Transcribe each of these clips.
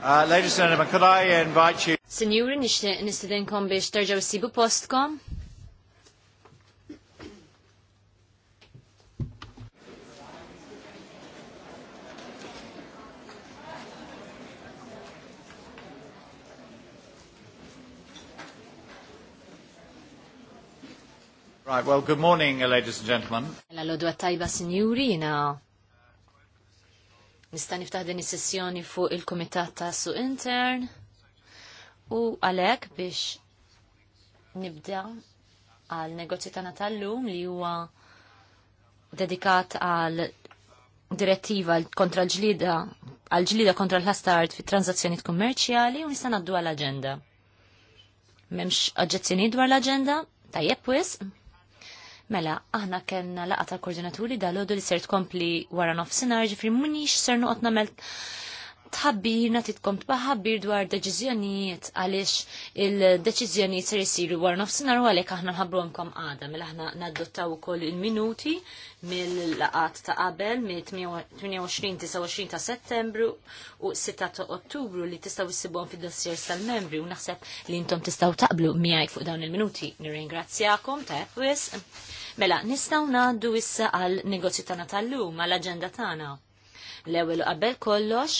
Uh, ladies and gentlemen, could I invite you? Signori, nistidenkom biex terġaw sibu postkom. Right, well, good morning, ladies and gentlemen. L-għodwa tajba, signori, Nista' niftaħ din is-sessjoni fuq il-Kumitat ta' Su Intern u għalhekk biex nibda għal negozju tagħna tal-lum li huwa dedikat għal direttiva kontra l-ġlida għal ġlida kontra l-ħastard fit transazzjonijiet kummerċjali u nista' ngħaddu għall-aġenda. M'hemmx oġġezzjoni dwar l-aġenda? Tajjeb wisq? Mela, aħna kellna laqa tal koordinaturi dal-ħodu li ser tkompli wara nofsinhar ġifri munix ser noqgħod nagħmel tħabbirna titkom tbaħabbir dwar deċiżjonijiet għaliex il-deċiżjonijiet ser jisiru wara nofsinhar u għalhekk aħna nħabbromkom għada mela aħna naddottaw ukoll il-minuti mill-laqat ta' qabel mill-28-29 ta' settembru u 6 ta' ottubru li tistaw issibhom fid-dossiers tal-membri u naħseb li intom tistgħu taqblu miegħi fuq dawn il-minuti. Nirringrazzjakom ta' wisq. Mela, nistaw naddu issa għal negozju tana tal-lum, għal agenda tana. L-ewel qabel kollox,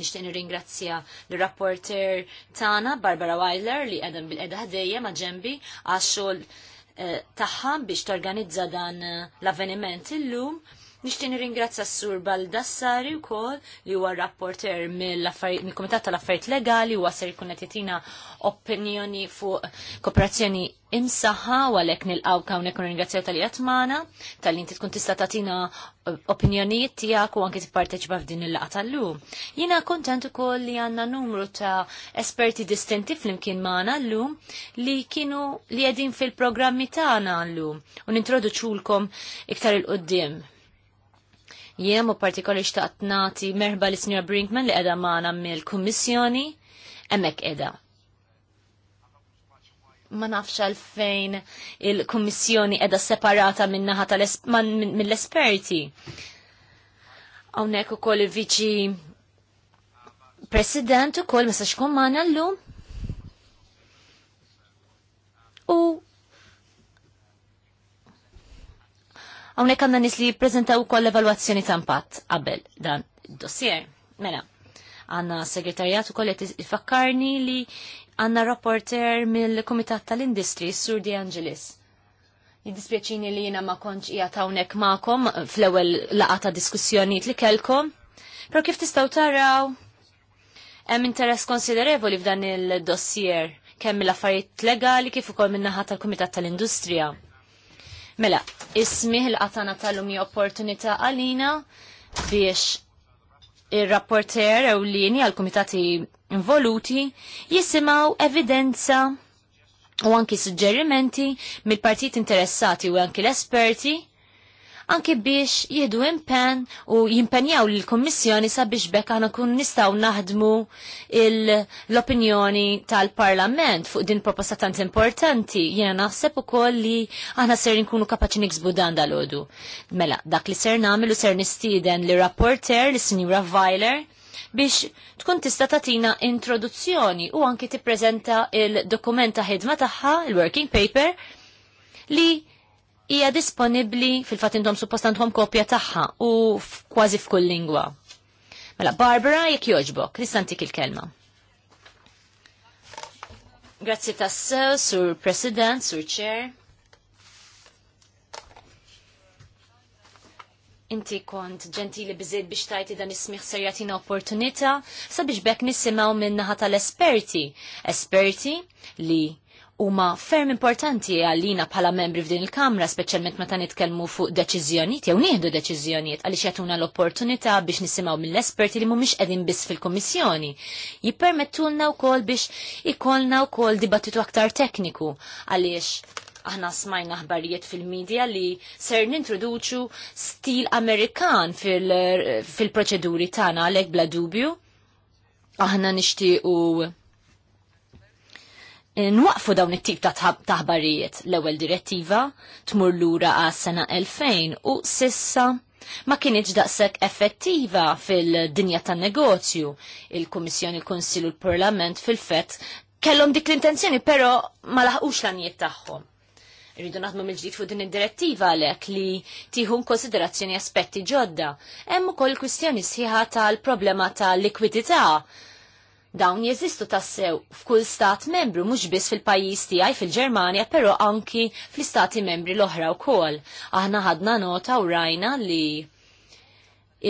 nishtenu nirringrazzja l-rapporter tana Barbara Weiler li għedem bil-edha ħdejja ma' ġembi għax xogħol eh, taħħa biex torganizza dan eh, l-avveniment illum. lum Nixtieq nirringrazzja s-Sur Baldassari wkoll li huwa rapporter mill-Kumitat tal-Affarijiet Legali huwa ser jkun qed jagħtina opinjoni fuq kooperazzjoni imsaħħa u għalhekk nilqgħu hawnhekk nirringrazzjaw tal jatmana tal-li inti tkun tista' tagħtina opinjonijiet tiegħek u anke tipparteċipa f'din il-laqgħa tal-lum. Jiena kuntent ukoll li għandna numru ta' esperti distinti flimkien magħna llum li kienu li qegħdin fil-programmi tagħna llum u nintroduċulkom iktar il-qoddim Jiem u partikoli xtaqt nati merħba li Sinjor Brinkman li edha maħna mill-Kummissjoni, emmek edha. Ma nafx għalfejn il-Kummissjoni edha separata minnaħa mill-esperti. Għawnek u koll il-Viċi President u koll s xkun maħna l-lum. U Hawnhekk għandna nies li prezentaw kol l ta' impatt qabel dan id-dossier. Mela, għandna segretarjat ukoll qed ifakkarni li għandna rapporter mill-Kumitat tal-Industri, Sur Di Angelis. Jiddispjaċini li jiena ma konċ qiegħed hawnhekk maqom fl-ewwel laqgħa ta' diskussjonijiet li kelkom. Pro kif tistaw taraw hemm interess konsiderevoli f'dan il-dossier kemm l-affarijiet legali kif ukoll min-naħa tal-Kumitat tal-Industrija. Mela, ismiħ l qatana tal-lum opportunità għalina biex il-rapporter u lini għal-komitati involuti jisimaw evidenza u anki suġġerimenti mill-partit interessati u anki l-esperti Anki biex jihdu impen u jimpenjaw l-Kommissjoni sabiex bekk aħna kun nistaw naħdmu l-opinjoni tal-Parlament fuq din proposta tant importanti. Jena naħseb ukoll li aħna ser nkunu kapaċi niksbu dan dal-għodu. Mela, dak li ser nagħmel u ser nistieden li rapporter li sinjura Weiler biex tkun tista' tatina introduzzjoni u anki tippreżenta il-dokumenta ħidma tagħha, il-working paper, li hija disponibbli fil-fatt intom suppost kopja tagħha u kważi f'kull lingwa. Mela Barbara jekk jogħġbok, nistantik il-kelma. Grazzi tassew, Sur President, Sur Chair. inti kont ġentili biżid biex tajti dan ismiħ serjatina opportunita sabiex bekk nisimaw minnaħa tal-esperti. Esperti li huma ferm importanti għalina bħala membri f'din il-Kamra, speċjalment meta nitkellmu fuq deċiżjonijiet jew nieħdu deċiżjonijiet għaliex jagħtuna l-opportunità biex nisimgħu mill-esperti li mhumiex qegħdin biss fil-Kummissjoni. Jippermettulna wkoll biex ikollna wkoll dibattitu aktar tekniku għaliex aħna smajna ħbarijiet fil-medja li ser nintroduċu stil Amerikan fil-proċeduri fil tagħna għalhekk bla dubju. Aħna nixtiequ nwaqfu dawn it-tip ta' taħbarijiet l-ewwel direttiva tmur lura għas sena 2000 u sissa ma kienieġ daqshekk effettiva fil-dinja tan-negozju. Il-Kummissjoni, il-Kunsill u l-Parlament fil-fett kellhom dik l-intenzjoni però ma laħqux l-anijiet tagħhom. Rridu naħdmu mill-ġdid fuq din id-direttiva għalhekk li tieħu konsiderazzjoni aspetti ġodda. Hemm ukoll kwistjoni sħiħa tal-problema tal-likwidità Dawn jeżistu tassew f'kull stat membru mhux biss fil-pajjiż tiegħi fil-Ġermanja, però anki fl-istati membri l-oħra wkoll. Aħna ħadna nota u rajna li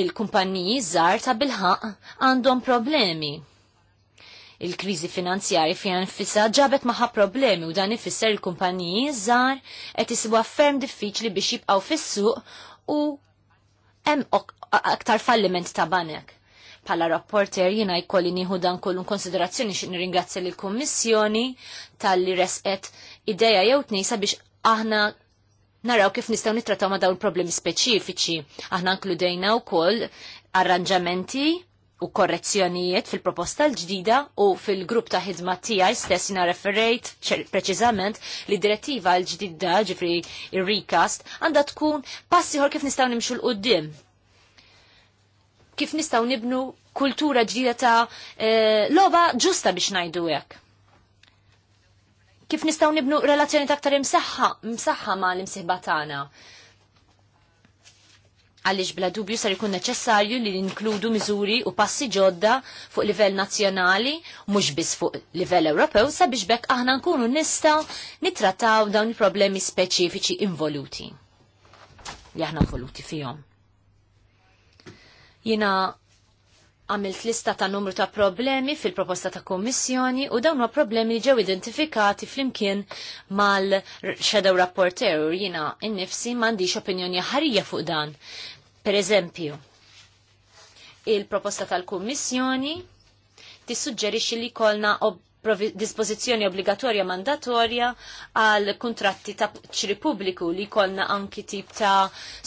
il-kumpanniji żgħar ta' bilħaq għandhom problemi il kriżi finanzjari fija nfissa ġabet maħa problemi u dan ifisser il-kumpaniji żgħar qed isibu ferm diffiċli biex jibqgħu fis-suq u hemm aktar falliment ta' banek. Pala rapporter jina jkolli nieħu dan kollu konsiderazzjoni xin ringrazzja l kummissjoni tal-li resqet ideja jew tnejsa biex aħna naraw kif nistgħu nitrataw ma dawn problemi speċifiċi. Aħna nkludejna wkoll arranġamenti u korrezzjonijiet fil-proposta l-ġdida u fil-grupp ta' ħidma tiegħi stess jina referejt preċiżament li direttiva l-ġdida ġifri ir-recast għandha tkun passiħor kif nistgħu nimxu l qoddim kif nistaw nibnu kultura ġdida ta' eh, loba ġusta biex najdu hekk. Kif nistaw nibnu relazzjoni ta' aktar imsaħħa, imsaxħa ma' l-imsiħba tagħna. Għaliex bla dubju sar ikun neċessarju li l-inkludu miżuri u passi ġodda fuq livell nazzjonali, mhux biss fuq livell Ewropew sabiex bekk aħna nkunu nistaw nittrattaw dawn il-problemi speċifiċi involuti. Li aħna involuti fihom. Jina għamilt lista ta' numru ta' problemi fil-proposta ta' kommissjoni u dawn problemi li ġew identifikati flimkien mal-shadow rapporteur u jina innifsi mandiċ opinjoni ħarija fuq dan. Per eżempju, il-proposta tal-kommissjoni tissuġġerixi li kolna ob dispożizzjoni obbligatorja mandatorja għal kontratti ta' ċri pubbliku li kolna anki tip ta'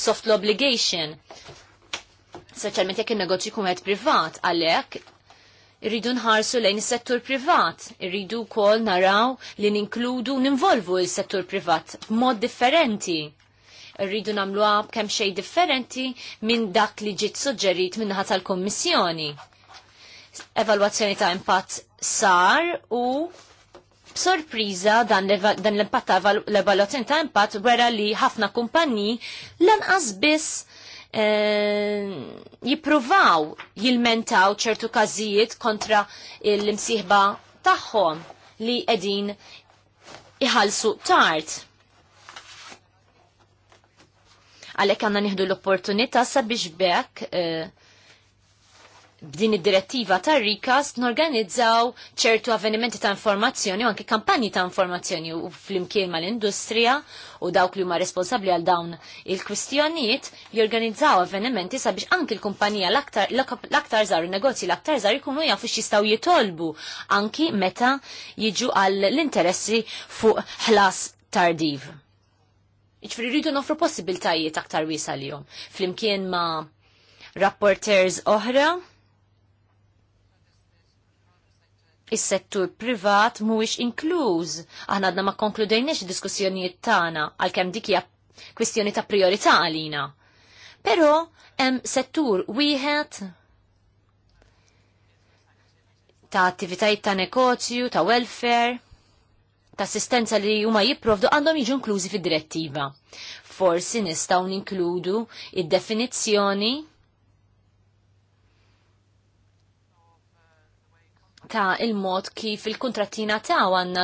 soft obligation Specialment jekk in-negozju jkun qed privat għalhekk irridu nħarsu lejn is-settur privat, irridu wkoll naraw li ninkludu ninvolvu il settur privat b'mod differenti. Irridu nagħmluha kemm xejn differenti minn dak li ġiet suġġerit minnaħa tal-Kummissjoni. Evalwazzjoni ta' impatt sar u b'sorpriża dan l-impatt ta' l-evalwazzjoni ta' impatt wera li ħafna kumpanniji lanqas biss Ehm, jippruvaw jilmentaw ċertu każijiet kontra l-imsieħba tagħhom li qegħdin iħallsu tard. Għalhekk għandna nieħdu l-opportunità sabiex bekk eh, B'din id-direttiva tar rikas norganizzaw ċertu avvenimenti ta' informazzjoni u anke kampanji ta' informazzjoni u flimkien mal-industrija u dawk li huma responsabbli għal dawn il-kwistjonijiet jorganizzaw avvenimenti sabiex anke l-kumpanija l-aktar żar u negozji l-aktar żar ikunu jafu x'jistgħu jitolbu anki meta jiġu għall l-interessi fuq ħlas tardiv. Iċfri rridu nofru possibiltajiet aktar wisa l jom. Flimkien ma' rapporters oħra is-settur privat mhuwiex inkluż. Aħna għadna ma konkludejniex diskussjonijiet tagħna għalkemm dik hija kwistjoni ta' priorità għalina. Però hemm settur wieħed ta' attivitajiet ta' negozju, ta' welfare, ta' assistenza li huma jipprovdu għandhom jiġu inklużi fid-direttiva. Forsi nistgħu ninkludu id-definizzjoni ta' il-mod kif il-kontrattina ta' għanna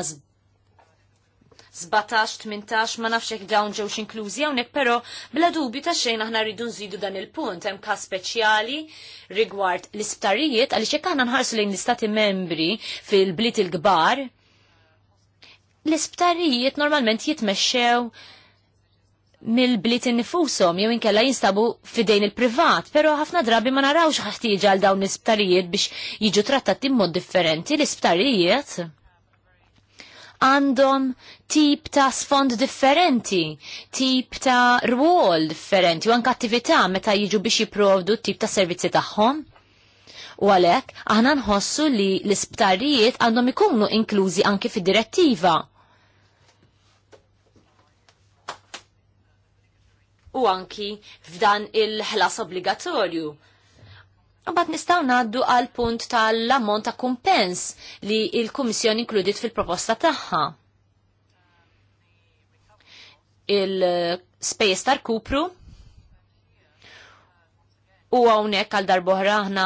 17-18 ma nafx dawn ġewx inklużi hawnhekk però bla dubju ta' xejn aħna rridu nżidu dan il-punt hemm każ speċjali rigward l-isptarijiet għaliex jekk aħna nħarsu lejn l-istati membri fil blit il-kbar l-isptarijiet normalment jitmexxew mill-blit innifusom jew inkella jinstabu fidejn il-privat, pero ħafna drabi ma narawx ħaħtieġa għal dawn l-isptarijiet biex jiġu trattati mod differenti l-isptarijiet għandhom tip ta' sfond differenti, tip ta' rwol differenti, u anke attività meta jiġu biex jipprovdu tip ta' servizzi tagħhom. U għalhekk aħna nħossu li l-isptarijiet għandhom ikunu inklużi anke fid-direttiva u anki f'dan il-ħlas obbligatorju. Mbagħad nistgħu ngħaddu għal punt tal-ammont ta' kumpens li l-Kummissjoni inkludit fil-proposta tagħha. Il-spejjeż tal-kupru U għawnek għal darboħra ħna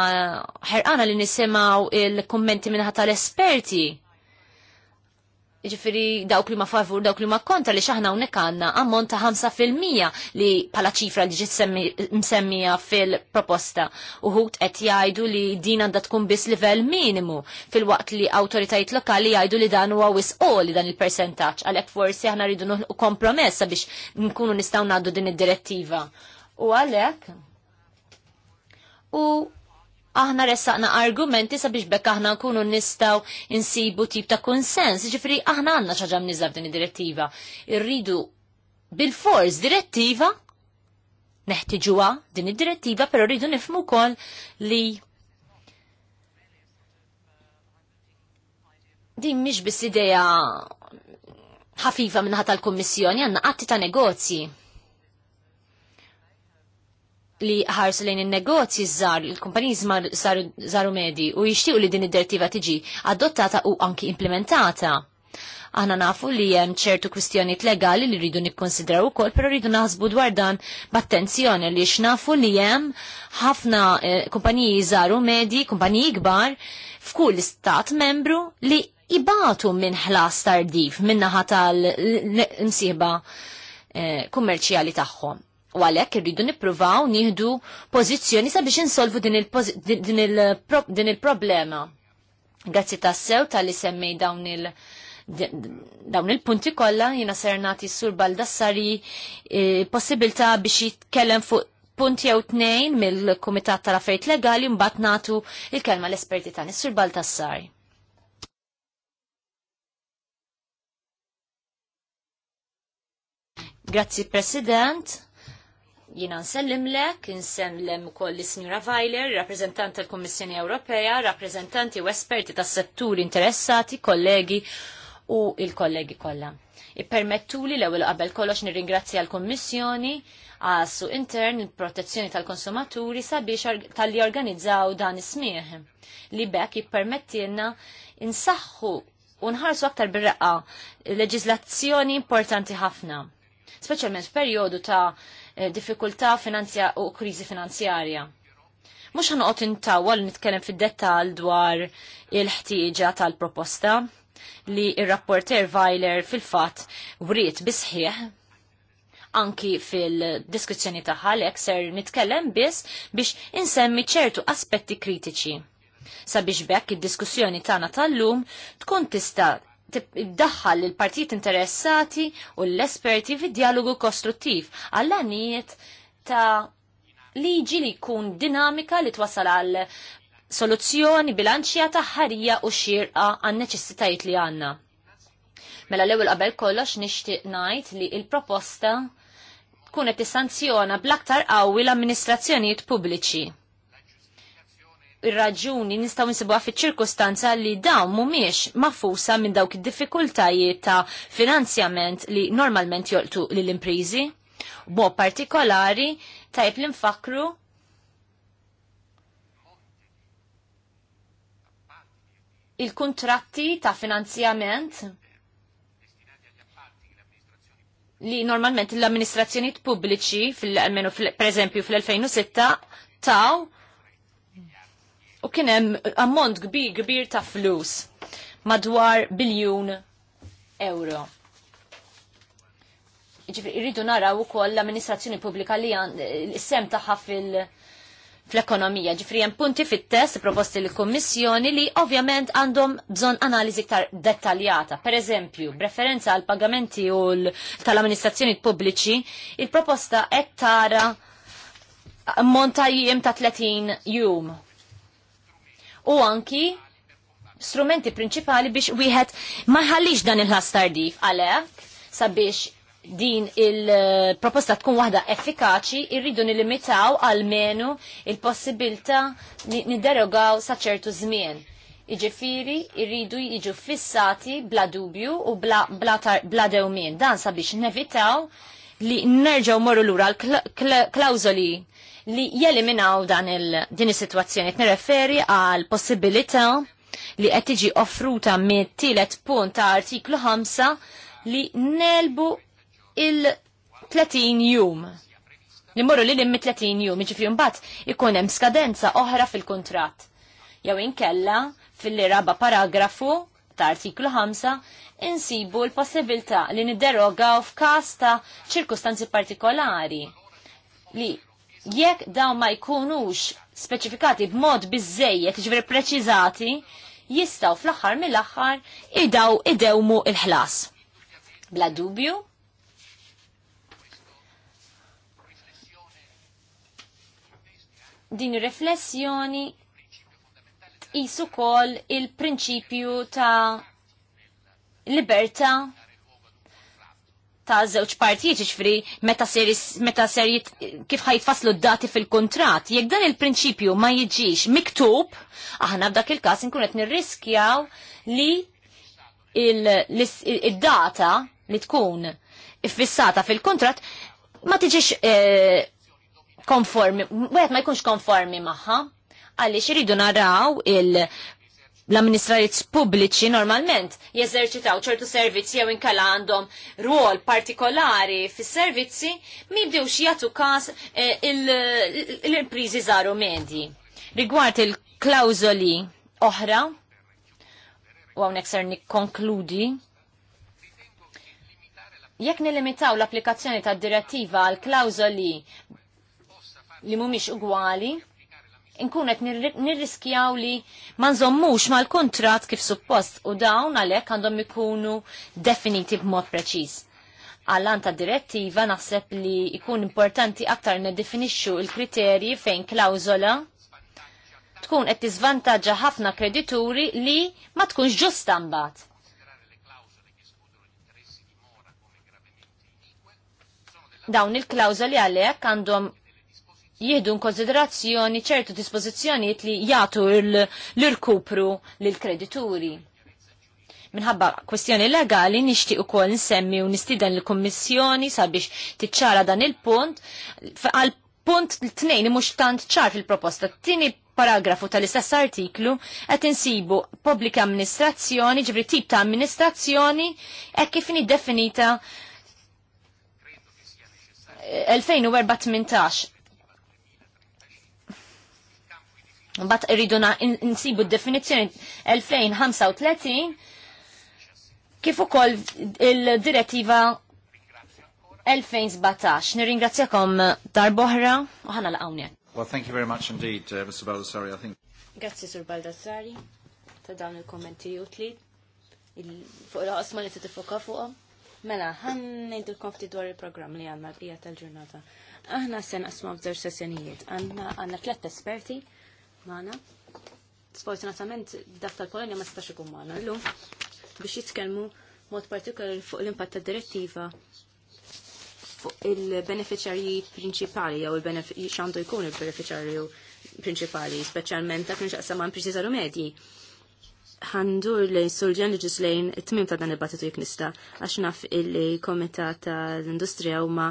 ħerqana li nisimaw il-kommenti minnaħat tal-esperti Ġifiri dawk li ma favur, dawk li ma kontra li xaħna unek għanna ammont ta' 5% li pala ċifra li ġit msemmija fil-proposta. Uħut qed jgħidu li din għandha tkun biss livell minimu fil-waqt li awtoritajiet lokali jgħidu li dan huwa wis li dan il-percentaġġ għalhekk forsi aħna rridu nħolqu kompromessa biex nkunu nistgħu ngħaddu din id-direttiva. U għalhekk u aħna ressaqna argumenti sabiex bekk aħna nkunu nistaw insibu tip ta' konsens. Ġifri aħna għanna ċaġam nizab din id-direttiva. Irridu bil-fors direttiva neħtiġuha din id-direttiva, pero rridu nifmu kol li din mhix bis idea ħafifa minnaħa tal-Kummissjoni għandna qatti ta' negozji li ħarsu lejn il-negozji żar, il-kumpaniji Zaru medi u jixtiequ li din id-direttiva tiġi adottata u anki implementata. Aħna nafu li hemm ċertu kwistjonijiet legali li rridu nikkonsidraw ukoll, però rridu naħsbu dwar dan b'attenzjoni li x'nafu li hemm ħafna eh, kumpaniji żaru medi, kumpaniji kbar f'kull stat membru li ibatu minn ħlas tardif minn naħa tal msiba eh, kummerċjali tagħhom u għalhekk irridu nippruvaw nieħdu pożizzjoni sabiex insolvu din il-problema. Grazzi tassew tal-li semmej dawn il- dawn il-punti kollha jiena ser nagħti sur Baldassari eh, possibilta biex jitkellem fuq punti jew tnejn mill-Kumitat tal-Affarijiet Legali mbagħad nagħtu l kelma l-esperti tagħni sur Baldassari. Grazzi President jina lek, nsellim kol l sinjura Vajler, rappreżentant tal-Kummissjoni Ewropea, rappreżentanti u esperti tas-setturi interessati, kollegi u il-kollegi kollha. Ippermettuli l-ewwel qabel kollox nirringrazzja l-Kummissjoni għassu intern il-protezzjoni tal-konsumaturi sabiex tal-li organizzaw dan ismieħ li bekk jippermettilna insaħħu unħarsu aktar birraqa' leġizlazzjoni leġiżlazzjoni importanti ħafna. Speċjalment f'perjodu ta' Eh, diffikultà finanzja u kriżi finanzjarja. Mhux ħanqot intawa li nitkellem fid-dettall dwar il-ħtieġa tal-proposta li r rapporter Weiler fil-fatt wriet bisħieħ anki fil-diskussjoni tagħha li ser nitkellem biss biex insemmi ċertu aspetti kritiċi. Sabiex bekk id-diskussjoni tagħna tal-lum tkun tista' iddaħħal il partit interessati u l-esperti fid dialogu kostruttiv għall-għaniet ta' liġi li jkun dinamika li twasal għal soluzzjoni ta' ħarija u xirqa għan neċessitajiet li għanna. Mela l-ewwel qabel kollox nixtieq ngħid li il-proposta tkun qed tissanzjona bl-aktar qawwi l-amministrazzjonijiet pubbliċi ir-raġuni nistgħu nsibuha fiċ-ċirkustanza li dawn mhumiex mafusa minn dawk id-diffikultajiet ta' finanzjament li normalment jolqtu lill-imprizi. Bo partikolari tajb li nfakru il-kontratti ta' finanzjament li normalment l-amministrazzjoniet pubbliċi, per eżempju fl-2006, taw u kien hemm ammont kbir kbir ta' flus madwar biljun euro. Ġifri, irridu naraw ukoll l-amministrazzjoni pubblika li l-sem tagħha fil- fl-ekonomija. Ġifri, hemm punti fit-test proposti l-Kommissjoni li ovvjament għandhom bżonn analiżi ktar dettaljata. Per eżempju, preferenza għal pagamenti u tal-amministrazzjoni pubbliċi, il-proposta qed tara montajjem ta' 30 jum u anki strumenti prinċipali biex wieħed ma ħallix dan il-ħas tardif għalhekk sabiex din il-proposta tkun waħda effikaċi irridu nilimitaw għalmenu il-possibilta niderogaw sa ċertu żmien. Iġifiri irridu jiġu fissati bla dubju u bla, bla, bla dewmien. Dan sabiex nevitaw li nerġaw morru lura l-klawzoli li jeliminaw dan il-din is-sitwazzjoni. Nirreferi għal possibilità li qed tiġi offruta mit-tielet punt ta' artiklu 5 li nelbu il-30 jum. Li morru li l-immi 30 jum, ġifri mbagħad ikun hemm skadenza oħra fil-kuntratt. Jew inkella fil liraba paragrafu ta' artiklu 5 insibu l-possibilità li nidderogaw f'każ ta' ċirkustanzi partikolari li jekk dawn ma jkunux speċifikati b'mod biżejjed, ġveri jiġifieri preċiżati, jistaw fl-axar mill-axar idaw idewmu il-ħlas. Bla dubju. Din riflessjoni jisu kol il-prinċipju ta' libertà ta' żewġ partijiet ġifri meta ser meta ser kif ħajtfaslu d-dati fil-kontrat. Jekk dan il-prinċipju ma jiġix miktub, aħna f'dak il-każ inkun qed nirriskjaw li il-data li tkun fissata fil-kontrat ma tiġix e, konformi, wieħed ma jkunx konformi magħha għaliex iridu naraw il- l-amministrajiet pubbliċi normalment jeżerċitaw ċertu servizzi jew inkala għandhom rwol partikolari fis-servizzi ma jagħtu każ eh, l-imprizi żaru medji. Rigward il-klawżoli oħra, u hawnhekk ser nikkonkludi, jekk nilimitaw l-applikazzjoni tad direttiva għal klawżoli li mhumiex ugwali, inkunet qed nirriskjaw li ma nżommux mal-kuntratt kif suppost u dawn għalhekk għandhom ikunu definiti b'mod preċiż. Għallan ta' direttiva naħseb li ikun importanti aktar definixxu il-kriterji fejn klawżola tkun qed tiżvantaġġa ħafna kredituri li ma tkunx ġusta mbagħad. Dawn il-klawżoli għalhekk għandhom jieħdu konsiderazzjoni ċertu dispożizzjonijiet li jagħtu l-irkupru lill-kredituri. Minħabba kwestjoni legali nixtieq ukoll nsemmi u nistieden l-Kummissjoni sabiex tiċċara dan il-punt għal punt l-tnejn mhux tant ċar fil-proposta. Tieni paragrafu tal-istess artiklu qed insibu pubblika amministrazzjoni, ġifri tip ta' amministrazzjoni hekk kif definita 2018 eh, Bat irridu nsibu d-definizjoni 2035 kif ukoll il-direttiva 2017. Nirringrazzjakom darboħra u ħana l-għawnja. Well, thank you very much indeed, uh, Mr. Baldassari. I think. Grazie, Sur Baldassari, ta' dawn il-kommenti utli fuq il li t tifuqa fuqom. Mela, ħan nejdilkom ftit dwar il-programm li għanna l-bija tal-ġurnata. Aħna sen asma bżar sessjonijiet. Għanna tlet esperti maħna. Sfortunatament dak tal-Polonja ma stax ikun maħna llum biex jitkellmu mod partikolari fuq l-impatt tad direttiva fuq il-beneficjarji prinċipali jew il-xandu jkun il-beneficjarju prinċipali, speċjalment ta' nixaqsam għan preċiżaru medji. medji ħandur li surġen li ġislejn it-tmim ta' dan il-battitu jek nista, għax naf illi ta' tal-industrija u ma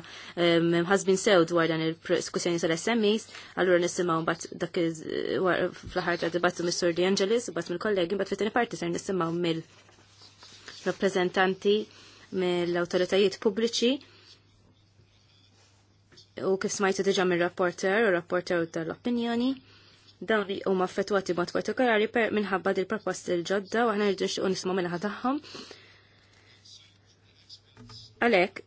ħazbin sew dwar dan il-diskussjoni tal-SMEs, għallura nisimaw bat dak fl-ħar ta' dibattu mis-sur Di Angelis, bat mill-kollegi, bat fit-tini parti ser nisimaw mill-rappresentanti mill-autoritajiet pubbliċi u kif smajtu diġa mill-rapporter u rapporter tal-opinjoni dawn huma affettwati mod partikolari per minħabba dil proposti l-ġodda u aħna rridu nixtiequ nisma' minħa tagħhom. Għalhekk,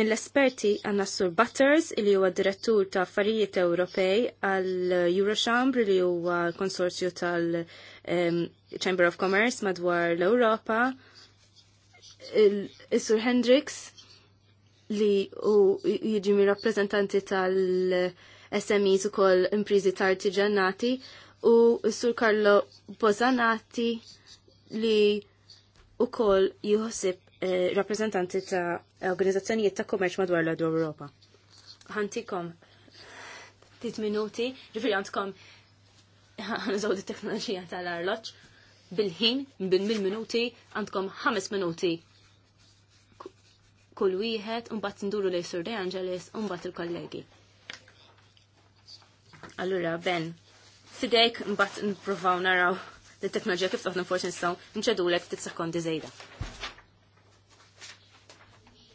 mill-esperti għandna Sur Butters li huwa direttur ta' affarijiet Ewropej għal Eurochambre li huwa konsorzju tal Chamber of Commerce madwar l-Ewropa. Is-Sur Hendricks li u jiġi mir rappreżentanti tal- SMEs u koll imprizi ta' artiġanati u Sur Karlo Bozanati li u koll juħsib eh, rappresentanti ta' organizzazzjonijiet ta' komerċ madwar l-Europa. Ħantikom tit minuti, ġifri għandkom għanżaw di teknoloġija tal-arloċ bil-ħin, bil-minuti, għandkom ħames minuti kull wieħed, un-bat nduru lejn Sur De Angelis, un-bat il-kollegi. Allura, Ben, fidejk mbatt n-provaw naraw li teknoloġija kif toħna forsi l-ek ftit sekondi żejda.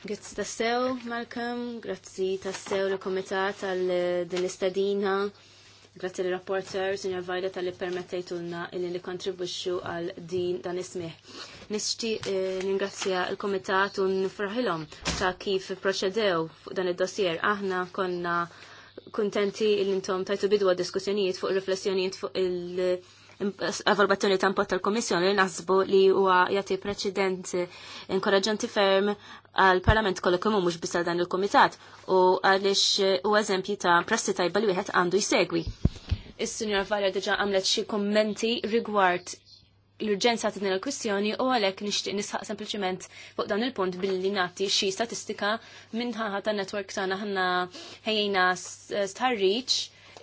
Grazzi tassew, Malcolm, grazzi tassew li komitat għal din istadina grazzi l-rapporter, signor Vajda tal-li permettejtulna il li kontribuxxu għal din dan ismiħ. Nixti eh, ningrazzja l-komitat u nifraħilhom ta' kif proċedew fuq dan id-dossier. Aħna konna kontenti il-intom tajtu bidwa diskussjonijiet fuq riflessjonijiet fuq il- evalvazzjoni ta' import tal-Komissjoni naħsbu li huwa jagħti preċedent inkoraġġanti ferm għal Parlament kollu kemm mhux biss dan il-Kumitat u għaliex u eżempji ta' prassi tajba li wieħed għandu jsegwi. Is-Sinjora Varja diġà għamlet xi kommenti rigward l-urġenza ta' din il-kwistjoni u għalhekk nixtieq nisħaq sempliċiment fuq dan il-punt billi nagħti xi statistika minħaħa ta' network tagħna aħna ħejjejna starriċ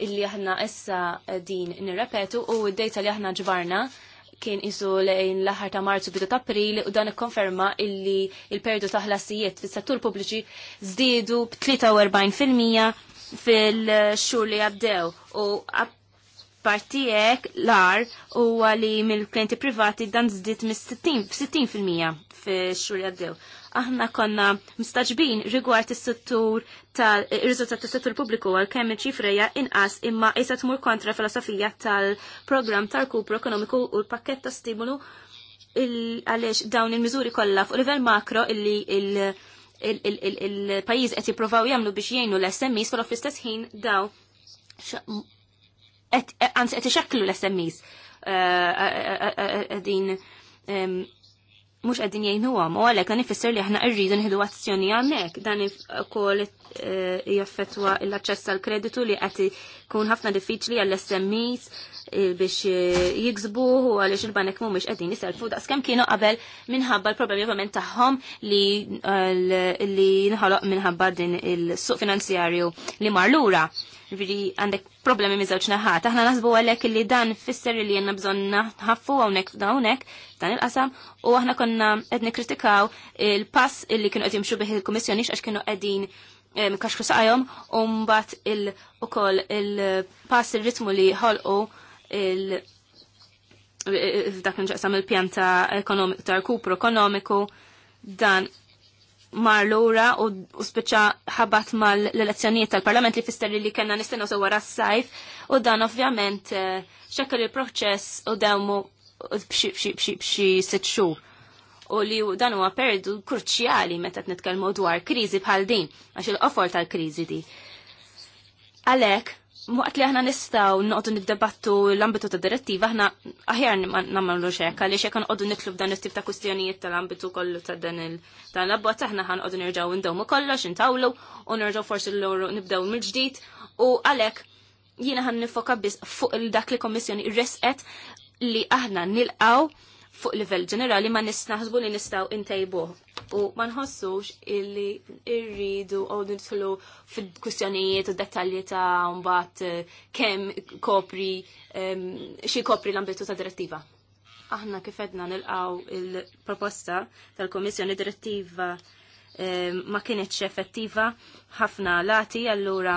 illi aħna issa din nirrepetu u d-dejta li aħna ġbarna kien isu lejn l-aħħar ta' Marzu bidu ta' April u dan ikkonferma illi il perdu ta' ħlasijiet fis-settur pubbliċi żdiedu b'43 fil-mija fil-xhur li għaddew u partijek l-ar u għali mill-klienti privati dan zdit mis-60% fil-xur għaddew. Aħna konna mistaġbin rigward is-settur tal-riżultat eh, tas-settur pubbliku għal kemm il-ċifreja inqas imma issa tmur kontra filosofija tal-programm tal-kupru ekonomiku u l-pakket ta' stimulu għaliex dawn il-miżuri kollha fuq livell makro illi il-pajjiż qed jippruvaw jagħmlu biex jgħinu l-SMEs però fl-istess ħin daw għans e, qed ixekklu l-SMEs eh, eh, eh, din mux għedin jajnu għam, u għalek għan ifisser li ħna irridu nħidu azzjoni għamek, dan kol jaffetwa l-access għal kreditu li għati kun ħafna diffiċli għall-SMEs biex jikzbu u għalix il-banek mu mux għedin jiselfu daqs kem kienu qabel minħabba l-problemi ovvjament taħħom li nħaloq minħabba din il-suq finanzjarju li marlura. lura viri għandek problemi miżewċ naħat. Aħna nasbu għalek li dan fisser li jenna bżon naħaffu għawnek dawnek dan il-qasam u aħna konna edni kritikaw il-pass li kienu għed jimxu il-komissjoni għax kienu għedin eh, kaxħu saqajom u mbat il-ukoll il-pass il-ritmu li ħolqu il- eh, dak nġaqsam il-pjanta ekonomiku, ta' kupru ekonomiku, dan mar lura u, u speċa ħabat mal l-elezzjonijiet tal-parlament li fisser li kena nistenna sew wara s-sajf u dan ovvjament eh, xekkel il-proċess u dewmu bxie bxie bxie sitt xhur u li dan huwa perdu kruċjali meta nitkellmu dwar kriżi bħal din għax il-qofol tal-kriżi di. Għalhekk Waqt li aħna nistgħu noqdu niddebattu l-ambitu ta' direttiva, aħna aħjar nagħmlu xek, għaliex xek nqoddu nitlu dan it-tip ta' kustjonijiet tal-ambitu kollu ta' dan il-dan l-abbot, aħna ħan qoddu ndewmu kollox, intawlu, u nirġaw forsi l-loro nibdew mill-ġdid, u għalek jiena ħan nifoka biss fuq il-dak li kommissjoni resqet li aħna nilqaw fuq livell ġenerali ma nisnaħsbu li nistaw intajbu. U ma nħossux illi irridu u nidħlu fil-kustjonijiet u dettalji ta' mbagħad eh, kemm kopri xi kopri l-ambitu ta' direttiva. Aħna kif edna nilqaw il-proposta tal-Komissjoni Direttiva ma kienetx effettiva ħafna lati allura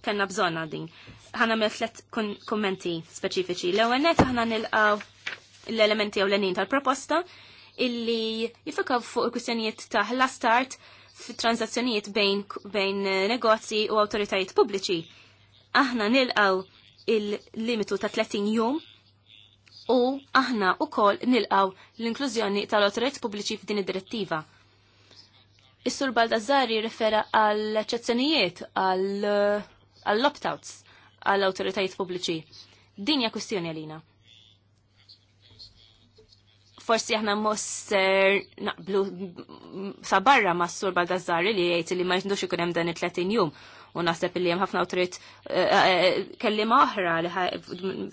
kellna bżonna din. Ħana mill flet kommenti speċifiċi. L-ewwel aħna nilqaw l-elementi jew l-enin tal-proposta illi jifikaw fuq il-kwistjonijiet ta' la start fi transazzjonijiet bejn, bejn eh, negozji u autoritajiet pubbliċi. Aħna nilqaw il-limitu ta' 30 jum u aħna u kol nilqaw l-inklużjoni tal-autoritajiet pubbliċi f'din id-direttiva. Is-sur Baldazzari rifera għall-eċezzjonijiet eh, għall-opt-outs għall-autoritajiet pubbliċi. Dinja kwistjoni għalina forsi aħna mosser eh, naqblu sabarra ma' s-sur Baldazzari li jgħid li ma' jindux ikun hemm dan it-30 jum u naħseb li hemm ħafna awtorit eh, eh, kellima oħra li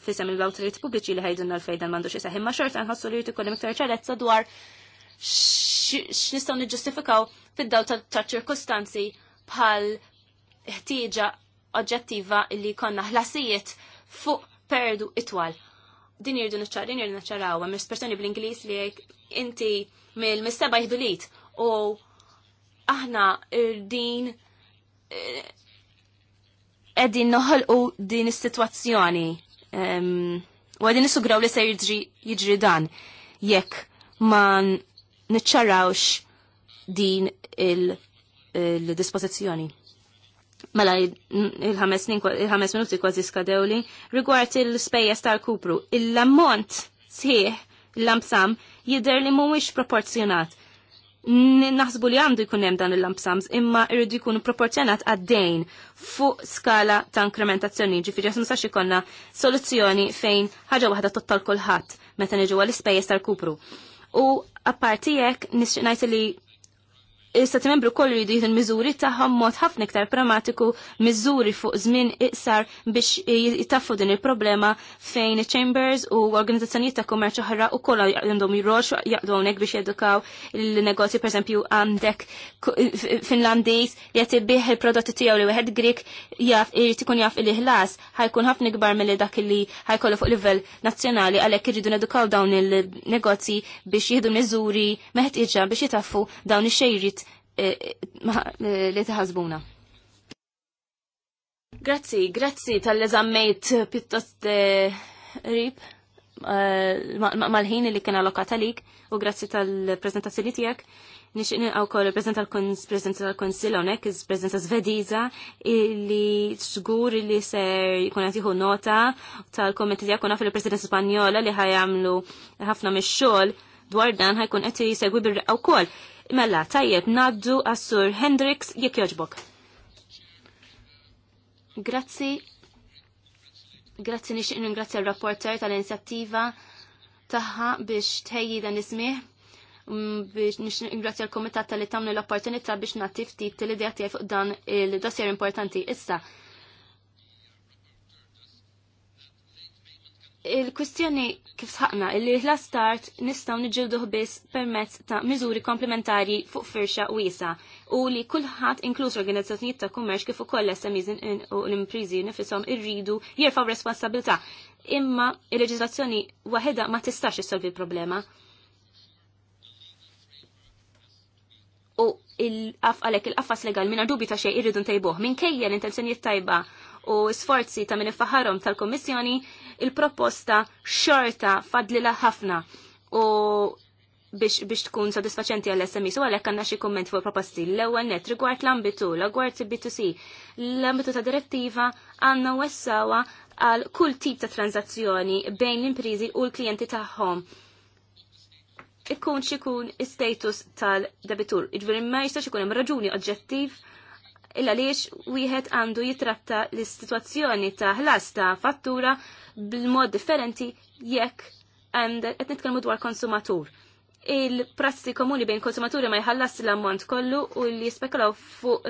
fisem il-awtorit pubbliċi li ħajdunna l fejdan dan m'għandux iseħħ imma xorta nħossu li ikun hemm iktar ċarezza dwar x'nistgħu niġġustifikaw fid-daw ta' ċirkustanzi bħal ħtieġa oġġettiva li konna ħlasijiet fuq perdu itwal din jirdu nċar, din jirdu nċaraw, għem personi bl-Inglis li inti mill seba jihdulit u aħna eh, din edin noħol u din is-situazzjoni u għedin nisugraw li se jġri dan jekk ma nċarawx din il-dispozizjoni. Mela, il-ħames minuti kważi skadewli, rigward il spejjes tal-kupru, il-ammont sħiħ, il-lampsam, jider li mhuwiex proporzjonat. Naħsbu li għandu jkun hemm dan il-lampsams, imma irridu jkunu proporzjonat għaddejn fuq skala ta' inkrementazzjoni, ġifiri ma sax ikollna soluzzjoni fejn ħaġa waħda tottal kulħadd meta niġu għal ispejjeż tal-kupru. U apparti jekk nixtieq li Stati membru kollu jridu l miżuri tagħhom mod ħafna iktar pragmatiku miżuri fuq żmien iqsar biex jitaffu din il-problema fejn chambers u organizzazzjonijiet ta' kummerċ oħra u kollha għandhom jirrox jaqdu hawnhekk biex jedukaw il-negozji pereżempju għandek Finlandiż li qed il-prodotti tiegħu li wieħed Grik jaf irid ikun jaf il ħlas ħajkun ħafna ikbar milli dak li ħajkollu fuq livell nazzjonali għalhekk irridu nedukaw dawn il-negozji biex jieħdu miżuri meħtieġa biex jitaffu dawn ix-xejri Eh, eh, li tħasbuna. Grazzi, grazzi tal leżammejt pittost eh, rib mal-ħin li kien lokata lik u grazzi tal-prezentazzjoni tijak. Nixin għaw kol prezenta l-Konsil għonek, reprezenta svediza, illi xgur illi ser jkun għatiħu nota tal-kommenti li għakuna fil-presidenza spanjola li ħajamlu ħafna mis-xol dwar dan ħajkun għati segwi bil għaw kol. Mela, tajjeb, naddu għassur Hendrix jek joġbok. Grazzi. Grazzi nixtieq ningrazzja l-rapporter tal-inizjattiva tagħha biex tħejji dan ismih mm, biex nixgrazzja l-komitat tal-li tamlu l-opportunità biex nagħti ftit l-idea fuq dan il-dossier importanti. Issa, il-kwistjoni kif sħaqna illi l start nistaw niġilduh biss permezz ta' miżuri komplementari fuq firxa wiesa u li kulħadd inkluż organizzazzjonijiet ta' kummerċ kif ukoll SMEs u l-imprizi nifisom irridu jirfaw responsabilità. Imma il-leġiżlazzjoni waħedha ma tistax jissolvi l-problema. U il-għalek il-qafas legal minna dubi ta' xej irridu ntajbuh minn kejja l intenzjoni tajba u sforzi ta' minn iffaħarhom tal komissjoni il-proposta xorta fadlila ħafna u biex, biex tkun sodisfaċenti għall smi So għalek għanna xie kommenti fuq proposti l-ewel net rigward l-ambitu, għward b B2C, l-ambitu ta' direttiva għanna wessawa għal kull tip ta' tranzazzjoni bejn l-imprizi u l-klijenti tagħhom. Ikkun xikun status tal-debitur, iġveri ma jistax ikun hemm raġuni oġġettiv illa liex wieħed għandu jitratta l istituazzjoni ta' ħlas ta' fattura bil-mod differenti jekk qed nitkellmu dwar konsumatur. Il-prassi komuni bejn konsumaturi ma jħallas l-ammont kollu u li jispeklaw fuq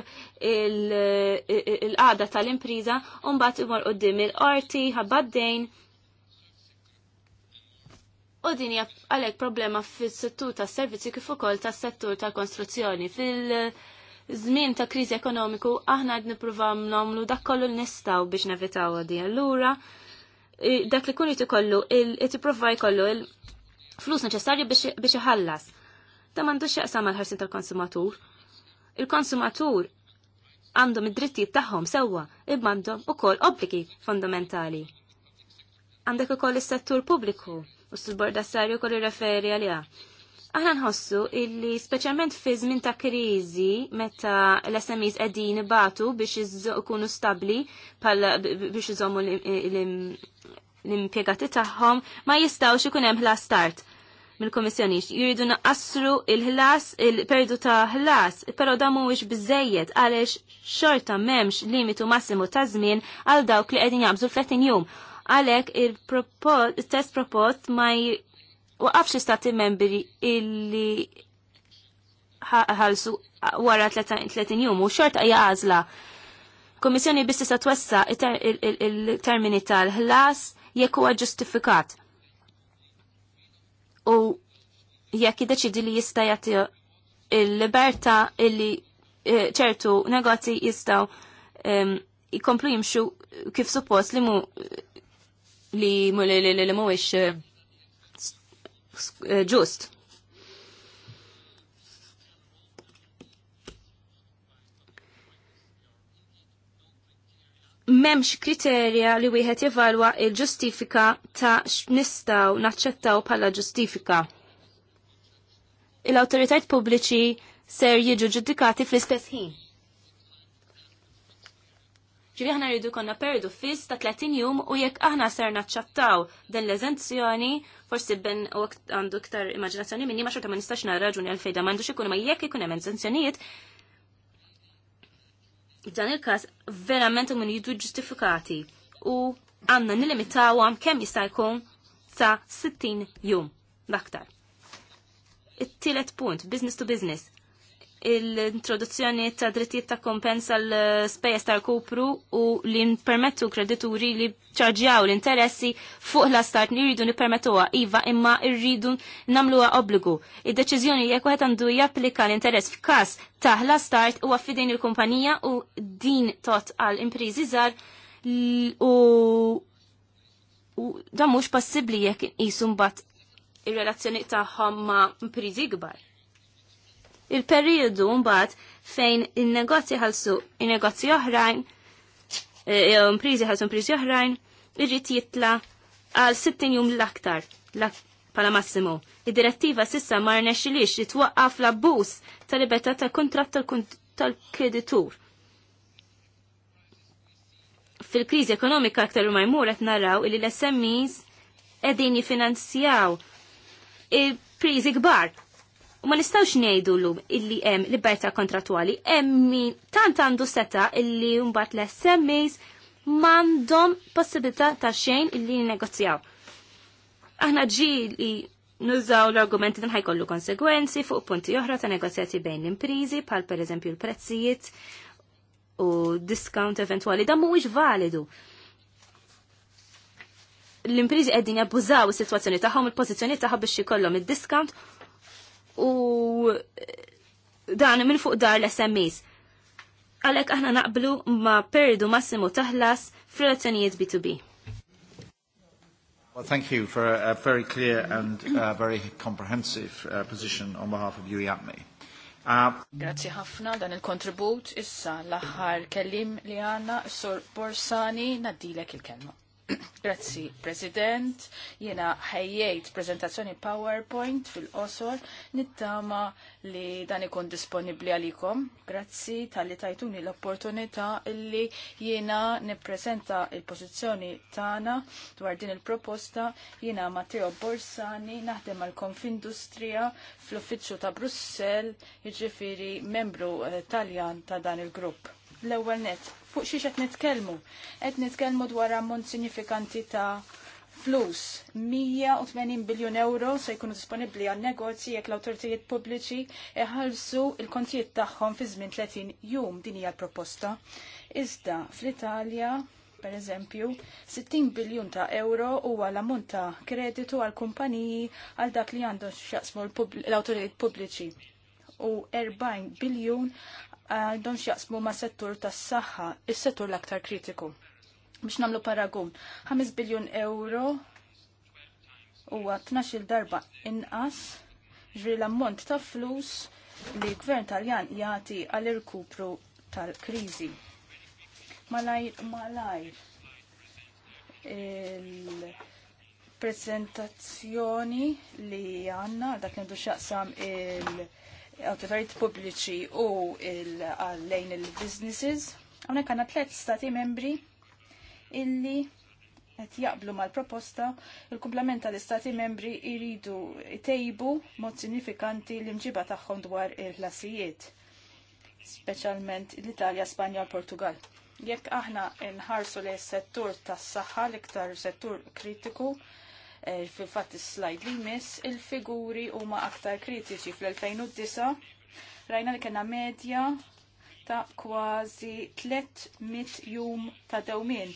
il-qada tal-impriża u mbagħad imur qudiem il-qorti ħabbaddejn U din hija problema fis-settur tas-servizzi kif ukoll tas-settur tal-konstruzzjoni. Fil- żmien ta' kriżi ekonomiku aħna qed nippruvaw nagħmlu dak kollu nistgħu biex nevitaw di. Allura dak li kun ikollu il-tipprova jkollu l flus neċessarju biex iħallas. Ta' m'għandux x'jaqsam għall ħarsin tal-konsumatur. Il-konsumatur għandhom id-drittijiet tagħhom sewwa imma ukoll obbligi fondamentali. Għandek ukoll is-settur pubbliku u s-borda sarju kollu referi għalija Aħna nħossu illi speċjalment fi żmien ta' kriżi meta l-SMEs qegħdin ibatu biex ikunu stabbli biex iżommu l-impjegati tagħhom ma jistgħux ikun hemm ħlas start mill-komissjoni Jridu naqassru il-ħlas, il-perdu ta' ħlas, però da mhuwiex biżejjed għaliex xorta m'hemmx limitu massimu ta' żmien għal dawk li qegħdin jaqbżu 30 jum. Għalhekk il-test propost ma waqaf xi stati membri illi ħalsu wara 30 jum u xorta hija għażla. Kommissjoni biss tista' twessa il-termini tal-ħlas jekk huwa ġustifikat. U jekk jiddeċidi li jista' jagħti il-libertà illi eh, ċertu negozji jistgħu ehm, jkomplu jimxu kif suppost li mu li mu li mhuwiex eh, Eh, ġust. Memx kriterja li wieħed jevalwa il-ġustifika ta' x'nistgħu naċċettaw bħala ġustifika. Il-awtoritajiet pubbliċi ser jiġu ġudikati fl-istess ħin. Ġivi ħna rridu konna perdu fis ta' 30 jum u jekk aħna serna naċċattaw din l-eżenzjoni, forsi ben u għandu iktar immaġinazzjoni minni ma xorta ma nistax nara raġuni għal-fejda ma għandux ikun ma jekk ikun hemm eżenzjonijiet. Dan il-każ verament hum jiġu ġustifikati u għandna nilimitawhom kemm jista' jkun sa' 60 jum l-aktar. It-tielet punt, business to business l-introduzzjoni ta' drittijiet ta' kompensa l-spejjeż tal kopru u li npermettu kredituri li ċarġjaw l-interessi fuq la start li rridu nippermettuha iva imma rridu nagħmluha obbligu. Id-deċiżjoni jekk wieħed għandu japplika l-interess f'każ ta' la start huwa f'idejn il-kumpanija u din tot għal impriżi żgħar u u da mhux possibbli jekk isu mbagħad ir-relazzjoni tagħhom ma' impriżi kbar il-periodu mbagħad fejn in-negozji ħalsu in-negozji oħrajn, eh, imprizi ħalsu imprizi oħrajn, irrid jitla għal 60 jum l-aktar pala massimu. Id-direttiva sissa ma rnexxilix li twaqqaf l-abbuż tal-libertà tal kuntratt tal-kreditur. Fil-kriżi ekonomika aktar u majmur qed naraw li l-SMEs qegħdin jifinanzjaw il-priżi kbar U ma nistawx ngħidu llum illi li libertà kontratuali, hemm min tant għandu seta illi mbagħad l-SMEs m'għandhom possibilità ta' xejn illi negozjaw. Aħna ġieli nużaw l-argumenti dan ħajkollu konsegwenzi fuq punti oħra ta' negozjati bejn l-imprizi, pal per eżempju l-prezzijiet u discount eventuali, dan mhuwiex validu. L-imprizi qegħdin jabbużaw is-sitwazzjoni tagħhom, il-pożizzjoni tagħhom biex ikollhom id-discount u dan minn fuq dar l-SMEs. Għalek aħna naqblu ma perdu massimu taħlas fil-relazzjonijiet B2B. Well, thank you for a very clear and uh, very comprehensive uh, position on behalf of UEAPME. Uh... Grazie ħafna dan il-kontribut issa l-aħħar kellim li għanna sur Borsani naddilek il-kelma. Grazzi, President. Jena ħejjejt prezentazzjoni PowerPoint fil-qosor nittama li dan ikun disponibli għalikom. Grazzi tal-li tajtuni l-opportunità illi jena nipprezenta il-pozizjoni tana dwar din il-proposta. Jena Matteo Borsani naħdem għal Konfindustrija fl-Uffiċċju ta' Brussel, jiġifieri membru eh, Taljan ta' dan il-grupp. L-ewwel net fuq xiex qed nitkellmu. Qed nitkellmu dwar ammont sinifikanti ta' flus. 180 biljun euro se jkunu disponibbli għal negozji jekk l-awtoritajiet pubbliċi iħallsu il-kontijiet tagħhom fi żmien 30 jum din hija l-proposta. Iżda fl-Italja per eżempju, 60 biljun ta' euro huwa l-ammont ta' kreditu għal kumpaniji għal dak li għandu x'jaqsmu l-awtoritajiet pubbliċi u 40 biljun għandhom xjaqsmu ma' settur tas-saħħa, is-settur l-aktar kritiku. Biex namlu paragun, 5 biljun euro huwa 12 darba inqas ġri l-ammont ta' flus li gvern taljan jagħti għall-irkupru tal-kriżi. Malajr, malajr, il-prezentazzjoni li għanna, dak nendu xaqsam il- autorit pubbliċi u l-lejn il-businesses. Għonek kanna tlet stati membri illi qed jaqblu mal-proposta il-kumplament tal-istati membri iridu tejbu mod sinifikanti l-imġiba tagħhom dwar il-ħlasijiet, speċjalment l-Italja, Spanja u Portugal. Jekk aħna nħarsu li settur tas-saħħa l-iktar settur kritiku, Eh, fil-fatt is-slajd li jmiss il-figuri huma aktar kritiċi fl-2009 rajna li kena medja ta' kważi 300 jum ta' dewmien.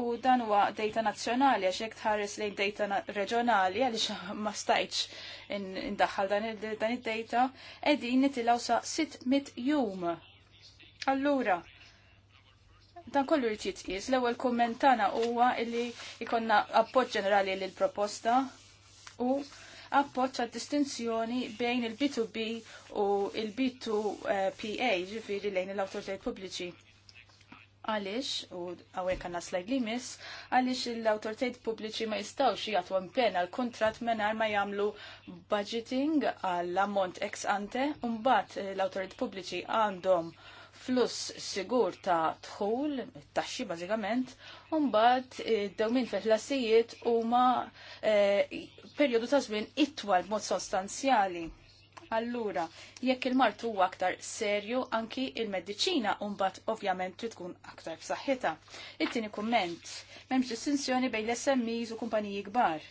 U dan huwa data nazzjonali għax jekk tħares lejn data reġjonali għaliex ma stajtx indaħħal dan id-data qegħdin nitilgħu sa' 600 jum. Allura, dan kollu jrid jitqies. L-ewwel kumment huwa li ikonna appoġġ ġenerali l proposta u appoġġ għad distinzjoni bejn il-B2B u il-B2PA, ġifiri lejn l-awtoritajiet pubbliċi. Għaliex, u għawek għanna slajd li miss, għaliex l-autoritajt pubbliċi ma jistawx jgħatu pena l-kontrat menar ma jgħamlu budgeting għall-ammont ex ante, un bat l-autoritajt pubbliċi għandhom Flus sigur ta' tħul, taxxi bażikament, unbat mbagħad eh, minn fil-ħlasijiet huma eh, perjodu ta' żmien itwal b'mod sostanzjali. Allura, jekk il-mart huwa aktar serju, anki il-medicina unbat ovvjament trid tkun aktar b'saħħitha. It-tieni kumment, m'hemmx distinzjoni bejn l-SMEs u kumpaniji kbar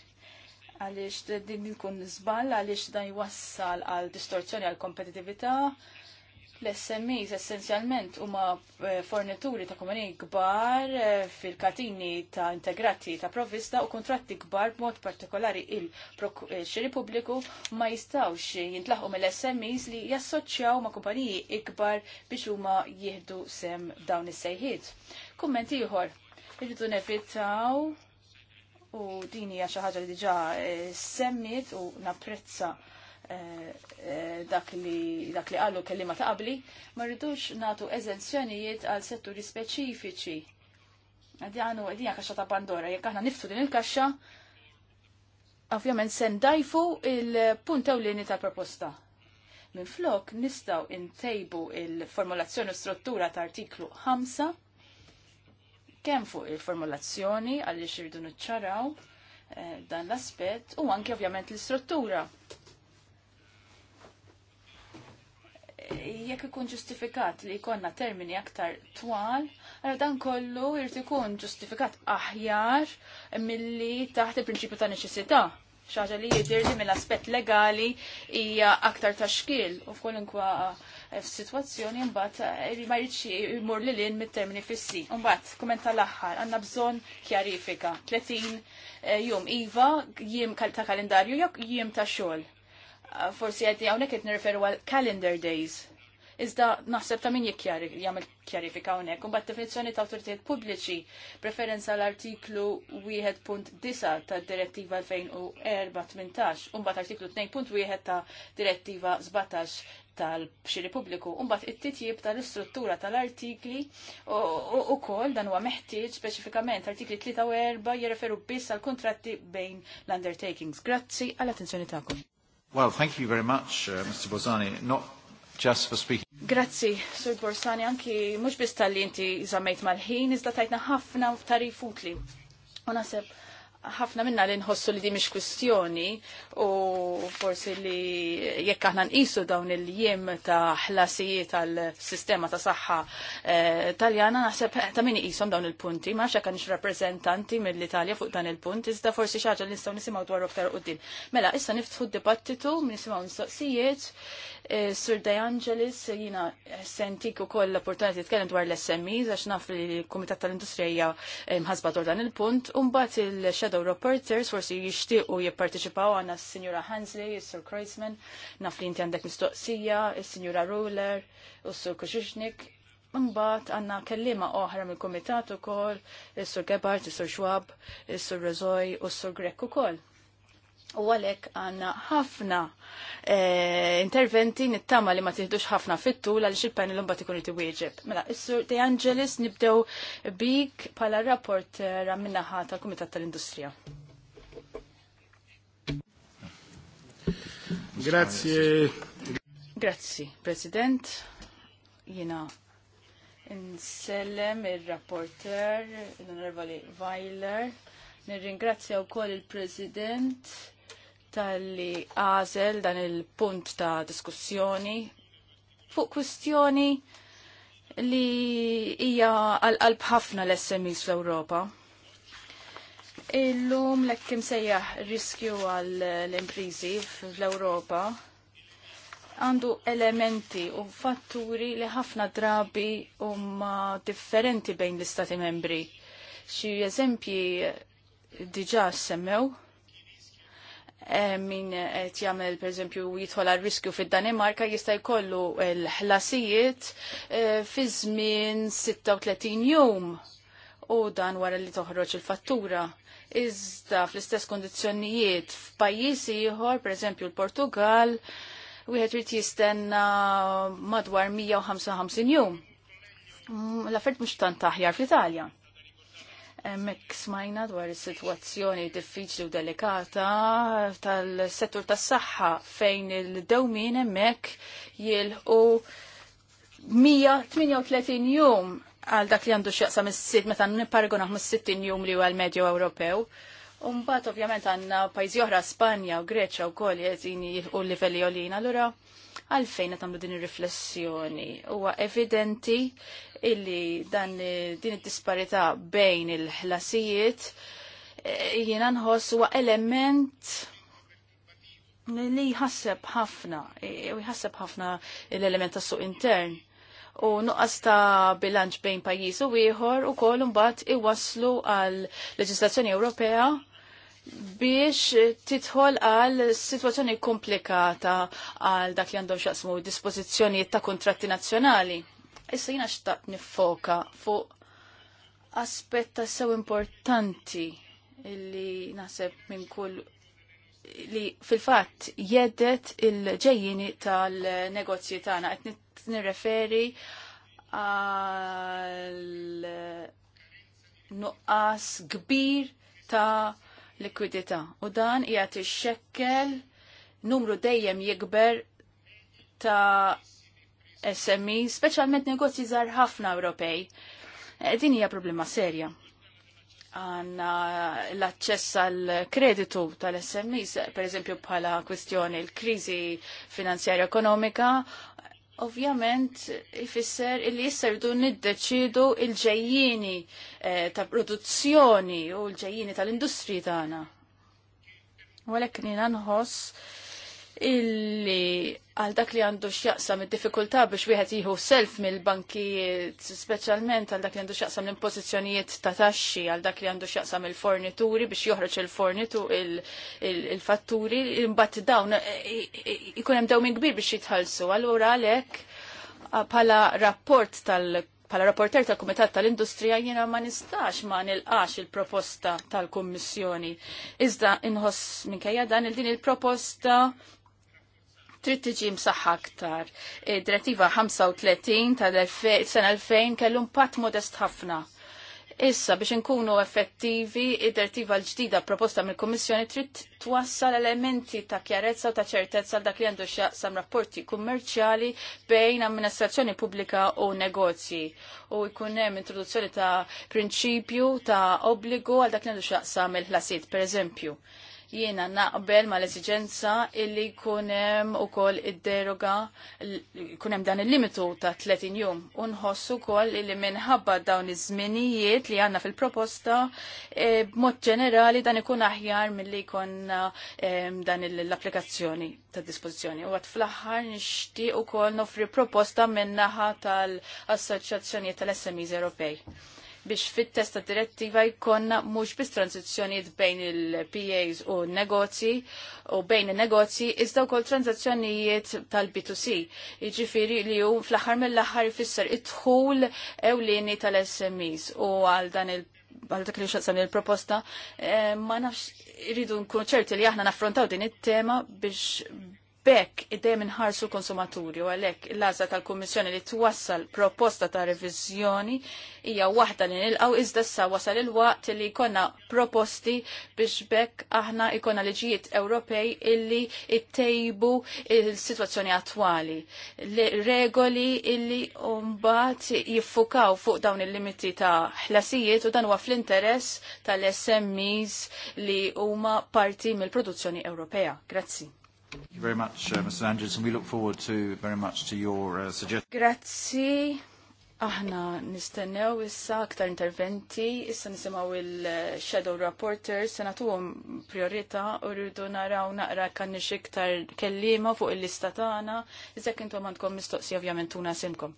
għaliex din ikun żball għaliex dan jwassal għal distorzjoni għal kompetitività L-SMEs essenzjalment huma eh, fornituri ta' kumani kbar eh, fil-katini ta' integrati ta' provvista u kontratti kbar b'mod partikolari il-xiri eh, pubbliku ma jistawx jintlaħqu mill-SMEs li jassoċjaw ma' kumpaniji ikbar biex huma jieħdu sem dawn is-sejħiet. Kumment ieħor, irridu nevitaw u din hija xi ħaġa li diġà semmit u napprezza Eh, dak li għallu kellima ta' qabli, ma rridux natu eżenzjonijiet għal setturi speċifiċi. Għadjanu għedija kaxxa ta' Pandora, jekk aħna niftu din il-kaxxa, ovvjament sen dajfu il-punt ewlieni tal-proposta. Minn flok nistaw intejbu il-formulazzjoni u struttura ta' artiklu 5, kemm fuq il-formulazzjoni għaliex xirridu niċċaraw eh, dan l-aspett u anke ovvjament l-istruttura. jekk ikun ġustifikat li jkollna termini aktar twal, għal dan kollu jrid ikun ġustifikat aħjar milli taħt il-prinċipju ta' neċessità. Xaġa li jidir li mill-aspett legali hija aktar ta' xkil u f'kolinkwa eh, f'sitwazzjoni mbagħad eh, ma jridx jmur lil in mit-termini fissi. Mbagħad kumenta l-aħħar għandna bżonn kjarifika. 30 eh, jum iva jiem ta' kalendarju jekk jiem ta' xogħol forsi għedni għawnek għed nirreferu għal calendar days. Iżda naħseb ta' min jgħamil kjarifika Un bat definizjoni ta' autoritet pubbliċi, preferenza l-artiklu 1.9 ta' direttiva 2018, bat artiklu 2.1 ta' direttiva 17 tal-Bxiri Pubbliku. Umbat it-titjib tal-istruttura tal-artikli u kol dan huwa meħtieġ speċifikament artikli 3 u 4 jirreferu biss għal kontratti bejn l-undertakings. Grazzi għall-attenzjoni ta'kom. Well, thank you very much, uh, Mr. Borzani, not just for speaking. Grazzi, Sir Borsani, anki mux biss tal-li inti zamejt mal-ħin, iżda tajtna ħafna tarif utli. Unaseb, ħafna minna li nħossu li di mish kwistjoni u forsi li jekk aħna nqisu dawn il-jiem ta' ħlasijiet tal-sistema ta' saħħa eh, taljana naħseb eh, ta' min iqishom dawn il-punti ma xa kanx rappresentanti mill-Italja fuq dan il-punt iżda forsi xi ħaġa li nistgħu nisimgħu dwar aktar quddiem. Mela issa niftħu d-dibattitu nisimgħu nistaqsijiet eh, Sir De Angelis jina sentik u koll l-opportunità titkellem dwar l smi għax naf li l-Kumitat tal-Industrija mħasba dwar dan il-punt u mbagħad il xed shadow reporters forsi jixtiequ jipparteċipaw għanna s-Sinjura Hansley, s sur Kreisman, naf li inti għandek mistoqsija, s sinjura Ruler, u s-Sur Kuxiċnik. Mbagħad għandna kellima oħra mill-Kumitat ukoll, is-Sur Gebhardt, is-Sur Schwab, is-Sur Rezoj u s-Sur Grek ukoll. U għalek għanna ħafna eh, interventi nittama li ma tiħdux ħafna fittu għal xil-panel un batikun iti wieġib. Mela, issur De Angelis nibdew bik pala rapport ramminnaħa tal-Komitat tal-Industrija. Grazie. Grazie, President. Jena insellem il-rapporter, l-onorevoli Weiler. Nirringrazzja u koll il-President tal-li għazel dan il-punt ta' diskussjoni fuq kwistjoni li hija għal-qalb ħafna l-SMEs fl-Ewropa. Illum l-ekkim sejjaħ riskju għall-imprizi fl-Ewropa għandu elementi u fatturi li ħafna drabi huma differenti bejn l-istati membri. Xi eżempji diġà semmew Eh, min qed jagħmel pereżempju jidħol għal riskju fid-Danimarka jista' jkollu l-ħlasijiet eh, fi żmien 36 jum u dan wara li toħroġ il-fattura. Iżda fl-istess kondizjonijiet f'pajjiż ieħor, pereżempju l-Portugal, wieħed rid jistenna madwar 155 jum. Mm, L-affert mhux tant aħjar fl-Italja. Mek smajna dwar is-sitwazzjoni diffiċli u delikata tal-settur tas-saħħa fejn il-dewmin hemmhekk u 138 jum għal dak li għandu x'jaqsam is-sitt meta nippargonaħ mis-60 jum li huwa l-medju Ewropew. Umbat ovvjament għandna pajjiżi oħra Spanja u Greċja wkoll qed jilħu u livelli għolin allura Għalfejn qed din ir-riflessjoni huwa evidenti illi dan din id-disparità bejn il-ħlasijiet eh, jiena nħoss huwa element li jħasseb ħafna, eh, u jħasseb ħafna l-element tas-suq intern u nuqqas ta' bilanċ bejn pajjiż u ieħor ukoll imbagħad iwasslu għal leġislazzjoni Ewropea biex titħol għal situazzjoni komplikata għal dak li għandhom xaqsmu dispożizzjonijiet ta' kontratti nazzjonali. Issa jina xtaqt nifoka fuq aspetta sew importanti li naħseb minn kull li fil-fatt jedet il-ġejjini tal-negozji tagħna qed nirreferi għal nuqqas kbir ta' likwidita. u dan qiegħed xekkel numru dejjem jikber ta' SMI, e, speċjalment negozji żgħar ħafna Ewropej. E, din hija problema serja. Għanna l-aċċess għal kreditu tal-SMIs, per eżempju bħala kwistjoni l-kriżi finanzjarja ekonomika ovvjament ifisser illi issa jridu niddeċidu il-ġejjini eh, ta' produzzjoni u l-ġejjini tal-industri tagħna. Walek nina nħoss illi għal dak li għandu x'jaqsam id-diffikultà biex wieħed jieħu self mill-bankijiet, speċjalment għal dak li għandu x'jaqsam l-impożizzjonijiet ta' taxxi, għal dak li għandu x'jaqsam il-fornituri biex joħroġ il-fornitu il-fatturi, imbagħad dawn e, e, e, ikun hemm minn kbir biex jitħallsu. Allura għalhekk bħala rapport tal bħala rapporter tal-Kumitat tal-Industrija jiena ma nistax ma nilqax il-proposta tal-Kummissjoni. Iżda inħoss minkejja dan il-din il-proposta trid tiġi msaħħa aktar. E, Direttiva 35 tal-sena 2000 kellu impatt modest ħafna. Issa biex inkunu effettivi, id-direttiva l-ġdida proposta mill-Kummissjoni trid twassal elementi ta' kjarezza u ta' ċertezza dak li għandu xaqsam rapporti kummerċjali bejn amministrazzjoni pubblika u negozji. U jkun hemm introduzzjoni ta' prinċipju ta' obbligu għal dak li għandu xaqsam il ħlasit per eżempju jiena naqbel ma l-esigenza illi kunem u kol id-deroga, kunem dan il-limitu ta' 30 jum. Unħossu kol illi minħabba dawn iż-żminijiet li għanna fil-proposta, e, b'mod ġenerali dan ikun aħjar mill-li konna e, dan l-applikazzjoni ta' dispozizjoni. U għat fl aħħar nishti u kol nofri proposta minnaħa tal-Assoċjazzjoni tal-SMEs Ewropej biex fit-testa direttiva jkonna mhux biss tranzizzjonijiet bejn il-PAs u negozji u bejn il-negozji iżda wkoll tranzazzjonijiet tal-B2C. Jiġifieri li hu fl-aħħar mill-aħħar ifisser id-dħul ewlieni tal-SMEs u għal dan il għal dak li xaqsam il-proposta, eh, ma nafx irridu nkunu ċerti li aħna naffrontaw din it-tema biex bekk id dem nħarsu konsumaturi u għalek l-għazza tal-Kommissjoni li twassal proposta ta' revizjoni hija waħda li nilqaw iżda sa wasal il-waqt li konna proposti biex bekk aħna ikonna liġijiet Ewropej illi ittejbu il-situazzjoni attwali. Regoli illi umbat jiffukaw fuq dawn il-limiti ta' ħlasijiet u dan huwa fl-interess tal-SMEs li huma parti mill-produzzjoni Ewropea. Grazzi. Thank you very much, uh, Mr. Andrews, and we look forward to very much to your uh, Grazzi. Aħna nistennew issa aktar interventi, issa nisimaw il-Shadow rapporters, se nagħtuhom priorità u rridu naraw naqra kanni iktar kellima fuq il-lista tagħna, iżda intom għandkom mistoqsi ovvjament tuna simkom.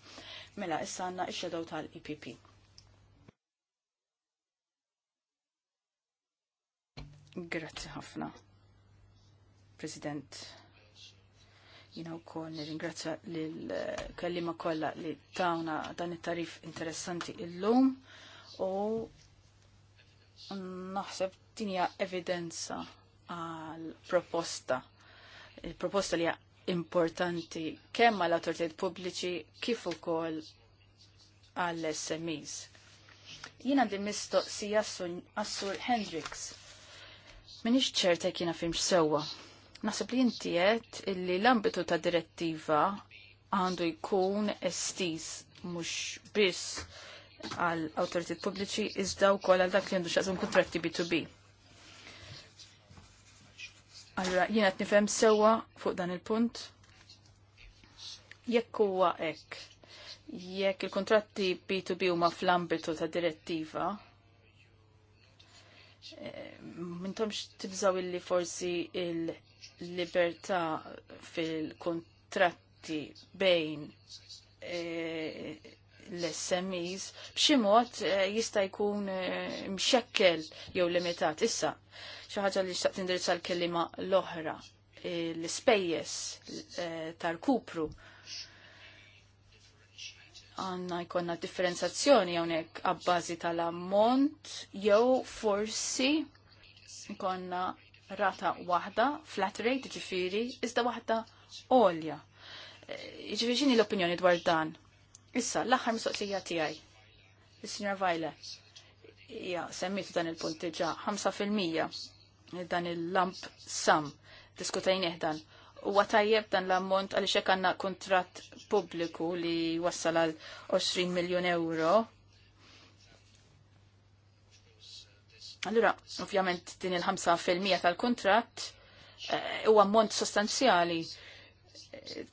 Mela, issa għandna ix-Shadow tal-EPP. Grazzi ħafna. President. Jina u kol nirringrazzja l-kellima kolla li tawna dan it-tarif interessanti il-lum u naħseb tinja evidenza għal proposta. Il-proposta li importanti kemm għal autoritet pubbliċi kif ukoll għal SMEs. Jina misto mistoqsija Assur Hendrix. Minix ċerta kiena fimx sewa Naħseb li inti illi l-ambitu ta' direttiva għandu jkun estis mhux biss għal awtoritet pubbliċi iżda wkoll għal dak li għandu xaqsum kontratti B2B. Allora jiena qed nifhem sewwa fuq dan il-punt. Jekk huwa hekk, jekk il-kontratti B2B huma fl-ambitu ta' direttiva, eh, mintomx tibżaw illi forsi il- libertà fil-kontratti bejn e, l-SMEs b'xi mod e, jista' jkun e, mxekkel jew limitat. Issa, xi ħaġa li xtaqt indirizza l-kelima l-oħra, l-ispejjeż tal-kupru għanna jkonna differenzazzjoni hawnhekk għabbażi tal-ammont, jew forsi jkonna rata waħda, flat rate ġifiri, iżda waħda olja. E, ġifiri l-opinjoni dwar dan. Issa, l-axar mistoqsija tijaj. Il-Sinjor Vajle, ja, semmitu dan il-punt 5% dan il-lamp sam, diskutajn dan. U għatajjeb dan l-ammont għalli xekanna kontrat publiku li wassal għal 20 miljon euro Allura, ovvjament din il-5% tal kontrat eh, huwa uh, ammont sostanzjali.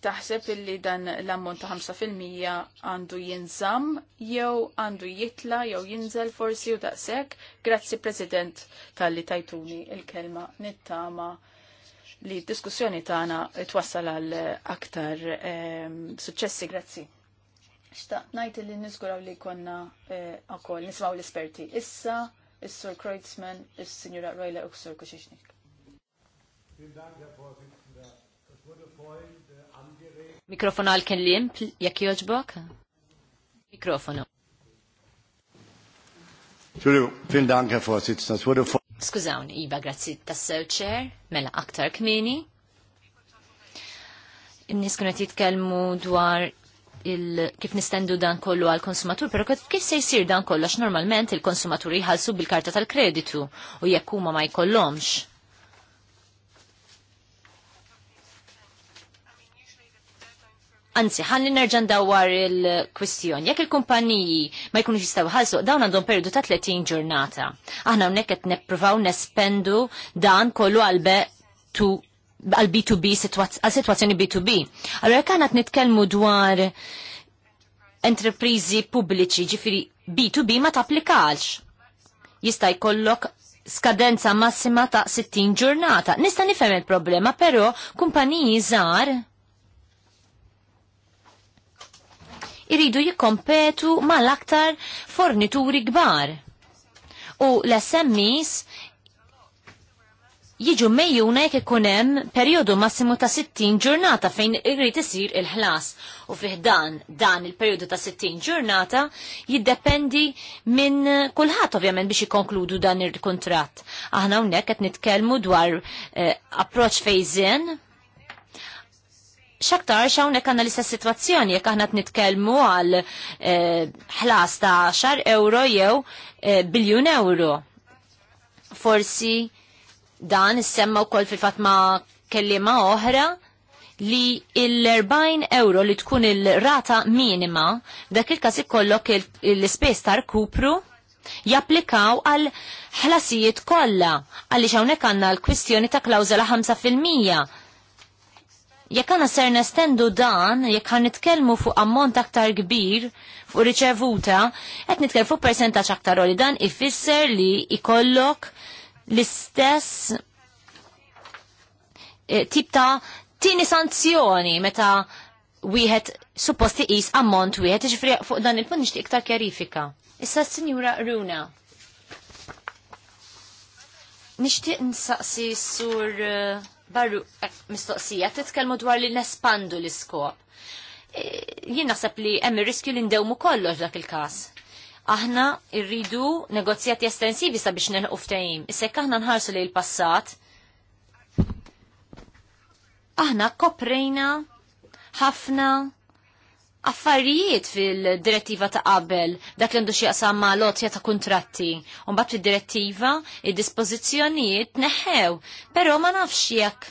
Taħseb illi dan l-ammont ta' 5% għandu jinżam jew għandu jitla jew jinżel forsi u daqshekk. Grazzi President tal-li tajtuni il-kelma nittama li d-diskussjoni tagħna twassal għal aktar um, suċċessi. Grazzi. Xtaqt ngħid li niżguraw li konna eh, uh, nismaw l-esperti. Issa is-Sur Kreutzmann, is-Sinjura Rojla u s Kuxiċnik. Mikrofon għal kien li lim, jek joġbok? Mikrofonu. Vielen Dank, Herr Vorsitzender. Es wurde Skużawni, Iva, grazzi tassew ċer, mela aktar kmini. Nis kunet jitkelmu dwar kif nistendu dan kollu għal konsumatur, pero kif se jisir dan kollu għax normalment il konsumatur jħalsu bil-karta tal-kreditu u jekk huma ma jkollhomx. Anzi, ħalli nerġan dawar il kwistjon Jekk il-kumpaniji ma jkunux jistaw ħalsu, dawn għandhom periodu ta' 30 ġurnata. Aħna hawnhekk qed nippruvaw nespendu dan kollu għalbe tu għal B2B, għal situazzjoni B2B. Allora kan għat nitkelmu dwar entreprizi pubbliċi ġifiri B2B ma tapplikax. Jista' jkollok skadenza massima ta' 60 ġurnata. Nista' nifhem il-problema, però kumpaniji żgħar iridu jikkompetu mal-aktar fornituri kbar. U l-SMEs jiġu mejjuna jekk ikun hemm perjodu massimu ta' 60 ġurnata fejn irrid isir il-ħlas u fih dan dan il-perjodu ta' 60 ġurnata jiddependi minn kulħadd ovvjament biex ikonkludu dan il-kuntratt. Aħna hawnhekk qed nitkellmu dwar eh, approċċ fejżin xaktar xawnek għanna l-istess situazzjoni, jek aħna t-nitkelmu għal eh, ħlas ta' 10 euro jew eh, biljun euro. Forsi Dan issemma wkoll fil-fatt ma' kellima oħra li l-40 euro li tkun il-rata minima dak il-każ ikollok l-ispejs tar kupru japplikaw għal ħlasijiet kollha għaliex hawnhekk għandna l-kwistjoni ta' klawżola 5%. Jekk għandna ser nestendu dan, jekk għan fuq ammont aktar kbir fuq riċevuta, qed nitkelmu fuq persentaġġ aktar li dan ifisser li ikollok l-istess eh, tip ta' tini sanzjoni meta wieħed suppost iqis ammont wieħed iġifri fuq dan il-punt nixtieq iktar kjarifika. Issa s-Sinjura Runa. Nixtieq nsaqsi sur eh, barru eh, mistoqsija titkellmu dwar li nespandu l-iskop. Jien naħseb li hemm ir-riskju li ndewmu kollox dak il-każ aħna irridu negozjati estensivi sabiex nelħu ftehim. Issek aħna nħarsu li l-passat, aħna koprejna ħafna affarijiet fil-direttiva ta' qabel, dak li għandu xie ma' lotja ta' kontratti. Unbat fil-direttiva, id-dispozizjonijiet neħew, pero ma' nafx jekk,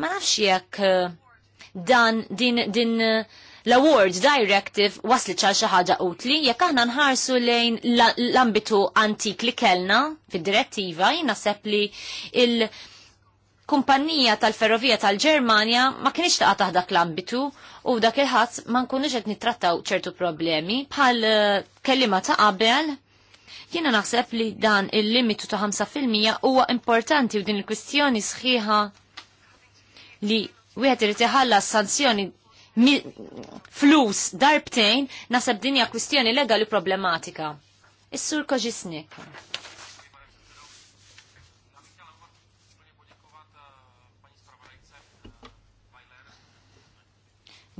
ma' nafx jekk eh, dan din, din, din eh, l-Award Directive wasli ċal xi ħaġa utli jekk aħna nħarsu lejn l-ambitu antik li kellna fid-direttiva jina naħseb li il- kumpanija tal-ferrovija tal-Ġermanja ma kienx taqa' taħ dak l-ambitu u dak il-ħadd ma nkunux qed nittrattaw ċertu problemi bħal eh, kelima ta' qabel jiena naħseb li dan il-limitu ta' 5% huwa importanti u din il-kwistjoni sħiħa li wieħed irid iħallas sanzjoni flus darbtejn nasab dinja kwistjoni legali problematika. Is-sur koġisnik.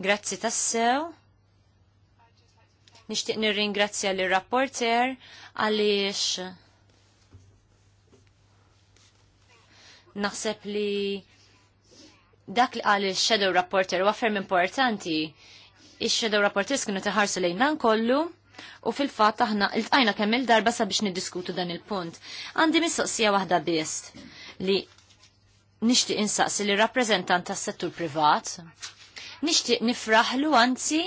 Grazzi tassew. Nishtiq nirringrazzja li rapporter għaliex naħseb li dak li għal il-shadow rapporter u għaffer importanti. Il-shadow rapporters kienu taħarsu lejn kollu u fil-fat aħna il-tajna kemm il-darba sabiex niddiskutu dan il-punt. Għandi mistoqsija waħda biest li nixtieq insaqsi li rappreżentant tas-settur privat nixtieq nifraħlu anzi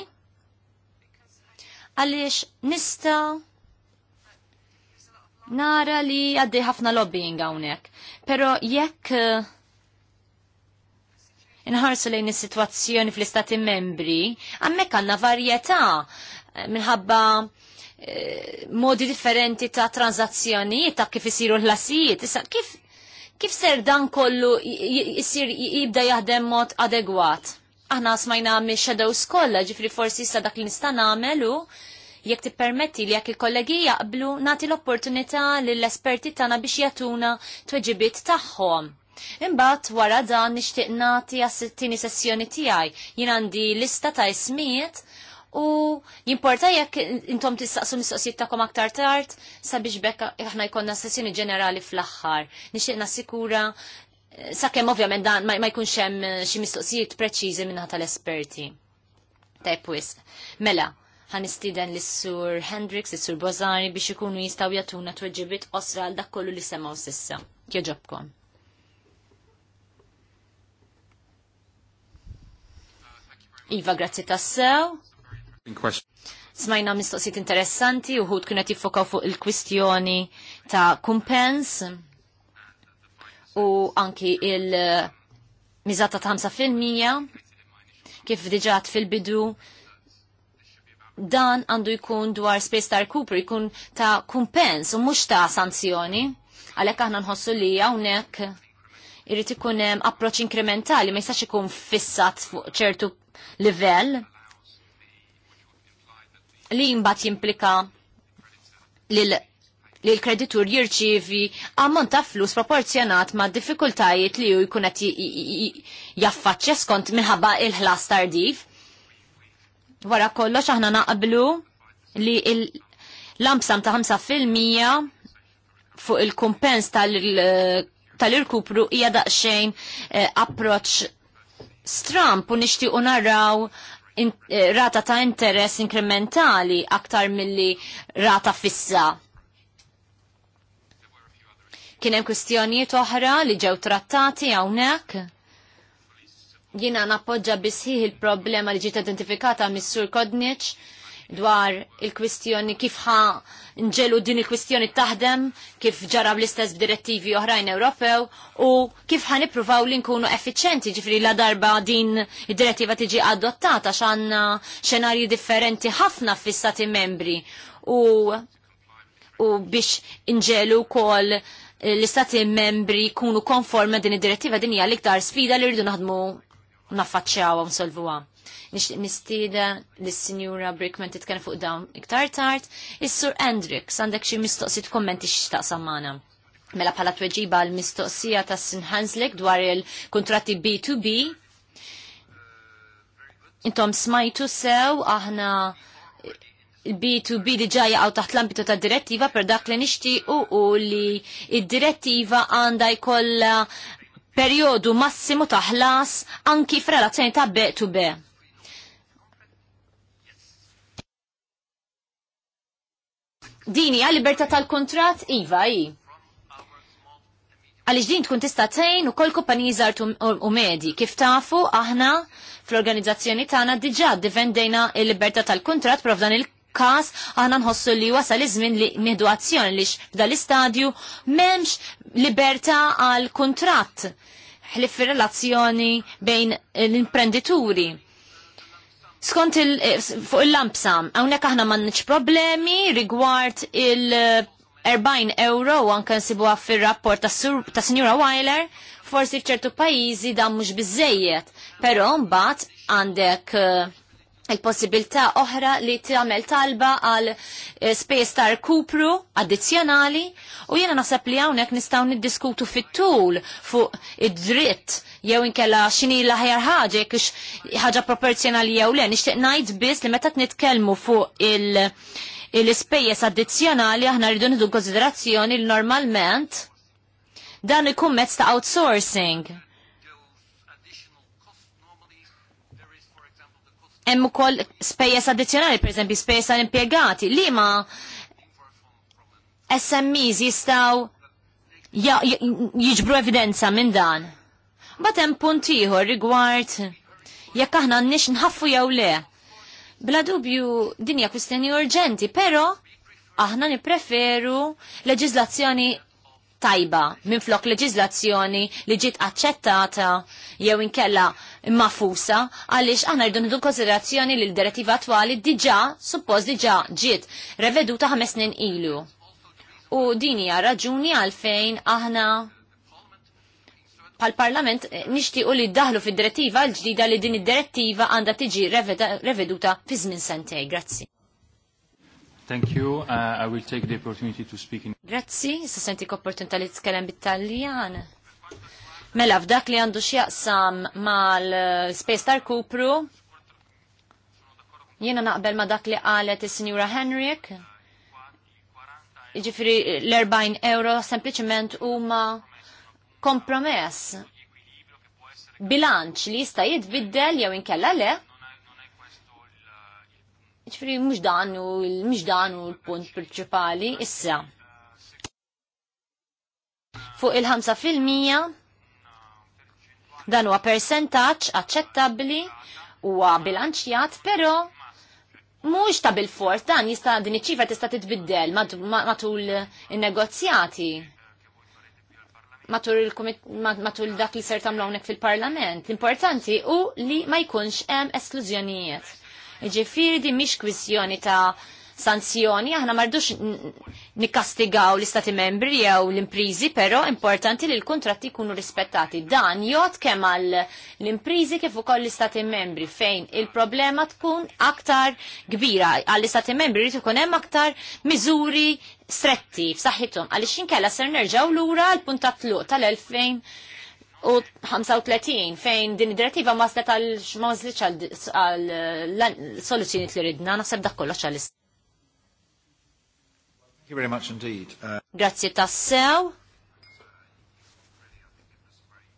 għaliex nista nara li għaddej ħafna lobbying hawnhekk. Però jekk inħarsu lejn is-sitwazzjoni fl-istati membri, għammek għanna varjetà eh, minħabba eh, modi differenti ta' tranzazzjonijiet ta' kif isiru l-lasijiet, issa kif kif ser dan kollu jisir jibda jaħdem mod adegwat? Aħna smajna mi shadows kollha, ġifri forsi issa dak li nista' nagħmel u jekk tippermetti li jekk il-kollegi jaqblu nagħti l-opportunità lill-esperti tagħna biex jatuna tweġibiet tagħhom Imbagħad wara dan nixtieq nagħti għas-sittini sessjoni tiegħi. Jien għandi lista ta' ismijiet u jimporta jekk intom tistaqsu mistoqsijiet tagħkom aktar tard sabiex bekk aħna jkollna sessjoni ġenerali fl-aħħar. Nixtieq nassikura eh, sakemm ovvjament dan ma jkunx hemm eh, xi mistoqsijiet preċiżi minnha tal-esperti. Tajb Mela, ħanistiden l-sur Hendrix, l-sur Bozani biex ikunu jistaw jatuna tweġibit osra għal dak kollu li semgħu sissa. Kieġobkom. Iva, grazzi tassew. Smajna mistoqsit interessanti uħud kienet jiffokaw fuq il-kwistjoni ta' kumpens u anki il-mizata ta' 5% kif diġat fil-bidu dan għandu jkun dwar space ta' recupero jkun ta' kumpens u mux ta' sanzjoni għalek aħna nħossu li għawnek irrid ikun hemm approċċ inkrementali ma jistax ikun fissat fuq ċertu livell li jimbat jimplika li l-kreditur jirċivi ammont ta' flus proporzjonat ma' diffikultajiet li ju jkun qed jaffaċċja skont minħabba il-ħlas tardif. Wara kollox aħna naqblu li l-lampsam ta' 5% fuq il-kumpens tal tal-irkupru hija daqsxejn eh, approċ stramp u nixtiequ narraw in, eh, rata ta' interess inkrementali aktar milli rata fissa. Kien hemm kwistjonijiet oħra li ġew trattati hawnhekk. Jiena nappoġġa bisħiħ il-problema li ġiet identifikata mis-Sur Kodniċ dwar il-kwistjoni kif ħa nġelu din il-kwistjoni taħdem, kif ġarab l-istess b'direttivi oħrajn Ewropew u kif ħa nippruvaw li nkunu effiċenti ġifri la darba din id-direttiva tiġi adottata x'għandna xenarji differenti ħafna fis-stati membri u, u biex inġelu kol l-istati membri kunu konforma din id-direttiva din hija l-iktar sfida li rridu naħdmu naffaċċjawha nsolvuha. Nixtieq nistieda lis-Sinjura Brickman titkellem fuq dawn iktar tard. Is-Sur Hendrix għandek xi mistoqsijiet kommenti x'taqsam magħna. Mela bħala tweġiba l mistoqsija ta' Sinhanslek dwar il-kontratti B2B. Intom smajtu sew aħna B2B li ġajja għaw taħt l-ambitu ta' direttiva per dak li nixtiequ u li id-direttiva għandha jkollha periodu massimu ta' ħlas anki f'relazzjoni ta' B2B. Dini hija libertà tal-kontrat iva hi. Għaliex din tkun tista' tgħin ukoll kumpaniji jizart u medji. Kif tafu aħna fl-organizzazzjoni tagħna diġà divendejna l-libertà tal-kuntratt provdan il kas għana nħossu li wasal iż-żmien li nħidu azzjoni li l istadju m'hemmx libertà għal kuntratt ħlif relazzjoni bejn l-imprendituri. Skont il, eh, fuq il-lampsam, għawnek aħna manniċ problemi rigward il- 40 euro anke nsibu fir rapport ta', sur, ta Signora Weiler, forsi fċertu pajizi dan mhux biżejjed, però mbagħad għandek eh, il-possibilità oħra li tagħmel talba għal eh, space ta' kupru addizzjonali u jiena naħseb li hawnhekk nistgħu niddiskutu fit-tul fuq id-dritt jew inkella x'inhi l-aħjar ħaġa jekk ħaġa proporzjonali jew le, nixtieq ngħid biss li meta nitkellmu fuq il- l-ispejjeż addizzjonali aħna rridu nieħdu konsiderazzjoni li normalment dan ikun mezz ta' outsourcing. Hemm ukoll spejjeż addizzjonali, pereżempju spejjeż tal-impjegati, liema SMEs jistgħu jiġbru evidenza minn dan. Batem punt ieħor rigward jekk aħna nix nħaffu jew le. Bla dubju dinja kwistjoni urġenti, però aħna nipreferu leġizlazzjoni tajba minn flok leġizlazzjoni li ġiet aċċettata jew inkella mafusa għaliex aħna rridu nidu konsiderazzjoni li l-direttiva attwali diġà suppost diġà ġiet reveduta ħames snin ilu. U din hija raġuni għalfejn aħna għal parlament eh, nixtiequ li daħlu fid-direttiva l-ġdida li din id-direttiva għandha tiġi reveduta fi żmien sentej. Grazzi. Thank you. Uh, I will take the opportunity to speak in... Grazzi, sa sentik opportunità li tkellem bit-Taljan. Mela, f'dak li għandu x'jaqsam mal-Space Star Kupru, jiena naqbel ma dak li qalet is-Sinjura Henrik, ġifiri l-40 euro sempliciment huma kompromess bilanċ li jista' jitbiddel jew inkella le. Ġifri mhux dan u mhux dan u l-punt prinċipali issa. Fuq il-5 fil-mija dan huwa percentaġġ aċċettabbli huwa bilanċjat, però mhux ta' bil dan jista' din iċ-ċifra tista' titbiddel matul in-negozjati. Mat matul dak li ser tagħmlu hawnhekk fil-Parlament. L-importanti hu li ma jkunx hemm esklużjonijiet. Ġifieri di mhix kwistjoni ta' sanzjoni, aħna mardux nikastigaw l-istati membri jew l-imprizi, pero importanti li l-kontratti kunu rispettati. Dan jot kemm l-imprizi kif ukoll l-istati membri fejn il-problema tkun aktar kbira għall-istati membri rrid ikun hemm aktar miżuri stretti f'saħħithom għaliex kella ser nerġgħu lura l-puntat tluq tal-2000 fejn din id-direttiva ma slet għal xmażliċ għal soluzzjoni li ridna, naħseb dak kollox għal Thank you very much indeed. Uh, Grazzi tassew.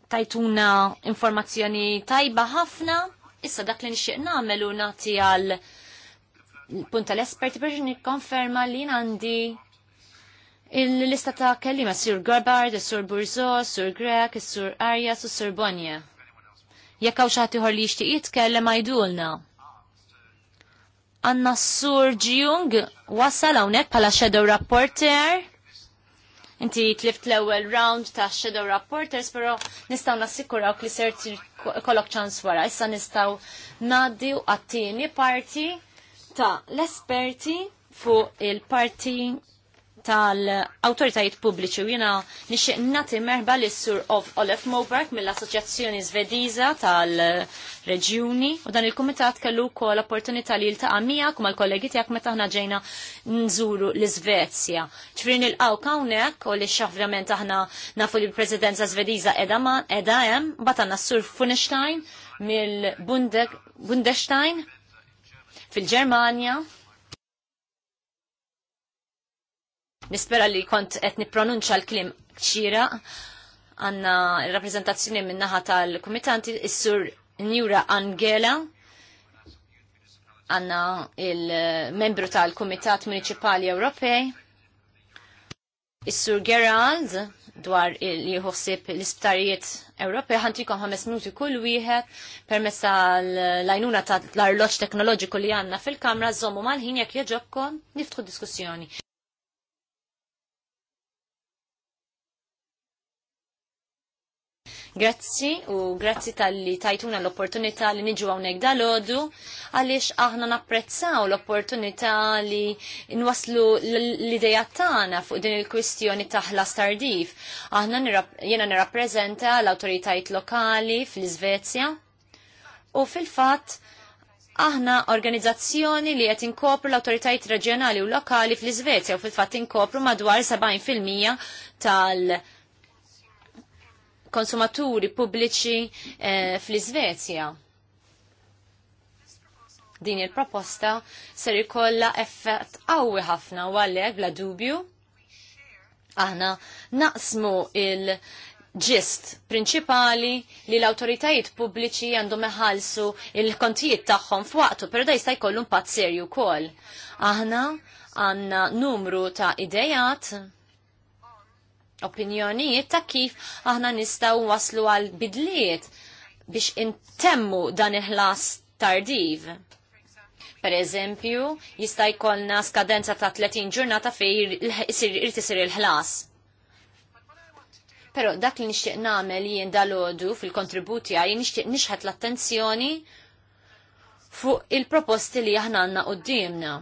Tajtuna informazzjoni tajba ħafna. Issa dak li nixtieq nagħmel u nagħti għal punta l-esperti biex nikkonferma li għandi il-lista ta' kellima Sur Gorbard, Sur Burzo, Sur Grek, Sur Arias u Sur Bonje. Jekk hawn xi ħadd li jixtieq jitkellem għajdulna. Anna Sur Jung wasal hawnhekk bħala Shadow Rapporter. Inti tlift l-ewwel round ta' Shadow Rapporters, però nistgħu nassikurawk li ser kolok ċans wara. Issa nistgħu ngħaddi għat-tieni parti ta' l-esperti fuq il-parti tal-autoritajiet pubbliċi u jina nixieq nati merba l sur of Olef Mobark mill-Assoċjazzjoni Svediża tal-Reġjuni u dan il-Kumitat kellu wkoll opportunità li jiltaqa' miegħek kum mal-kollegi tiegħek meta aħna ġejna nżuru l-Iżvezja. Ġifieri nilqgħu hawnhekk u li xaframent aħna nafu li l-Presidenza Svediża qiegħda hemm, mbagħad għandna s-Sur Funestein mill-Bundestein fil-Ġermanja Nispera li kont qed nippronunċa l-kliem ċira għanna rappresentazzjoni minnaħa tal-komitanti is-sur Njura Angela għanna il-membru tal-Komitat Municipali Ewropej, Is-Sur Gerald dwar li jħossib l-isptarijiet Ewropej ħantikom ħames minuti kull wieħed permezz tal-lajnuna tal arloġ teknoloġiku li għandna fil-kamra zommu mal-ħin jekk jogħġobkom niftħu diskussjoni. Grazzi u grazzi tal-li tajtuna l-opportunità li niġu għawnek dal-ħodu għalix aħna napprezzaw l-opportunità li nwaslu l-ideja tagħna fuq din il-kwistjoni taħla stardif. Aħna jena nirrappreżenta l autoritajt lokali fl-Iżvezja u fil-fatt aħna organizzazzjoni li qed inkopru l-awtoritajiet reġjonali u lokali fl-Iżvezja u fil-fatt inkopru madwar 70% tal- konsumaturi pubbliċi eh, fl-Iżvezja. Din il-proposta ser ikolla effett qawwi ħafna u għalhekk bla dubju aħna naqsmu il- ġist prinċipali li l-autoritajiet pubbliċi għandhom iħallsu il-kontijiet tagħhom f'waqtu, però da jista' jkollu impatt serju wkoll. Aħna għandna numru ta' idejat opinjonijiet ta' kif aħna nistaw waslu għal bidliet biex intemmu dan il-ħlas tardiv. Per eżempju, jista' jkollna skadenza ta' 30 ġurnata fej irid isir il-ħlas. Però dak li nixtieq nagħmel jien dalodu fil-kontributi għaj nixtieq nixħet l-attenzjoni fuq il-proposti li aħna għandna qudiemna.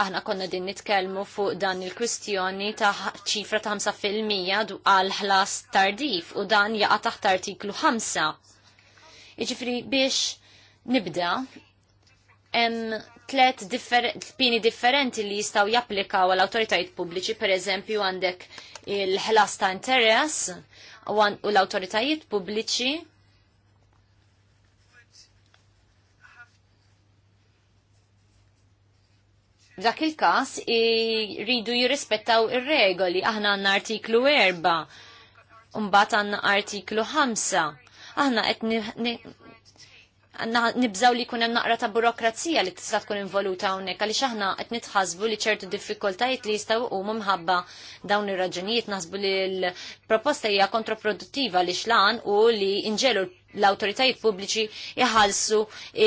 Aħna konna din nitkellmu fuq dan il-kwistjoni ta' ċifra ta' 5% għal ħlas tardif u dan jaqa' taħt artiklu 5. Iġifri biex nibda, hemm tlet pini differenti li jistaw japplikaw għal autoritajiet pubbliċi, per eżempju għandek il-ħlas ta' interess u l-autoritajiet pubbliċi F'dak il-kas rridu jirrispettaw ir-regoli. Aħna għandna artiklu 4, mbagħad għandna artiklu 5. Aħna qed nibżaw li jkun hemm naqra ta' burokrazija li tista' tkun involuta hawnhekk għaliex aħna qed nitħasbu li ċertu diffikultajiet li jistgħu huma mħabba dawn ir-raġunijiet naħsbu li l-proposta hija kontraproduttiva li xlan u li inġelu l-awtoritajiet pubbliċi jħallsu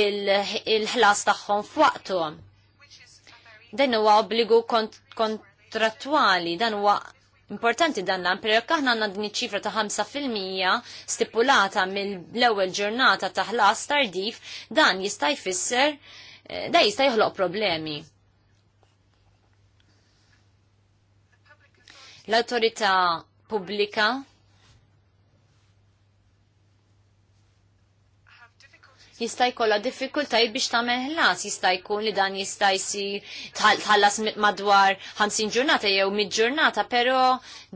il-ħlas tagħhom f'waqthom Dan huwa obbligu kont kontrattwali, dan huwa importanti dan l per jekk aħna għandna din iċ-ċifra ta' 5% stipulata mill-ewwel ġurnata ta' ħlas tardif, dan jista' jfisser, eh, da jista' joħloq problemi. L-autorità pubblika jista' jkollha diffikultajiet biex tagħmel ħlas, jista' jkun li dan jista' jsir tħallas madwar 50 ġurnata jew 100 ġurnata però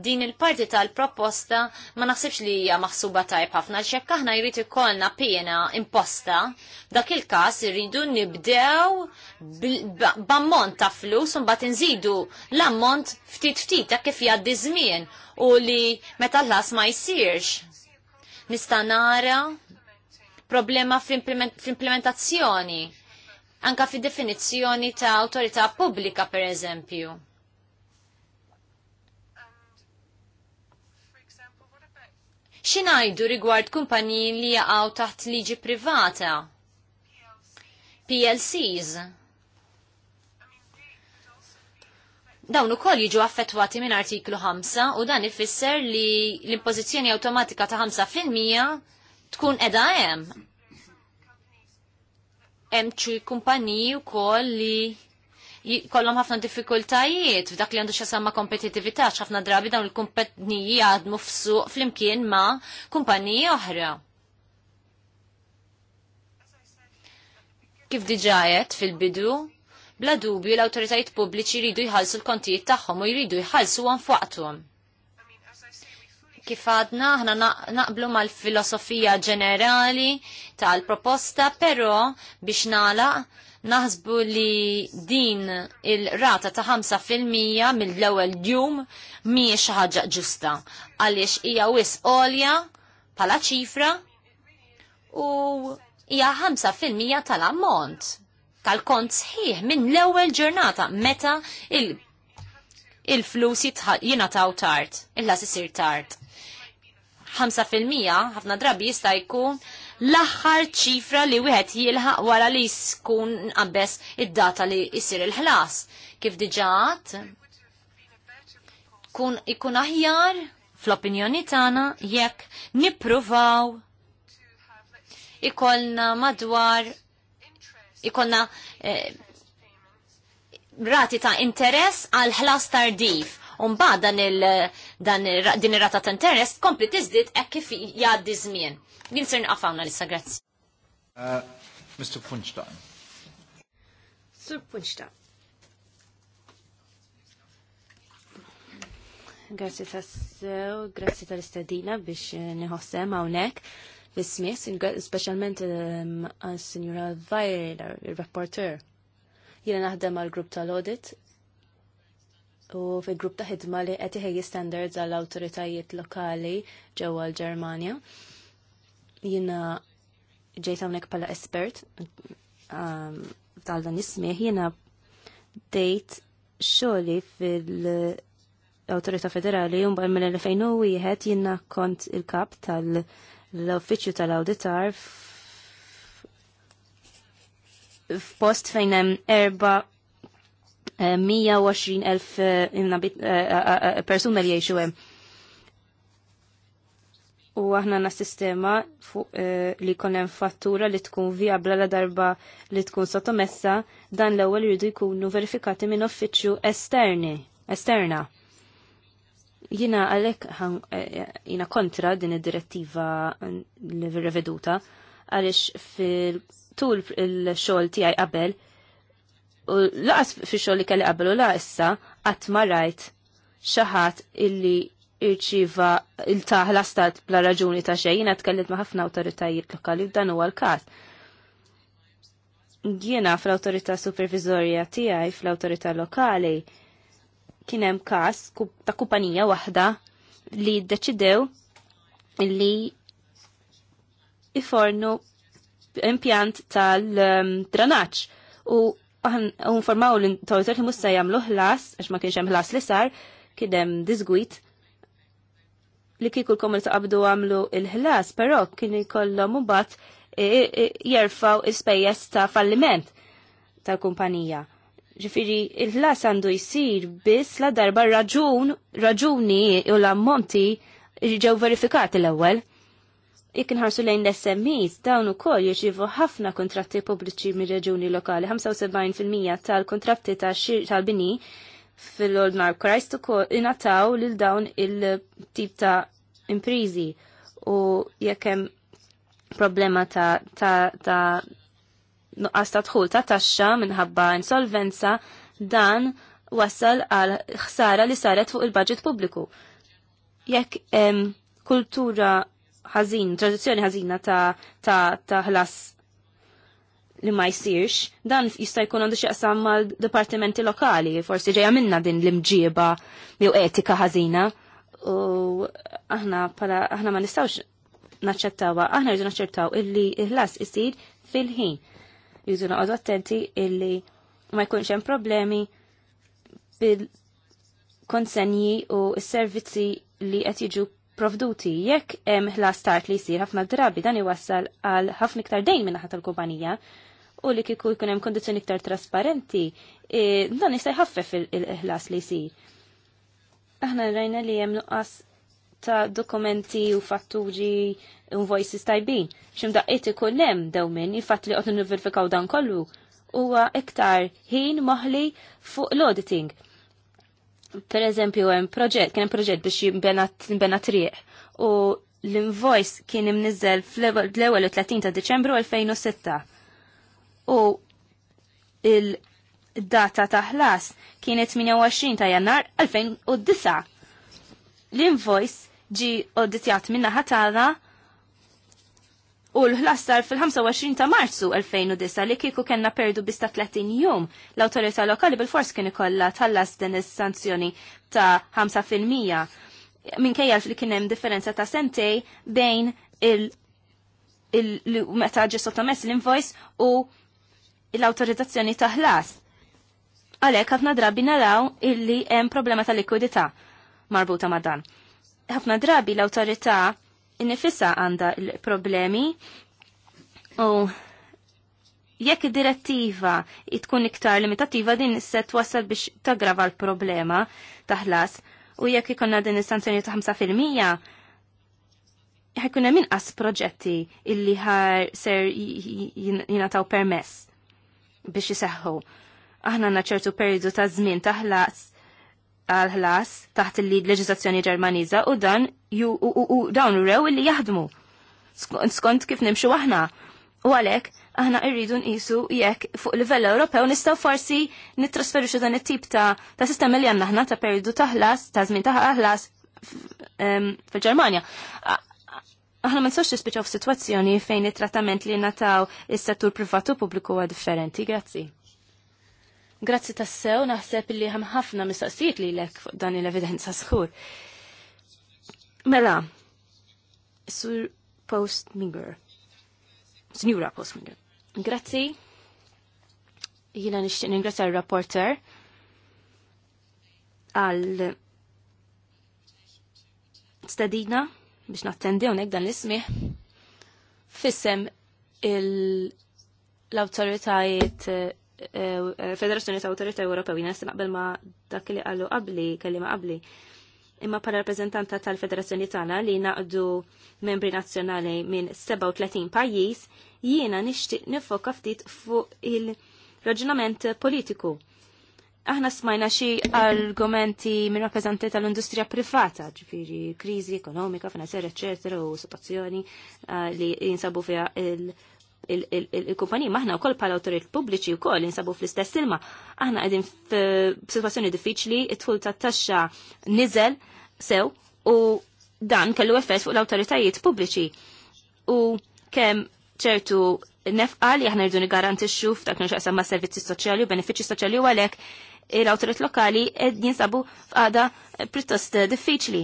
din il-parti tal-proposta ma naħsibx li hija maħsuba tajb ħafna x'hekk aħna jrid ikollna piena imposta, dak il-każ irridu nibdew b'ammont ta' flus u mbagħad inżidu l-ammont ftit ftit ta' kif jgħaddi żmien u li meta l-ħlas ma jsirx. Nista' nara problema fl-implementazzjoni, anka fi definizzjoni ta' autorità pubblika per eżempju. Xinajdu rigward kumpaniji li jaqaw taħt liġi privata? PLCs. Dawn ukoll jiġu affettwati minn artiklu 5 u dan ifisser li l-impożizzjoni awtomatika ta' 5% tkun edha hemm. Hemm xi kumpaniji wkoll li kollom ħafna diffikultajiet f'dak li għandu x'jasam ma' kompetitivita, x'ħafna drabi dawn il-kumpaniji għadmu f'suq flimkien ma' kumpaniji oħra. Kif diġajet fil-bidu, bla dubju l-autoritajiet pubbliċi jridu jħallsu l-kontijiet tagħhom u jridu jħalsu għan fuqtum kif għadna aħna naqblu mal-filosofija ġenerali tal-proposta, però biex nala naħsbu li din il-rata ta' 5% mill-ewwel djum mhijiex ħaġa ġusta għaliex hija wis għolja bħala ċifra u hija 5% tal-ammont tal-kont sħiħ minn l-ewwel ġurnata meta il- il-flus jingħataw tard, il-las isir tard. 5% ħafna drabi jista' jkun l-aħħar ċifra li wieħed jilħaq wara li jkun qabbes id-data li jsir il-ħlas. Kif diġat? Kun ikun aħjar fl-opinjoni tagħna jekk nippruvaw ikolna madwar ikolna eh, rati ta' interess għal ħlas tardif Umba dan il din ir-rata ta' interess kompli tiżdied hekk kif jgħaddi żmien. Din ser nqafawna lissa grazzi. Mr. Punchdown. Sur Punchdown. Grazzi tassew, grazzi tal-istadina biex eh, nħossem hawnhekk Bismis, specialment ehm, għal-Sinjura Vajler, il rapporteur Jena naħdem għal-grupp tal-audit u fi grupp ta' ħidma li qed iħejji standards għall awtoritajiet lokali ġewwa l-Ġermanja. Jiena ġejt hawnhekk bħala espert tal dan ismih jiena dejt xogħli fil- awtorità Federali un bħal mill-2001 jiena kont il-kap tal-Uffiċċju tal-Auditar f'post fejn hemm erba' 120.000 persuna li jiexu hemm. U aħna na sistema fuq eh, li jkun hemm fattura li tkun viabla la darba li tkun sottomessa dan l-ewwel jridu jkunu verifikati minn uffiċċju esterni, esterna. Jina għalek eh, eh, jina kontra din id-direttiva l-reveduta għalix fil-tul il-xol tijaj qabel u laqas fi xogħol li kelli qabel u la issa qatt ma rajt xi ħadd illi irċiva il-taħla stat bla raġuni ta' xejn tkellimt ma' ħafna awtoritajiet lokali dan huwa l-każ. Jiena fl-awtorità supervizorja tiegħi fl-awtorità lokali kien hemm każ ta' kumpanija waħda li ddeċidew li ifornu impjant tal-dranaċ um, u aħn informaw l-intorzer li musta jamlu ħlas, għax ma kienx hemm ħlas li sar, kidem disgwit li kiku l-komil taqabdu għamlu il-ħlas, pero kien ikollhom mbagħad e, e, e, jerfaw il spejjes ta' falliment tal-kumpanija. Ġifiri, il-ħlas għandu jisir biss la darba raġun, raġuni u l-ammonti ġew verifikati l-ewwel jekk inħarsu lejn l-SMEs, dawn ukoll jirċievu ħafna kontratti pubbliċi mir-reġuni lokali, 75% tal-kontratti tal-bini fil-Old Mark Christ ukoll inataw lil dawn il-tip ta' imprizi u jekk hemm problema ta' ta' ta' nuqqas ta' dħul ta' taxxa minħabba insolvenza dan wassal għal ħsara li saret fuq il-budget pubbliku. Jekk kultura ħażin, traduzzjoni ħażina ta' ta' ħlas li ma jsirx, dan jista' jkun għandu x'jaqsam mal-dipartimenti lokali, forsi ġejja minna din l-imġieba jew etika ħażina. U aħna pala aħna ma nistgħux naċċettawha, aħna rridu naċċettaw illi ħlas isir fil-ħin. Jridu noqogħdu attenti illi ma jkunx hemm problemi bil-konsenji u s-servizzi li qed jiġu provduti jekk hemm la start li jsir ħafna drabi dan iwassal għal ħafna iktar dejn minn naħa tal-kumpanija u li kieku jkun hemm kondizzjoni iktar trasparenti e, dan jista' jħaffef il-ħlas li jsir. Aħna rajna li hemm nuqqas ta' dokumenti u fatturi voices tajbin. ċimdaqqiet ikun hemm minn il-fatt li qed nivverifikaw dan kollu huwa iktar ħin moħli fuq l-auditing per eżempju hemm proġett, kien proġett biex jimbena triq u l-invoice kien imnizzel fl-ewwel 30 ta' Diċembru 2006. U il-data ta' ħlas kienet 28 ta' Jannar 2009. L-invoice ġi odditjat minna ħatana U l-ħlastar fil-25 ta' marzu 2009 li kieku kena perdu bista 30 jum l autorita lokali bil-fors kien ikolla tal-las din is-sanzjoni ta' 5% minkejja li kien hemm differenza ta' sentej bejn il- il-meta ġi sottomess l-invoice u l-autorizzazzjoni ta' ħlas. Għalek, ħafna drabi naraw illi hemm problema ta' likwidità marbuta ma' dan. ħafna drabi l autorita nifissa għanda il-problemi u jekk direttiva tkun iktar limitativa din se twassal biex tagrava l-problema taħlas u jekk ikonna din istanzjoni ta' 5% ħajkun hemm inqas proġetti illi ħar ser jingħataw permess biex jiseħħu. Aħna għandna ċertu periodu ta' żmien taħlas għal-ħlas taħt il-leġizazzjoni ġermaniza u dan u dawn rew li jaħdmu. Skont kif nimxu aħna. U għalek, aħna irridu nqisu jekk fuq livell Ewropew nistgħu forsi nittrasferixxu dan it-tip ta' ta' sistema li għandna aħna ta' periodu ta' ħlas, ta' żmien ta' ħlas fil-Ġermanja. Aħna ma nistgħux nispiċċaw f'sitwazzjoni fejn it-trattament li nataw is-settur privatu pubbliku huwa differenti. Grazzi. Grazzi tassew naħseb li hemm ħafna mistaqsijiet li l fuq dan il-evidenza sħur. Mela, sur Postminger. Signora Postminger. Grazzi. Jina nixtieq ningrazzja l rapporter għal stadina biex nattendi unek dan l-ismi fissem l-awtoritajiet Eh, Federazzjoni ta' Awtorità Ewropew jina naqbel ma' dak li qalu qabli, kelli ma' qabli. Imma bħala rappreżentanta tal-Federazzjoni tagħna li naqdu membri nazzjonali minn 37 pajjiż, jiena nixtieq nifoka ftit fuq il-raġunament politiku aħna smajna xi argumenti minn rappreżentanti tal-industrija privata, ġifiri kriżi ekonomika, finanzjarja, eċetera, u situazzjoni uh, li jinsabu fiha il- il-kumpaniji maħna u koll pala autorit pubbliċi u koll insabu fl-istess ilma. Aħna għedin f-situazzjoni diffiċli, it-tħul ta' taxxa nizel sew u dan kellu effett fuq l-autoritajiet pubbliċi. U kem ċertu nefqa li aħna rridu nigarantixxu f'dak nixaqsam ma' servizzi soċjali u benefiċċji soċjali u għalhekk l-awtorit lokali ed jinsabu f'għada prittost diffiċli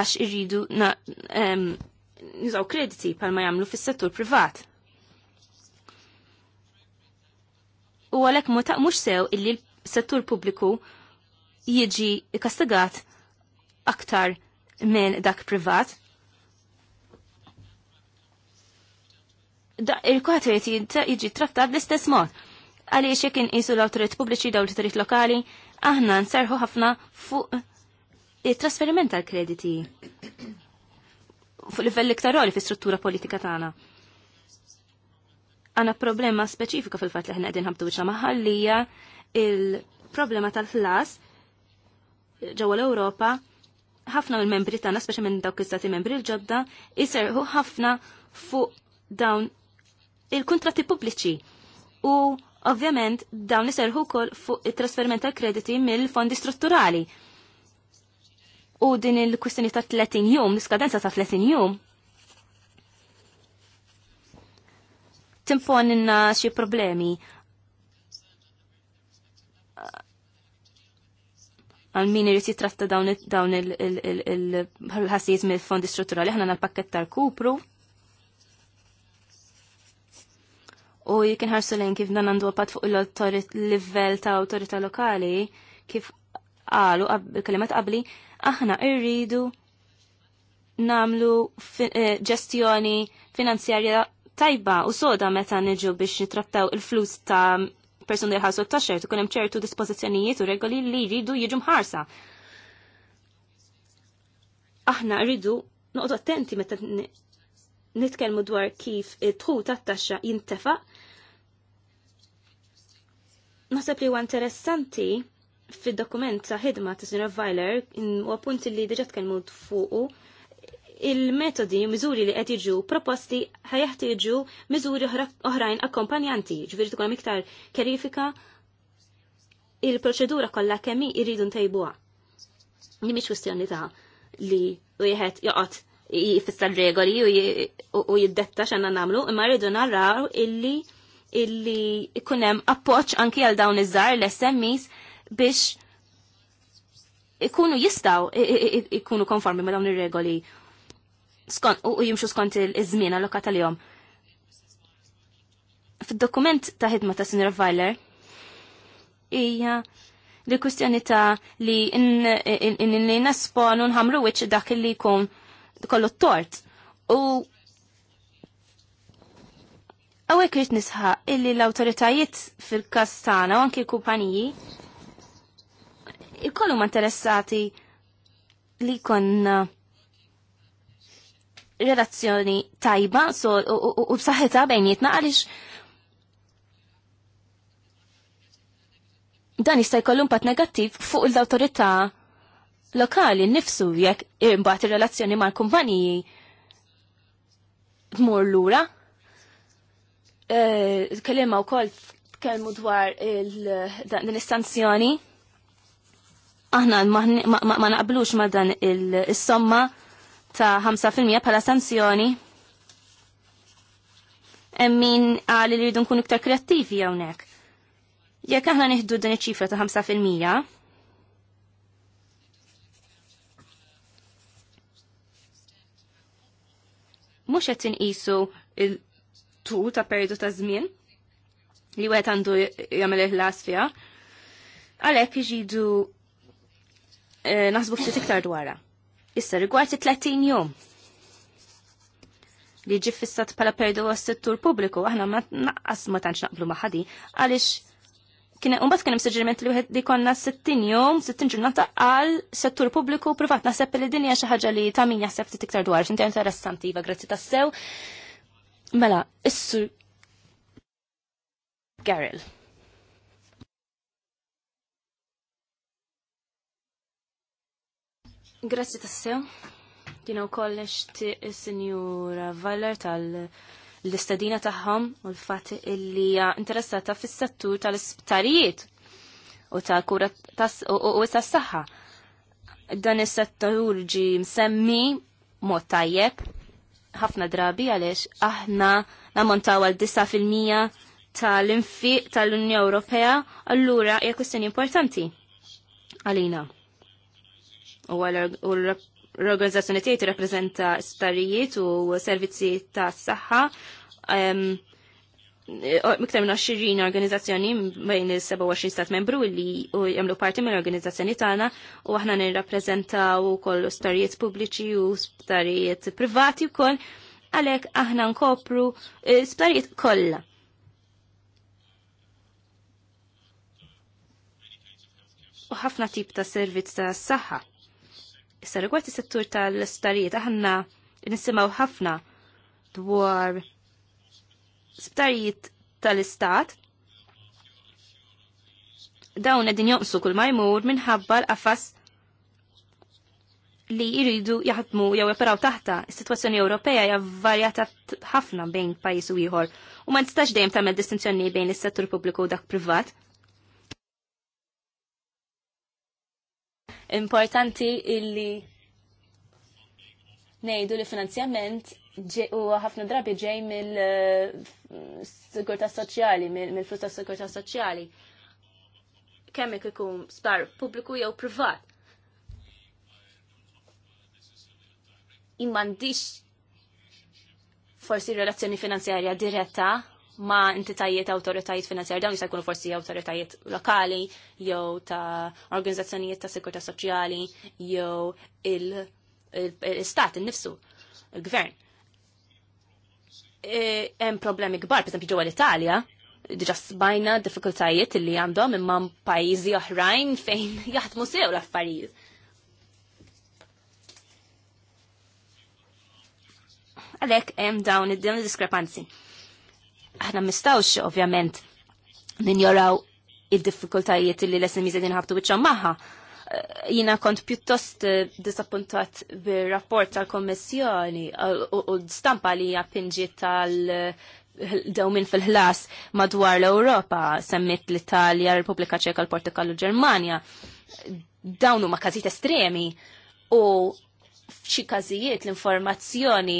għax irridu niżaw krediti ma jagħmlu fis-settur privat u għalek taqmux sew illi l-settur publiku jieġi kastigat aktar minn dak privat. Da, Il-kwatriet jiġi trattat bl-istess mod. Għaliex jekk inqisu l-awtoriet pubbliċi daw l-autorit lokali, aħna nserħu ħafna fuq it-trasferiment tal-krediti fuq livell iktar għoli fi struttura politika tagħna għana problema speċifika fil-fat li ħna għedin ħabtu bieċa maħallija il-problema tal-flas ġewwa l-Ewropa ħafna mill-membri tagħna, speċi minn dawk is-stati membri l-ġodda, iserħu ħafna fuq dawn il-kuntratti pubbliċi. U ovvjament dawn iserħu wkoll fuq it-trasferiment tal-krediti mill-fondi strutturali. U din il-kwistjoni ta' 30 jum, l-iskadenza ta' 30 jum, timponinna xi problemi. għal min irid jitratta dawn il-ħassijiet mill-fondi strutturali, ħna l-pakket tal-kupru. U jikin ħarsu lejn kif dan għandu għapat fuq l-livell ta' autorita lokali, kif għalu, kelimat qabli, aħna irridu namlu eh, ġestjoni finanzjarja tajba u soda meta niġu biex nitrattaw il-flus ta' persuni ħasu t-taxxer tkun hemm ċertu dispożizzjonijiet u regoli li jridu jiġu mħarsa. Aħna rridu noqgħdu attenti meta nitkellmu dwar kif id-dħu tat-taxxa jintefa' naħseb li huwa interessanti fid-dokument ta' ħidma ta' Sinra Weiler u appunti li diġa tkellmu fuqu il-metodi, miżuri li qed jiġu proposti ħajħtieġu miżuri oħrajn akkompanjanti, ġifieri tkun iktar kerifika il-proċedura kollha kemm jridu ntejbuha. Li mhix kwestjoni ta' li wieħed joqgħod jifissar regoli u jiddetta x'għandna nagħmlu, imma rridu narraw illi illi hemm appoġġ anki għal dawn iż żgħar l-SMEs biex ikunu jistaw ikunu konformi ma dawn ir-regoli skont u jimxu skont il-żmien allokat tal-jom. Fid-dokument ta' ħidma ta' sinra Weiler ija li kwistjoni ta' li inni nasponu nħamru wiċ dak li kun kollu t-tort. U għawek rrit nisħa illi l-autoritajiet fil-kastana u anki l-kumpaniji kollu ma interessati li konna uh, relazzjoni tajba so, u b'saħħitha bejnietna għaliex dan jista' jkollu impatt negattiv fuq l-awtorità lokali nnifsu jekk imbagħad ir-relazzjoni mal-kumpaniji tmur lura. E, u wkoll tkellmu dwar din istanzjoni aħna ma naqblux ma dan il-somma ta' 5% bħala sanzjoni. Emmin għal li rridu nkun iktar kreattivi hawnhekk. Jekk aħna nieħdu din iċ-ċifra ta' 5%, mhux qed inqisu il tu ta' periodu ta' żmien li wieħed għandu jagħmel il-ħlas fiha. Għalhekk iġidu eh, nasbuk ftit iktar dwarha. Issa rigward 30 jum li ġi fissat pala perdu għas-settur pubbliku, aħna ma naqqas ma tantx naqblu maħadi, għalix kien imbagħad kien hemm suġġeriment li wieħed konna 60 jom, 60 ġurnata għal settur pubbliku privat naħseb li din hija xi ħaġa li ta' min jaħseb ti dwar, x'inti interessanti iva grazzi sew Mela, issu Garel. Grazzi tassew. Dinaw kollex kollex il-Sinjura Valler tal-istadina taħħom u l-fat illi interessata fis-settur tal-isptarijiet u tal kura u tal saxħa Dan is-settur ġi msemmi mod tajjeb ħafna drabi għaliex aħna namontaw għal 9% tal-infiq tal-Unja Ewropea, allura hija kwistjoni importanti għalina u l-organizzazzjoni tiegħi tirrappreżenta starijiet u servizzi ta' saħħa miktar minn 20 organizzazzjoni bejn il-27 stat membru li jagħmlu parti mill organizzazzjoni tagħna u aħna nirrappreżentaw ukoll starijiet pubbliċi u starijiet privati wkoll għalhekk aħna nkopru eh, starijiet kollha. u ħafna tip ta' servizz ta' s-saħħa. Issa rigward is-settur tal-isptarijiet aħna nisimgħu ħafna dwar sptarijiet tal-istat dawn qegħdin jonqsu kull ma jmur minħabba l-qafas li jridu jaħdmu jew joperaw taħta. Is-sitwazzjoni Ewropea hija varjata ħafna bejn pajjiż u ieħor u ma nistax dejjem tagħmel distinzjoni bejn is-settur pubbliku u dak privat. Importanti illi nejdu li finanzjament u ħafna drabi ġej mill-sigurta eh, soċjali, mill-flus tas sigurta soċjali. Kemm ikun spar pubbliku jew privat. dix forsi relazzjoni finanzjarja diretta ma' entitajiet autoritajiet finanzjar dawn jista' jkunu forsi autoritajiet lokali jew ta' organizzazzjonijiet ta' sikurta soċjali jew il-istat il, innifsu, il gvern e, Hemm problemi kbar, pereżempju ġewwa l-Italja, diġa sbajna diffikultajiet li għandhom imma pajjiżi oħrajn fejn jaħdmu sew l-affarijiet. Għalhekk hemm dawn id-diskrepanzi aħna mistawx ovvjament ninjoraw il-diffikultajiet li l-SMI zedin ħabtu bieċa maħħa. Eh, Jina kont pjuttost eh, disappuntat bil-rapport tal-kommissjoni eh, u stampa li jappinġi tal- dawmin fil-ħlas madwar l-Europa, semmit l-Italja, Repubblika Ċeka, l-Portugal u Ġermanja. Dawnu ma kazit estremi u f'xi kazijiet l-informazzjoni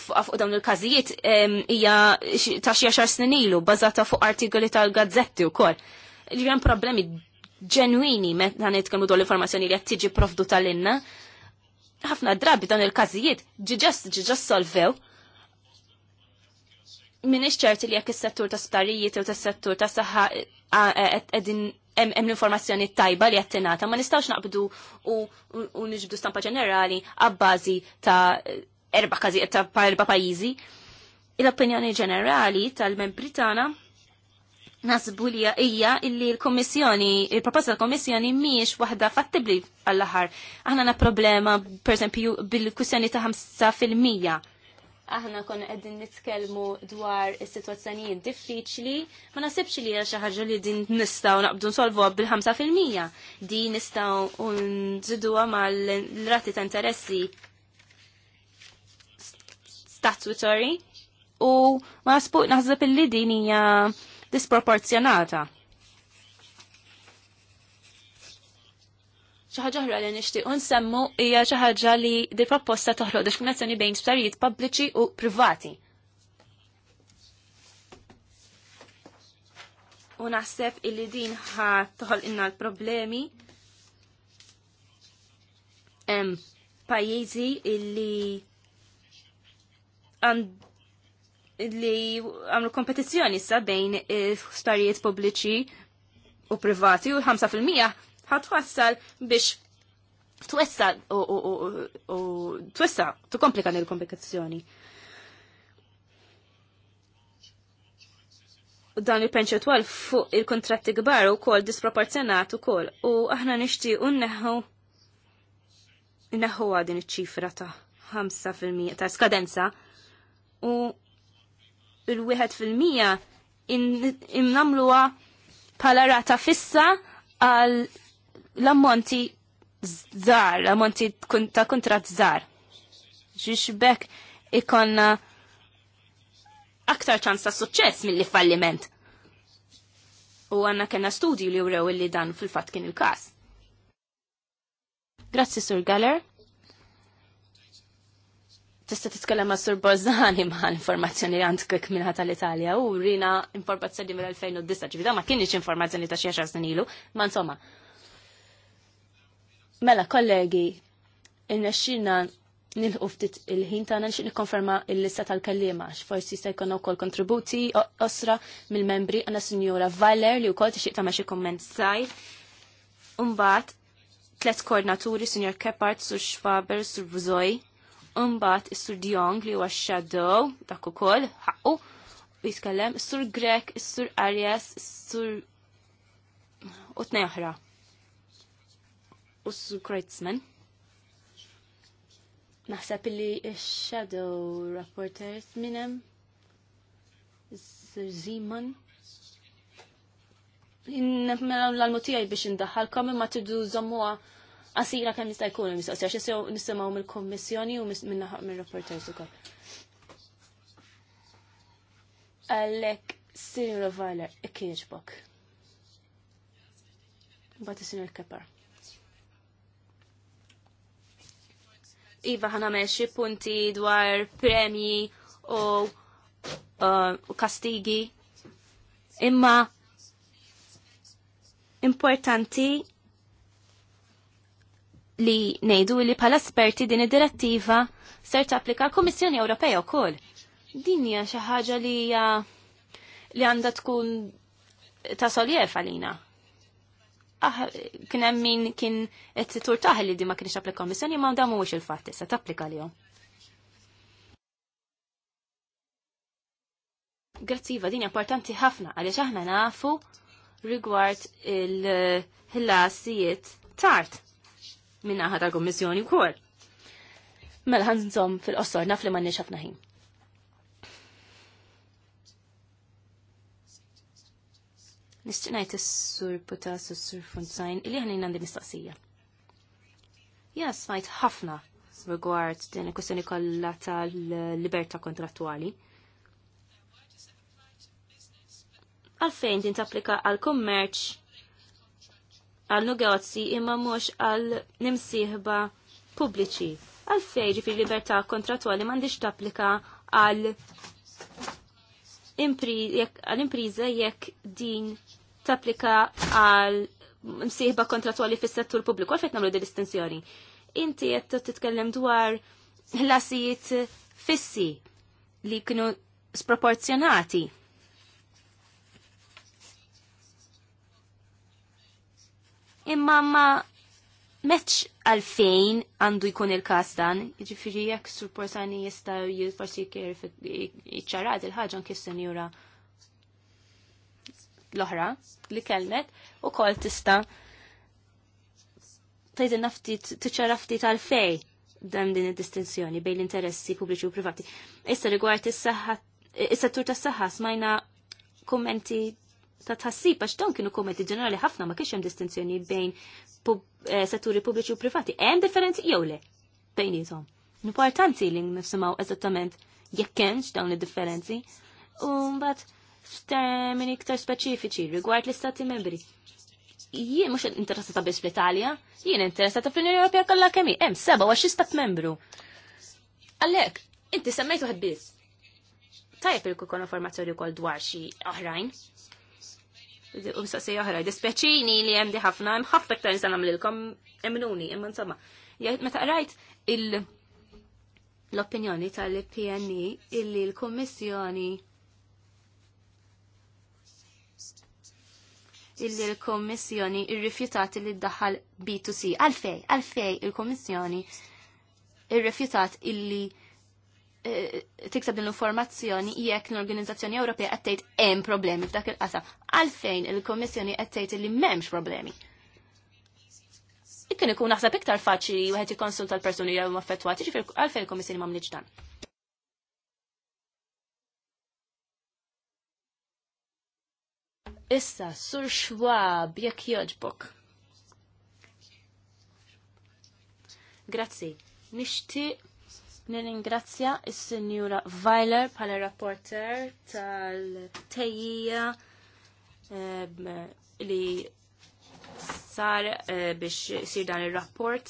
fuq dawn il-każijiet hija ta' xi għaxar snin ilu bażata fuq artikoli tal-gazzetti wkoll. Ġifier hemm problemi ġenwini meta nitkellmu dwar l-informazzjoni li qed tiġi profdu tal-inna. Ħafna drabi dan il-każijiet ġi ġiġest solvew. Minix ċerti li jekk is-settur ta' sptarijiet u tas-settur ta' saħħa qegħdin e, hemm l-informazzjoni tajba li qed tingħata, ma nistgħux naqbdu u niġbdu stampa ġenerali għabbażi ta' erba każijiet ta' erba pajjiżi. Il-opinjoni ġenerali tal-membri tagħna nasbu li hija illi l-Kommissjoni, il-proposta tal-Kommissjoni miex waħda fattibli għall-aħħar. Aħna na problema, pereżempju, bil-kwistjoni ta' 5 aħna konna qegħdin nitkellmu dwar is-sitwazzjonijiet diffiċli, ma nasibx li hija xi ħaġa li din nistgħu naqbdu nsolvuha bil-5 fil-mija. Din nistgħu nżiduha mal-rati ta' interessi statutory u ma spuq naħseb illi din hija disproporzjonata. Xi ħaġa oħra li nixtieq nsemmu hija xi ħaġa li di proposta toħloq diskriminazzjoni bejn sptarijiet pubbliċi u privati. U naħseb illi din ħa toħol inna l-problemi pajjiżi illi li għamlu kompetizzjoni issa bejn eh, starijiet pubbliċi u privati u 5% ħat twassal biex twessa u twessa tu komplika il U dan il twal fuq il-kontratti gbar u kol disproporzjonat u kol u aħna nishti u neħu għadin iċ-ċifra ta' 5% ta' skadenza u il-wieħed fil-mija innamluha bħala rata fissa għal l-ammonti żgħar, l-ammonti ta' kuntratt żgħar. Ġiex bekk ikonna aktar ċans ta' suċċess mill-li falliment. U għanna kena studju li wrew li dan fil-fat kien il-kas. Grazzi, Sur Galler tista' titkellem ma' Sur Bozzani ma' informazzjoni li għandek minnha tal-Italja u rina informazzjoni mill-2009 ġivida ma kienx informazzjoni ta' xi snin ilu, ma insomma. Mela kollegi, innexxina nil ftit il-ħin ta' nixtieq nikkonferma il lista tal-kellima x'forsi se jkun ukoll kontributi osra mill-membri għandna Sinjura Valer li wkoll tixtieq tagħmel xi komment saj. Imbagħad tliet koordinaturi, Sinjor Keppard, Sur Schwaber, Sur Buzoj, Umbat is-Sur Diong li huwa Shadow dak ukoll ħaqqu jitkellem is-Sur Grek, is-Sur Arias, is-Sur u tnej oħra. U s-Sur Kreutzmann. Naħseb li x-Shadow Rapporters minem s-sur Zeman. Nemmelaw l-almutijaj biex indaħħalkom imma tiddu zommuwa qasira kemm jista' jkun il-mistoqsija xi nisimgħu mill-kummissjoni u minnaħaq mill rapporters ukoll. Għalhekk Sinjura Valer, ikkieġbok. Bati Sinjur Kepar. Iva ħana meċi punti dwar premji u uh, kastigi. Imma importanti li nejdu li pala esperti din id-direttiva ser tapplika Kommissjoni Ewropea wkoll. Din hija xi ħaġa li hija li għandha tkun ta' soljef għalina. Ah, kien hemm min kien qed turtaħ li di ma kienx applika Kommissjoni ma da mhuwiex il-fatt issa tapplika lihom. Grazziva, din importanti ħafna għaliex aħna nafu rigward il-ħlasijiet tard minna ħata kommissjoni wkoll. Mela ħanżom fil-qossor naf li m'għandniex ħafna ħin. Nistinajt s sur Putas u s-sur Funzajn illi ħanin għandi mistaqsija. Ja smajt ħafna rigward din il-kwestjoni kollha tal-libertà kontrattwali. Għalfejn din tapplika għal-kummerċ għal negozji imma mhux għal nimsieħba pubbliċi. Għalfejn ġifi libertà kontratwali m'għandix tapplika għal għal-impriża jekk din tapplika għal msieħba kontratwali fis-settur pubbliku. Għalfejn nagħmlu din distinzjoni. Inti qed titkellem dwar ħlasijiet fissi li kienu sproporzjonati imma ma meċ għalfejn għandu jkun il-kas dan, ġifiri jek supportani jista forsi iċċarad il-ħagġan kis senjura l-oħra li kelmet u kol tista tajdi nafti tċarafti tal-fej dan din id-distinzjoni bejn l-interessi pubbliċi u privati. Issa rigward is-saħħa is-settur tas-saħħa smajna kummenti ta' tħassib għax dawn kienu kommenti ġenerali ħafna ma kienx hemm distinzjoni bejn eh, setturi pubbliċi u privati. Hemm differenzi jew le bejnietom. Importanti li nisimgħu eżattament jekk hemmx dawn id-differenzi. U mbagħad f'termini iktar speċifiċi rigward l-istati membri. Jien mhux interessata biss fl-Italja, jien interessata fl-Unjoni Ewropea kollha kemm hemm 27 stat membru. Għalhekk, inti semmejtu ħadd biss. Tajjeb irku kon informazzjoni wkoll dwar xi oħrajn u mistaqsija joħra, dispeċini li hemm di ħafna, hemm ħafna ktar nista' nagħmlilkom emnuni, imma insomma. Meta qrajt il l-opinjoni tal-PNI e illi l-Kummissjoni illi l-Kommissjoni irrifjutat li d-daħal B2C. Għalfej, għalfej il-Kommissjoni irrifjutat illi Eh, tiksab din l-informazzjoni jekk l-Organizzazzjoni Ewropea qed tgħid hemm problemi f'dak il-qasam. Għalfejn il-Kommissjoni qed tgħid li m'hemmx problemi. Ikkien ikun naħseb iktar faċli wieħed ikonsulta l-persuni li huma affettwati, ġifier għalfejn il-Kommissjoni m'għamlitx dan. Issa, sur xwab, jekk joġbok. Grazzi. Nixtieq Nirringrazzja il sinjura Weiler bħala rapporter tal-tejjija eh, li sar eh, biex sir dan il-rapport.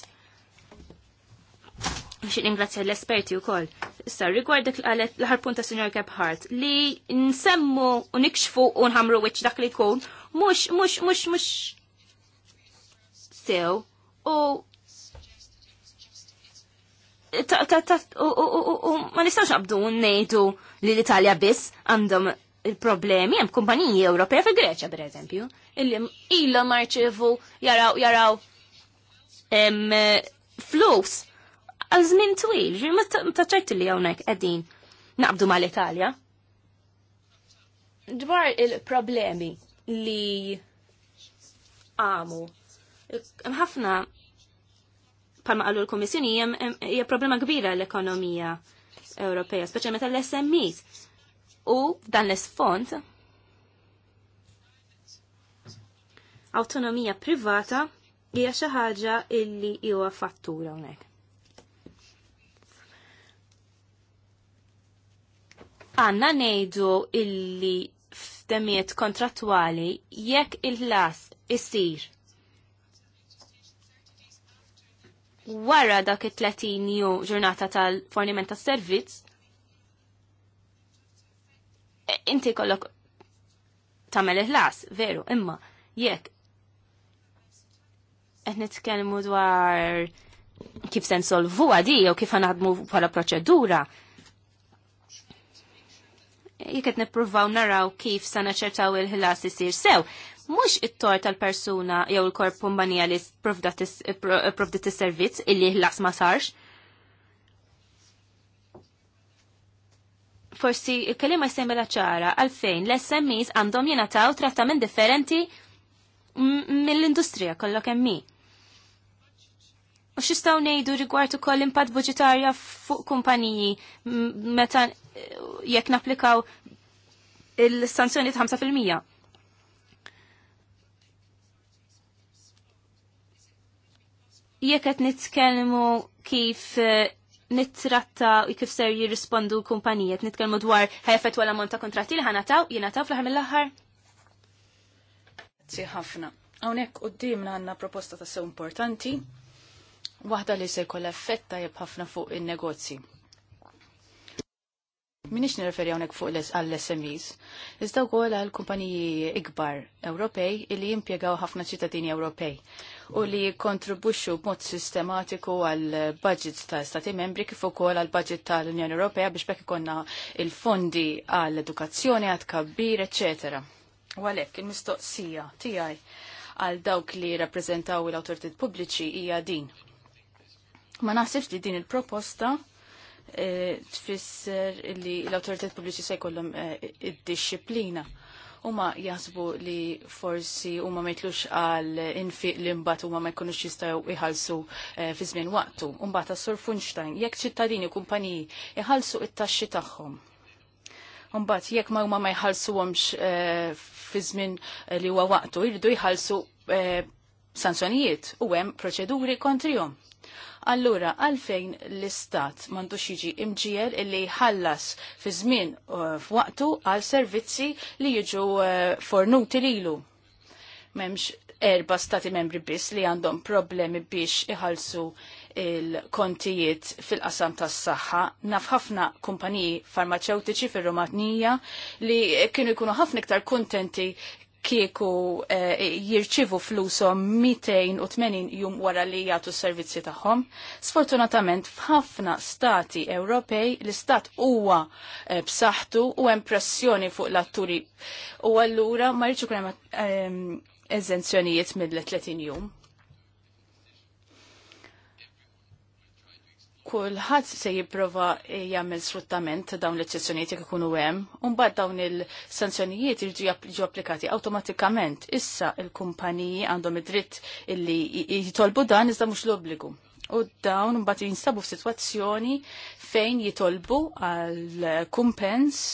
Xin ingrazzja l-esperti u koll. Issa, rigwardek l ħarpun ta' Sr. Kebhart li nsemmu u nikxfu u nħamru wieċ dak li kun, mux, mux, mux, mux, sew, u ma nistax nabdu nejdu li l-Italja biss għandhom il-problemi, hemm kumpaniji Ewropea fi Greċja per eżempju, illi ilhom marċivu jaraw jaraw flus għal żmien twil, ma taċċajt li hawnhekk qegħdin naqbdu mal-Italja. Dwar il-problemi li għamu, ħafna palma għallu l-Komissjoni hija problema kbira l-ekonomija Ewropea, speċjalment tal-SMEs. U dan l-sfond autonomija privata hija xi ħaġa illi huwa fattura hawnhekk. Għanna ngħidu illi f'demiet kontrattwali jekk il-las issir. wara dak it-30 ju ġurnata tal-forniment tas servizz e, inti kollok tamel il-ħlas, veru, imma jekk qed nitkellmu dwar kif se nsolvuha di jew kif ħanaħdmu bħala proċedura. Jekk qed nippruvaw naraw kif se naċċertaw il-ħlas jisir sew, mhux it tort tal-persuna jew il-korp kumbanija li provdat is-servizz illi ħlas ma sarx. Forsi il-kelima jsemmela ċara għalfejn l-SMEs għandhom jingħataw trattament differenti mill-industrija kollok hemm U x'istgħu ngħidu rigward ukoll impatt budġetarja fuq kumpaniji meta eh, jekk napplikaw il-sanzjoni ta' 5%. jekk qed nitkellmu kif eh, nittratta u kif ser jirrispondu kumpanijiet, nitkellmu dwar ħefet wala monta kontratti li ħanataw, jenataw fl-ħar mill-aħħar. Grazie ħafna. Hawnhekk qudiemna għandna proposta ta' sew importanti, waħda li se jkollha effett tajjeb ħafna fuq in-negozji. Minix nireferi għonek fuq għall-SMEs, iżda għol għal-kumpaniji ikbar Ewropej illi jimpiegaw ħafna ċittadini Ewropej u li kontribuxxu b'mod sistematiku għal budgets ta' stati membri kif ukoll għal budget tal-Unjoni Ewropea biex bekk ikonna il-fondi għall edukazzjoni għad kabbir, eċetera. U għalhekk il-mistoqsija tiegħi għal dawk li rappreżentaw l awtoritet pubbliċi hija din. Ma naħsibx li din il-proposta eh, tfisser li l awtoritet pubbliċi se jkollhom eh, id-disciplina huma jaħsbu li forsi huma ma jitlux għal infiq li mbagħad huma ma jkunux jistgħu jħallsu eh, fi żmien waqtu. Mbagħad għas-Sur Funstein, jekk ċittadini u kumpaniji jħallsu it-taxxi tagħhom. Mbagħad jekk ma huma ma jħallsuhomx eh, fi żmien li huwa waqtu, jridu jħallsu eh, sanzjonijiet u hemm proċeduri kontrihom Allura, għalfejn l-istat mandu jiġi imġiel illi ħallas fi żmien uh, f'waqtu għal servizzi li jiġu uh, fornuti lilu. Memx erba stati membri biss li għandhom problemi biex iħalsu il-kontijiet fil-qasam tas saħħa naf ħafna kumpaniji farmaceutiċi fir-Rumanija li kienu jkunu ħafna iktar kontenti kieku eh, jirċivu flusom 280 jum wara li jagħtu s-servizzi tagħhom. Sfortunatament f'ħafna stati Ewropej l-istat huwa bsaħtu eh, b'saħħtu u hemm pressjoni fuq l-atturi u allura ma jridx ikun hemm eh, eżenzjonijiet mill-30 jum. kulħadd se jipprova jagħmel sfruttament dawn l-eċċezzjonijiet jekk ikunu hemm, u mbagħad dawn il-sanzjonijiet jiġu applikati awtomatikament. Issa il-kumpaniji għandhom id-dritt illi jitolbu dan iżda mhux l-obbligu. U dawn mbagħad jinsabu f'sitwazzjoni fejn jitolbu għal kumpens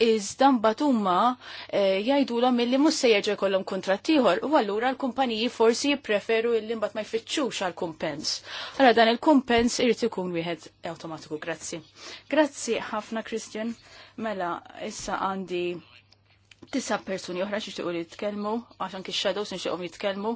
iżda mbagħad huma eh, jgħidulhom illi mhux se jerġa' jkollhom kuntratt ieħor u allura l-kumpaniji forsi jippreferu li mbat ma jfittxux għal kumpens. Allora dan il-kumpens irid ikun wieħed awtomatiku. Grazzi. Grazzi ħafna Christian. Mela issa għandi tisa persuni oħra xixtiqu li jitkellmu, għaxan kix shadows nixtiqhom jitkellmu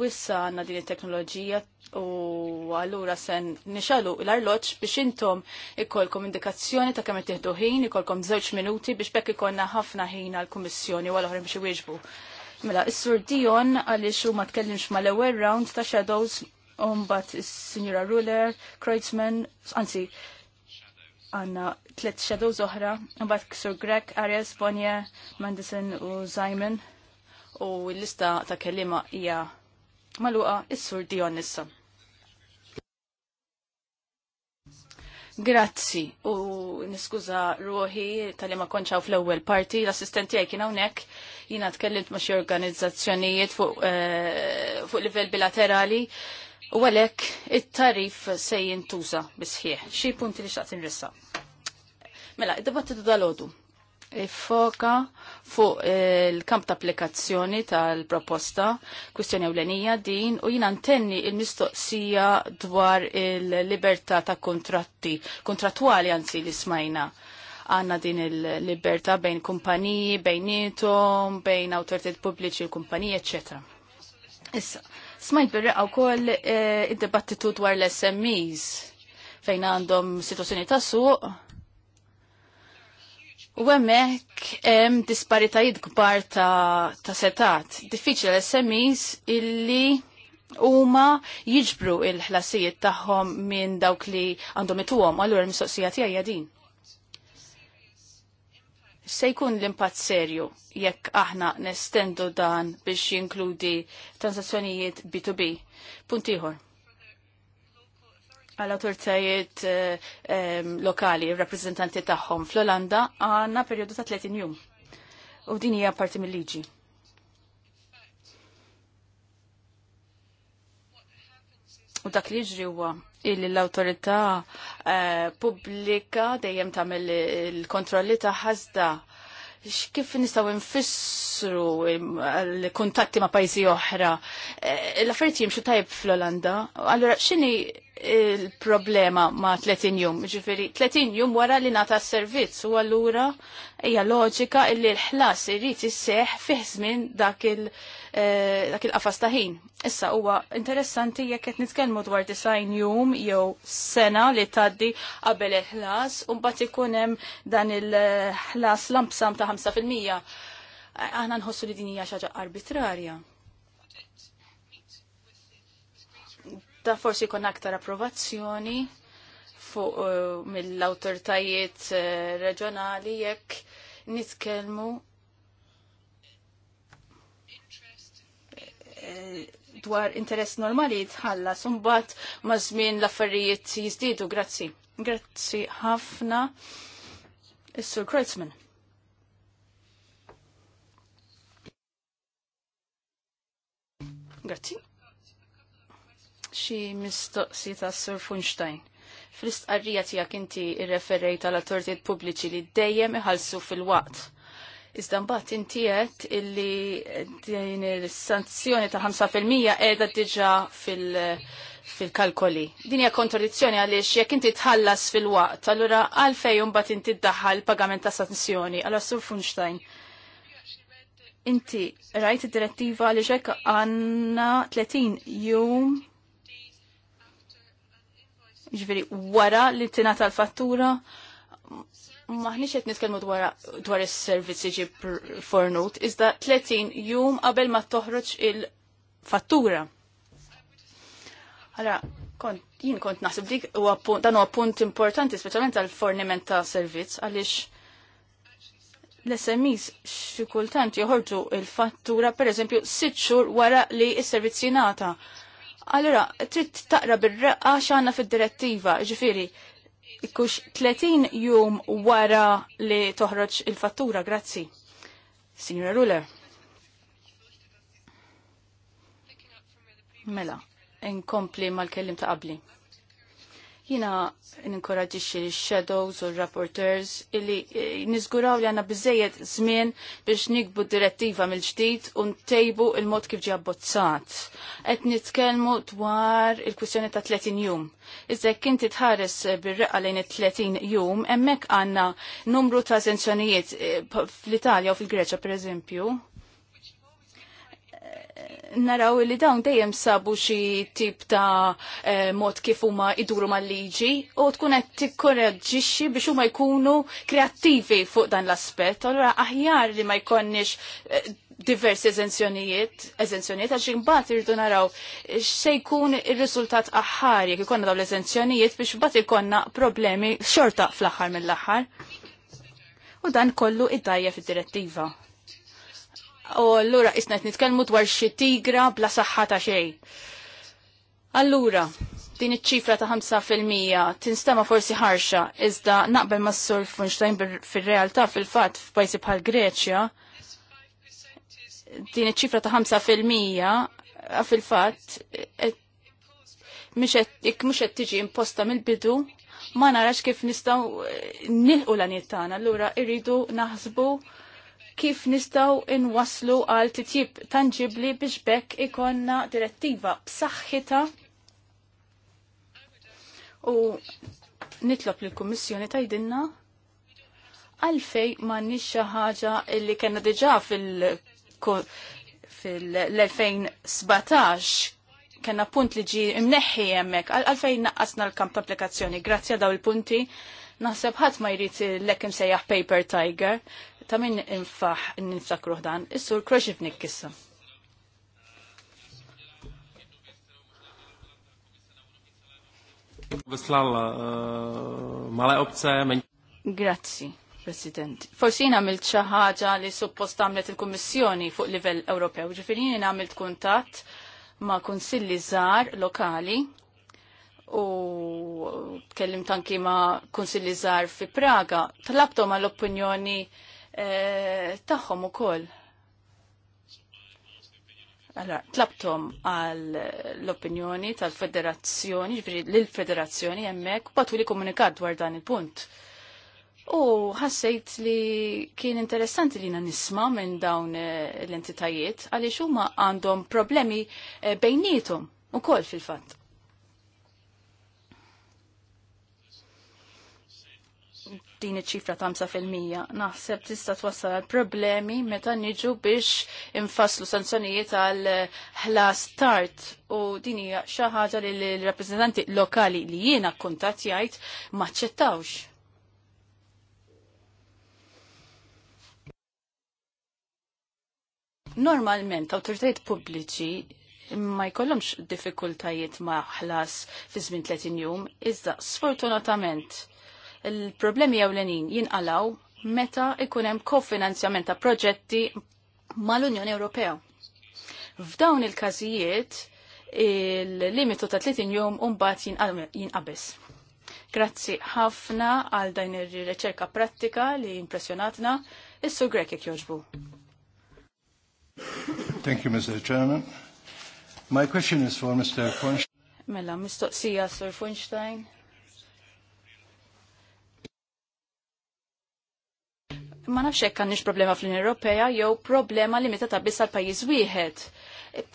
wissa għanna din it-teknoloġija u għallura sen nixalu l-arloċ biex intom ikolkom indikazzjoni ta' kemm tieħdu ħin, ikolkom żewġ minuti biex bekk ikonna ħafna ħin għall-Kummissjoni u għal-oħrim biex iwieġbu. Mela, is-Sur Dion għaliex u ma tkellimx mal-ewwel round ta' Shadows umbat is signora Ruler, Kreutzmann, anzi għanna tlet shadows oħra, mbagħad Ksur Grek, Arias, Bonje, Mandison u Simon. U l-lista ta' kellima hija maluqa is-sur Dion issa. Grazzi u niskuża ruħi tal-li ma konċaw fl-ewwel parti, l-assistenti għaj kien hawnhekk jiena tkellimt ma xi organizzazzjonijiet fuq uh, eh, fu livell bilaterali u għalhekk it-tarif se jintuża bisħieħ. Xi punti li xtaqt rissa? Mela, id debattitu dal-għodu foka fuq eh, il-kamp ta' applikazzjoni tal-proposta, kwistjoni ewlenija din, u jina ntenni il-mistoqsija dwar il-libertà ta' kontratti, kontratwali anzi li smajna għanna din il-libertà bejn kumpaniji, bejnietom, bejn autoritet pubbliċi, kumpaniji, ecc. Issa, smajt birreqa għaw kol eh, id-debattitu dwar l-SMEs fejn għandhom situazzjoni ta' suq U hemmhekk hemm disparitajiet kbar ta', ta setat. Diffiċli l-SMEs illi huma jiġbru il-ħlasijiet tagħhom minn dawk li għandhom ituhom, allura l-mistoqsija tiegħi din. Se jkun l-impatt serju jekk aħna nestendu dan biex jinkludi transazzjonijiet B2B. Punt ieħor għall-autoritajiet eh, lokali, rappresentanti tagħhom fl-Olanda għandna perjodu ta' 30 jum. U din hija parti mill-liġi. U dak li ġri huwa illi l-awtorità eh, pubblika dejjem tagħmel il-kontrolli ta' ħasda kif nistaw nfissru l-kuntatti ma' pajjiżi oħra. Eh, l-affarijiet jimxu tajb fl-Olanda. Allura x'inhi il-problema ma 30 jum. Ġifiri, 30 jum wara li nata s-servizz u għallura hija loġika li l-ħlas irrit isseħ fih żmien eh, dak il-qafas ta' ħin. Issa huwa interessanti jekk qed nitkellmu dwar 9 jum jew sena li tgħaddi qabel il-ħlas u mbagħad ikun hemm dan il-ħlas lampsam ta' 5%. Aħna nħossu li din hija xi ħaġa arbitrarja. ta' forsi kon aktar approvazzjoni fuq uh, mill-autoritajiet uh, reġjonali jekk nitkellmu eh, dwar interess normali jitħallas imbagħad ma' żmien l-affarijiet jiżdiedu. Grazzi. Grazzi ħafna. Is-Sur Kreutzmann. Grazzi xi mistoqsi ta' Sur Funstein. Fl-istqarrija tiegħek inti irreferejt għal autoritajiet pubbliċi li dejjem iħallsu fil-waqt. Iżda mbagħad inti qed illi din is-sanzjoni ta' 5% qiegħda diġà fil- fil-kalkoli. Din hija kontradizzjoni għaliex jekk inti tħallas fil-waqt, allura għalfejn mbagħad inti ddaħħal pagament ta' sanzjoni. Allora Sur Funstein, inti rajt id-direttiva li ġek għanna 30 jum ġveri wara li t tal-fattura, maħni qed nitkellmu dwar is servizzi iġi fornut, iżda 30 jum qabel ma toħroġ il-fattura. Allora, kont, jien kont naħseb dik dan huwa punt importanti speċjalment għal forniment ta' servizz għaliex l smis xi kultant joħorġu il-fattura pereżempju sitt xhur wara li s servizzi nata. Allora, trid taqra bir-raqqa għandna fid-direttiva, ġifieri, ikkux 30 jum wara li toħroġ il-fattura, grazzi. Signora Ruler. Mela, inkompli mal-kellim ta' qabli. Jina ninkoraġixxi shadows u rapporteurs illi eh, niżguraw li għandna biżejjed żmien biex nikbu direttiva mill-ġdid u ntejbu il-mod kif ġie abbozzat. Qed nitkellmu dwar il kwissjoni ta' 30 jum. Iżda jekk inti tħares eh, bir-reqqa lejn it-30 jum, hemmhekk għandna numru ta' sanzjonijiet eh, fl-Italja u fil-Greċja pereżempju naraw li dawn dejjem sabu xi tip ta' eh, mod kif huma iduru mal-liġi u tkun qed tikkoraġġixxi biex huma jkunu kreattivi fuq dan l-aspett. Allura aħjar li ma jkonniex eh, diversi eżenzjonijiet, eżenzjonijiet għax imbagħad irridu naraw x'se eh, jkun ir-riżultat aħħar jekk ikollna dawn l-eżenzjonijiet biex mbagħad ikollna problemi xorta fl-aħħar mill-aħħar. U dan kollu id-dajja fid-direttiva u allura isna nitkellmu dwar xi tigra bla saħħa ta' xejn. Allura, din iċ-ċifra ta' 5% tinstema forsi ħarxa, iżda naqbel ma' s-sur Funstein fil-realtà fil-fatt f'pajsi bħal Greċja, din iċ-ċifra ta' 5% fil-fatt mhux qed tiġi imposta mill-bidu ma narax kif nistgħu nilqu l-għaniet tagħna, allura irridu naħsbu kif nistaw inwaslu għal titjib tanġibli biex bekk ikonna direttiva b'saħħita u nitlob lill kummissjoni tajdinna għalfej ma nix ħaġa li kena diġà fil- fil-2017 kena punt li ġi imneħħi jemmek, għalfejn naqqasna l-kamp applikazzjoni, grazzja daw il-punti, naħseb ħadd ma jrid l-ekim sejjaħ Paper Tiger, ta' minn infaħ ninftakruh dan, is-sur Kroċivnik kissa. Eh, mala Grazzi, President. Forsi jien għamilt xi ħaġa li suppost għamlet il-Kummissjoni fuq livell Ewropew, Ġifiri jien għamilt kuntatt ma' kunsilli zar lokali u kellim tanki ma' kunsilli zar fi Praga. Talabtom għall-opinjoni Eh, tagħhom ukoll. Allora, tlabtom għal l-opinjoni tal-federazzjoni, ġifri l-federazzjoni jemmek, batu li komunikat dwar dan il-punt. U ħassejt li kien interessanti li nisma minn dawn eh, l-entitajiet għaliex huma għandhom problemi eh, bejnietum u kol fil-fatt. din iċ-ċifra ta' 5%. Naħseb tista' twassal problemi meta niġu biex infasslu sanzjonijiet għal ħlas tard u din hija xi ħaġa li l-rappreżentanti lokali li jiena kuntat jgħid maċċettawx. Normalment awtoritajiet pubbliċi ma jkollhomx diffikultajiet ma ħlas fi żmien 30 jum, iżda sfortunatament il-problemi jawlenin jinqalaw meta ikun hemm kofinanzjament ta' proġetti mal-Unjoni Ewropea. F'dawn il-każijiet il-limitu ta' 30 jum umbat jinqabis. Grazzi ħafna għal din ir-riċerka prattika li impressjonatna. Is-Sur Grek joġbu. Thank you, Mr. Chairman. My question is for Mr. Funstein. Mela, mistoqsija, Sir Funstein. ma nafx hekk għandniex problema fl-Unjoni Ewropea jew problema limitata biss għal pajjiż wieħed.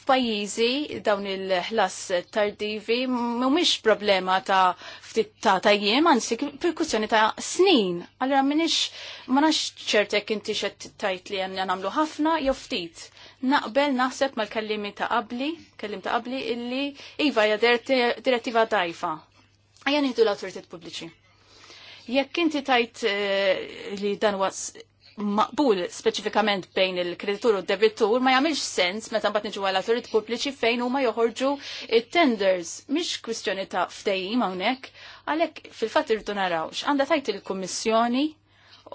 Pajjiżi dawn il-ħlas tardivi mhumiex problema ta' ftit ta' tajjiem, anzi perkussjoni ta' snin. Allura m'iniex ma nafx ċertek inti xed tajt li għandna nagħmlu ħafna jew ftit. Naqbel naħseb mal-kellimi ta' qabli, kellim ta' qabli illi iva hija direttiva dajfa. Ejja nieħdu l-awtoritet pubbliċi Jekk inti tajt eh, li dan was maqbul speċifikament bejn il-kreditur u debitur ma jagħmilx sens meta mbagħad niġu għal autorit pubbliċi fejn huma joħorġu it-tenders. Mhix kwistjoni ta' ftejim hawnhekk, għalhekk fil-fatt irdu naraw x'għandha tajt il-kummissjoni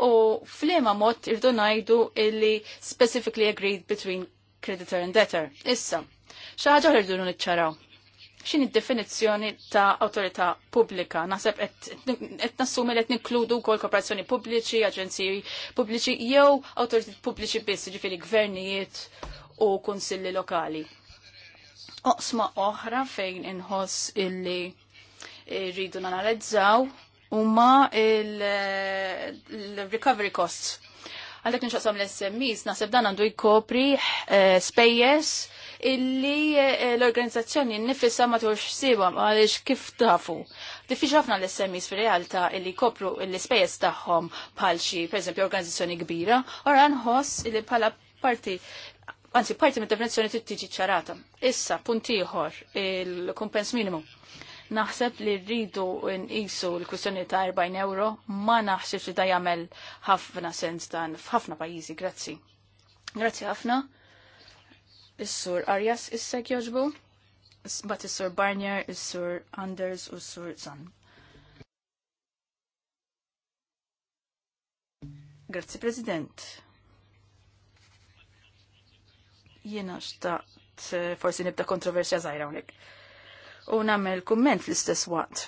u f'liema mod irdu ngħidu illi specifically agreed between creditor and debtor. Issa, xi ħaġa irdu niċċaraw x'in id-definizzjoni ta' awtorità pubblika. Naħseb et nassumi li qed ninkludu wkoll kooperazzjoni pubbliċi, aġenziji pubbliċi jew autorita' pubbliċi biss, ġifieri gvernijiet u kunsilli lokali. Oqsma oħra fejn inħoss illi rridu nanalizzaw huma il-recovery costs Għaldek nċaqsam l-SMEs, nasib dan għandu jkopri eh, spejjes illi eh, l-organizzazzjoni nifissa ma turx sibam għalix kif tafu. Diffiċ ħafna l-SMIs fi realtà illi kopru l-ispejjeż tagħhom bħal xi pereżempju organizzazzjoni kbira, ora nħoss illi bħala parti anzi parti mid definizjoni t tiġi ċarata. Issa punt ieħor il-kumpens minimu. Naħseb li rridu nqisu l-kwistjoni ta' 40 euro ma naħsibx li da jagħmel ħafna sens dan f'ħafna pajjiżi, grazzi. Grazzi ħafna. Is-sur Arias issek joġbu, bat is-sur Barnier, is-sur Anders u s-sur Zan. Grazzi President. Jiena xtaqt eh, forsi nibda kontroversja zaħira unik. U namel kumment fl-istess waqt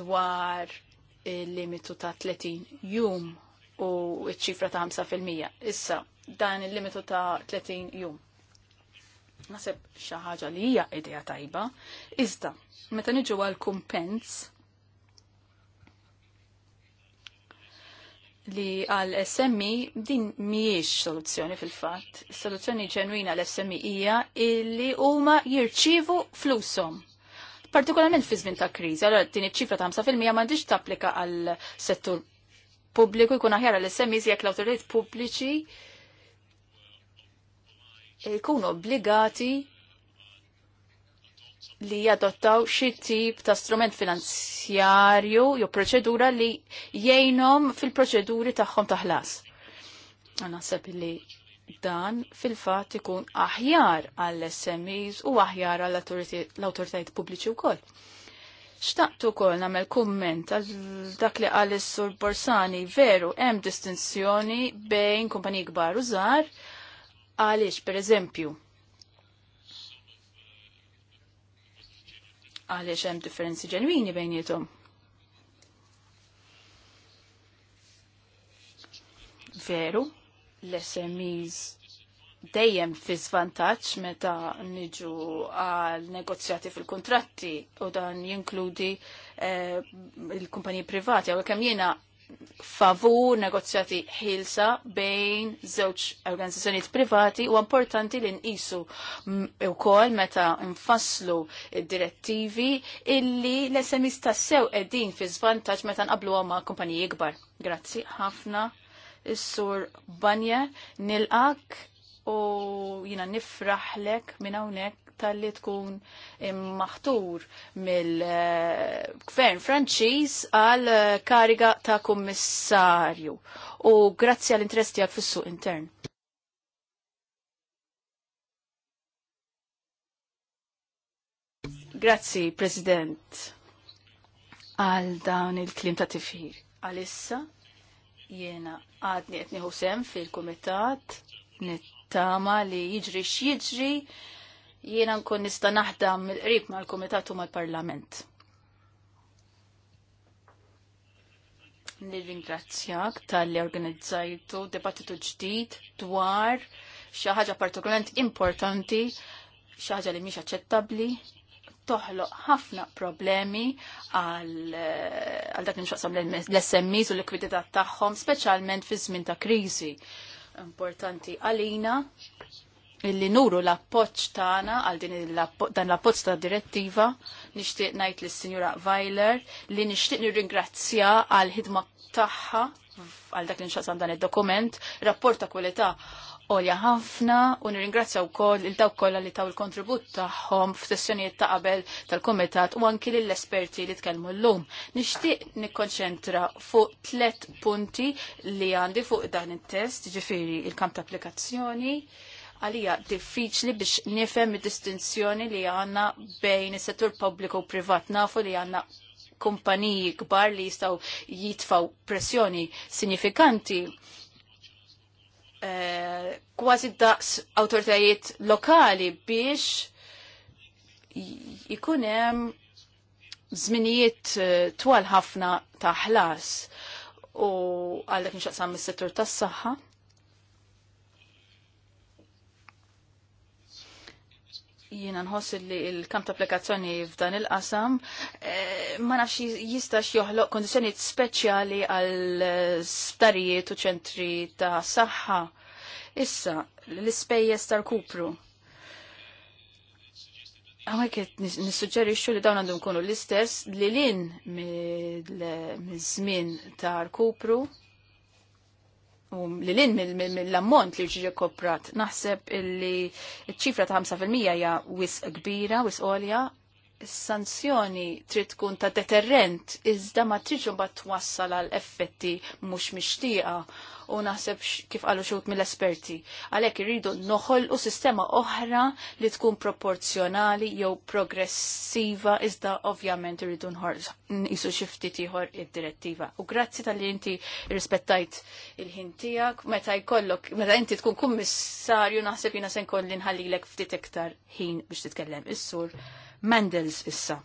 dwar il-limitu ta' 30 jum u ċifra ta' 5%. Issa, dan il-limitu ta' 30 jum. Naseb xi ħaġa li hija idea tajba, iżda meta niġu għal kumpens li għal SMI e, din miex soluzzjoni fil-fatt. Soluzzjoni ġenwina l SMI e hija illi huma jirċivu flusom. Partikolarment fi żmien ta' kriżi, allora din iċ-ċifra ta' 5% m'għandix tapplika għal settur pubbliku jkun aħjar għall SMI jekk l-awtoritajiet pubbliċi jkunu obbligati li jadottaw xi tip ta' strument finanzjarju jew proċedura li jgħinhom fil-proċeduri tagħhom ta' ħlas. Naħseb li dan fil-fatt ikun aħjar għall smis u aħjar għall l-awtoritajiet pubbliċi wkoll. Xtaqt ukoll nagħmel kumment għal dak li qal is-Sur Borsani veru hemm distinzjoni bejn kumpaniji kbar u żgħar Għaliex, per eżempju, għaliex hemm differenzi ġenwini bejnietom. Veru, l-SMEs dejjem fi svantaġġ meta niġu għal negozjati fil-kontratti u dan jinkludi eh, il-kumpaniji privati għal kemm jiena favur negozjati ħilsa bejn żewġ organizzazzjonijiet privati u importanti li nqisu wkoll meta nfasslu direttivi illi l-SMIs tassew qegħdin fi żvantaġġ meta nqablu ma' kumpaniji kbar. Grazzi ħafna is-sur Banja nilqak u jina nifraħlek minn hawnhekk tal-li tkun maħtur mill-gvern Franċiż għal kariga ta' kummissarju u grazzi għal interess tiegħek fis-suq intern. Grazzi, President, għal dawn il-klim ta' tifir. Għalissa, jena għadni għetni sem fil-komitat, nittama li jiġri jġri jiena nkun nista' naħdem mill-qrib mal-Kumitat u mal-Parlament. Nirringrazzjak tal-li organizzajtu debattitu ġdid dwar xi ħaġa partikolarment importanti, xi ħaġa li mhix aċċettabbli, toħloq ħafna problemi għal, dak dak nimxaqsam l-SMEs u l-likwidità tagħhom, speċjalment fi żmien ta' kriżi. Importanti għalina illi nuru l-appoċ tagħna għal din dan l-appoċ ta' direttiva nixtieq ngħid lis-Sinjura Weiler li nixtieq nirringrazzja għal ħidma tagħha għal dak li nxaqsam dan id-dokument, rapport ta' kwalità għolja ħafna u nirringrazzja wkoll il daw kollha li taw il-kontribut tagħhom f'sessjonijiet ta' qabel tal-kumitat u anki lill esperti li tkellmu llum. Nixtieq nikkonċentra fuq tliet punti li għandi fuq dan it-test, ġifiri il-kamp ta' applikazzjoni, għalija diffiċli biex nifhem id-distinzjoni li għanna bejn is-settur pubbliku u privat. Nafu li għanna kumpaniji kbar li jistaw jitfaw pressjoni sinifikanti eh, kważi daqs autoritajiet lokali biex jikunem zminijiet eh, twal ħafna ta' ħlas u għallek nxaqsam mis settur tas saħħa jiena nħoss li l-kamp ta' applikazzjoni f'dan il-qasam eh, ma nafx jistax joħloq kondizjoni speċjali għal starijiet u ċentri ta' saħħa. Issa, l-ispejjeż tal-kupru. Għamek nissuġġerixxu li dawn għandhom kunu l-istess li lin mill-żmien tal-kupru li l-in mill-ammont li ġiġi koprat. Naħseb illi ċifra ta' 5% hija wis kbira, wis olja, sanzjoni trid tkun ta' deterrent iżda ma tridx imbagħad twassal għal effetti mhux mixtieqa u naħseb kif qalu xut mill-esperti. Għalhekk irridu noħolqu sistema oħra li tkun proporzjonali jew progressiva iżda ovvjament irridu nqisu xi ftit ieħor id-direttiva. U grazzi tal-li inti rispettajt il-ħin tiegħek meta jkollok meta inti tkun kummissarju naħseb jiena se nkolli nħallilek ftit iktar ħin biex titkellem is-sur Mendels issa.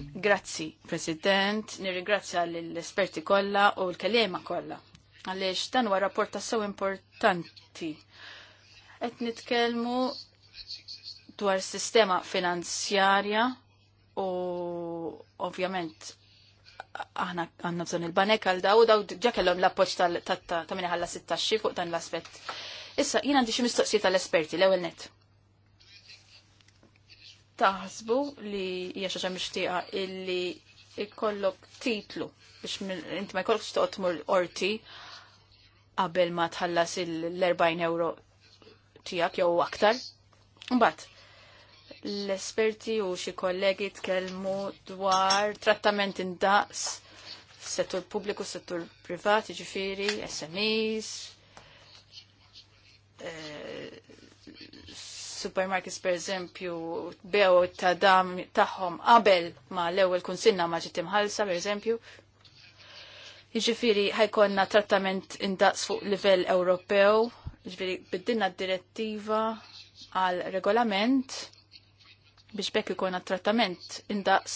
Grazzi, President. Nirringrazzja l-esperti kollha u l-kelema kollha għaliex dan huwa rapport ta' sew importanti. Qed nitkellmu dwar sistema finanzjarja u ovvjament aħna għandna bżonn il-banek għal daw, daw ġa kellhom l-appoċ ta' minna ħalla 16 fuq dan l aspett Issa, jien għandi xi mistoqsijiet tal-esperti, l-ewwel net. Taħsbu li hija xi mixtieqa illi ikollok titlu biex inti ma jkollokx toqgħod tmur orti qabel ma tħallas l-40 euro tijak jew aktar. Mbagħad, l-esperti u xi kollegi tkellmu dwar trattament indaqs fis-settur pubbliku, settur privat, ġifiri, SMEs, eh, supermarkets per eżempju bew ta' dam tagħhom qabel ma l-ewwel kunsinna ma ġiet imħallsa per eżempju, Jiġifieri ħajkonna trattament indaqs fuq livell Ewropew, iġifiri biddinna d-direttiva għal regolament biex bekk ikonna trattament indaqs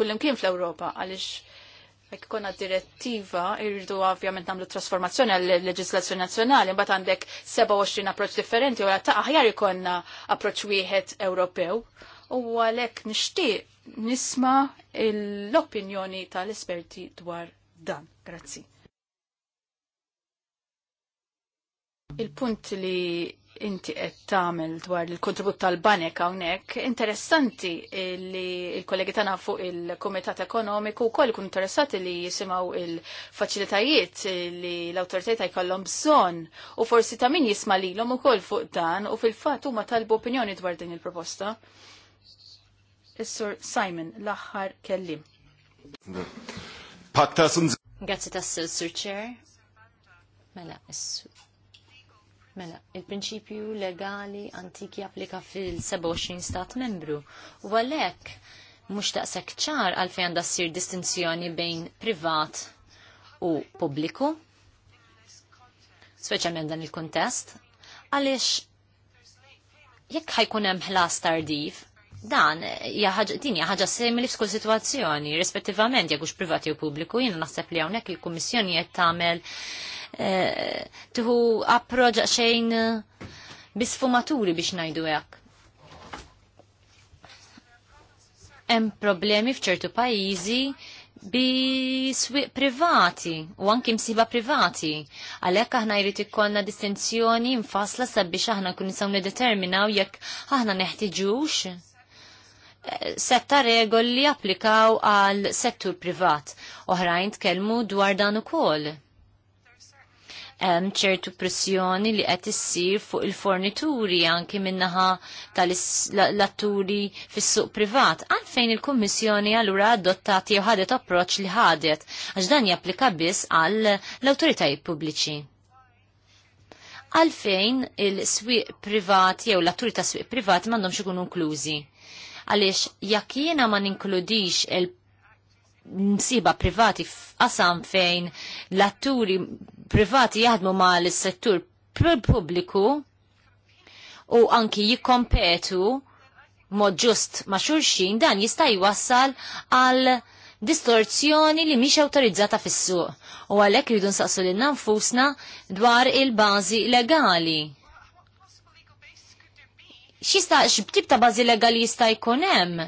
kullim kien fl-Ewropa għaliex jekk ikonna direttiva irridu ovvjament nagħmlu trasformazzjoni għal leġislazzjoni nazzjonali, mbagħad għandek 27 approċċ differenti u ta' aħjar ikonna approċċ wieħed Ewropew u għalhekk nixtieq nisma l-opinjoni tal-esperti dwar dan. Grazzi. Il-punt li inti qed tagħmel dwar il-kontribut tal-banek hawnhekk interessanti li l-kollegi tagħna fuq il-Kumitat Ekonomiku wkoll ikun interessati li jisimgħu il-faċilitajiet li l-awtoritajiet jkollhom bżonn u forsi ta' min jisma' lilhom ukoll fuq dan u fil-fatt huma talbu opinjoni dwar din il-proposta. Is-Sur Simon l-aħħar kellim. Pattasun. Grazzi tassil, Sir Chair. Mela, Mela, il-prinċipju legali antiki applika fil-27 stat membru. U għalek, mux taqsek ċar għalfej għanda sir distinzjoni bejn privat u publiku, speċjalment dan il-kontest, għalix jekk ħajkunem hemm ħlas tardiv, Dan, din hija ħaġa simili f'skull sitwazzjoni, rispettivament jekk hux privati u pubbliku, jiena naħseb li hawnhekk il-Kummissjoni qed tagħmel eh, tuħu approġa xejn eh, bisfumaturi biex ngħidu hekk. Hemm problemi f'ċertu pajjiżi bi swiq privati u anki msiba privati. Għalek aħna jrid ikollna distinzjoni infasla sabiex aħna kun nisaw determinaw jekk aħna neħtiġux setta regol li applikaw għal settur privat. Oħrajn tkellmu dwar dan ukoll. Hemm ċertu pressjoni li qed issir fuq il-fornituri anki minnaħa tal-atturi fis-suq privat. Għalfejn il-Kummissjoni allura adottat jew ħadet approċċ li ħadet għax dan japplika biss għall awtoritajiet pubbliċi. Għalfejn il-swieq privat jew l-atturi ta' swieq privat m'għandhomx ikunu inklużi għaliex jekk jiena ma ninkludix il msiba privati f'qasam fejn l-atturi privati jaħdmu ma l-settur pubbliku u anki jikkompetu mod ġust ma' xulxin dan jista' jwassal għal distorzjoni li mhix awtorizzata fis-suq u għalhekk rridu nsaqsu lil nfusna dwar il-bażi legali xista x'tib ta' bażi legali jista' jkun hemm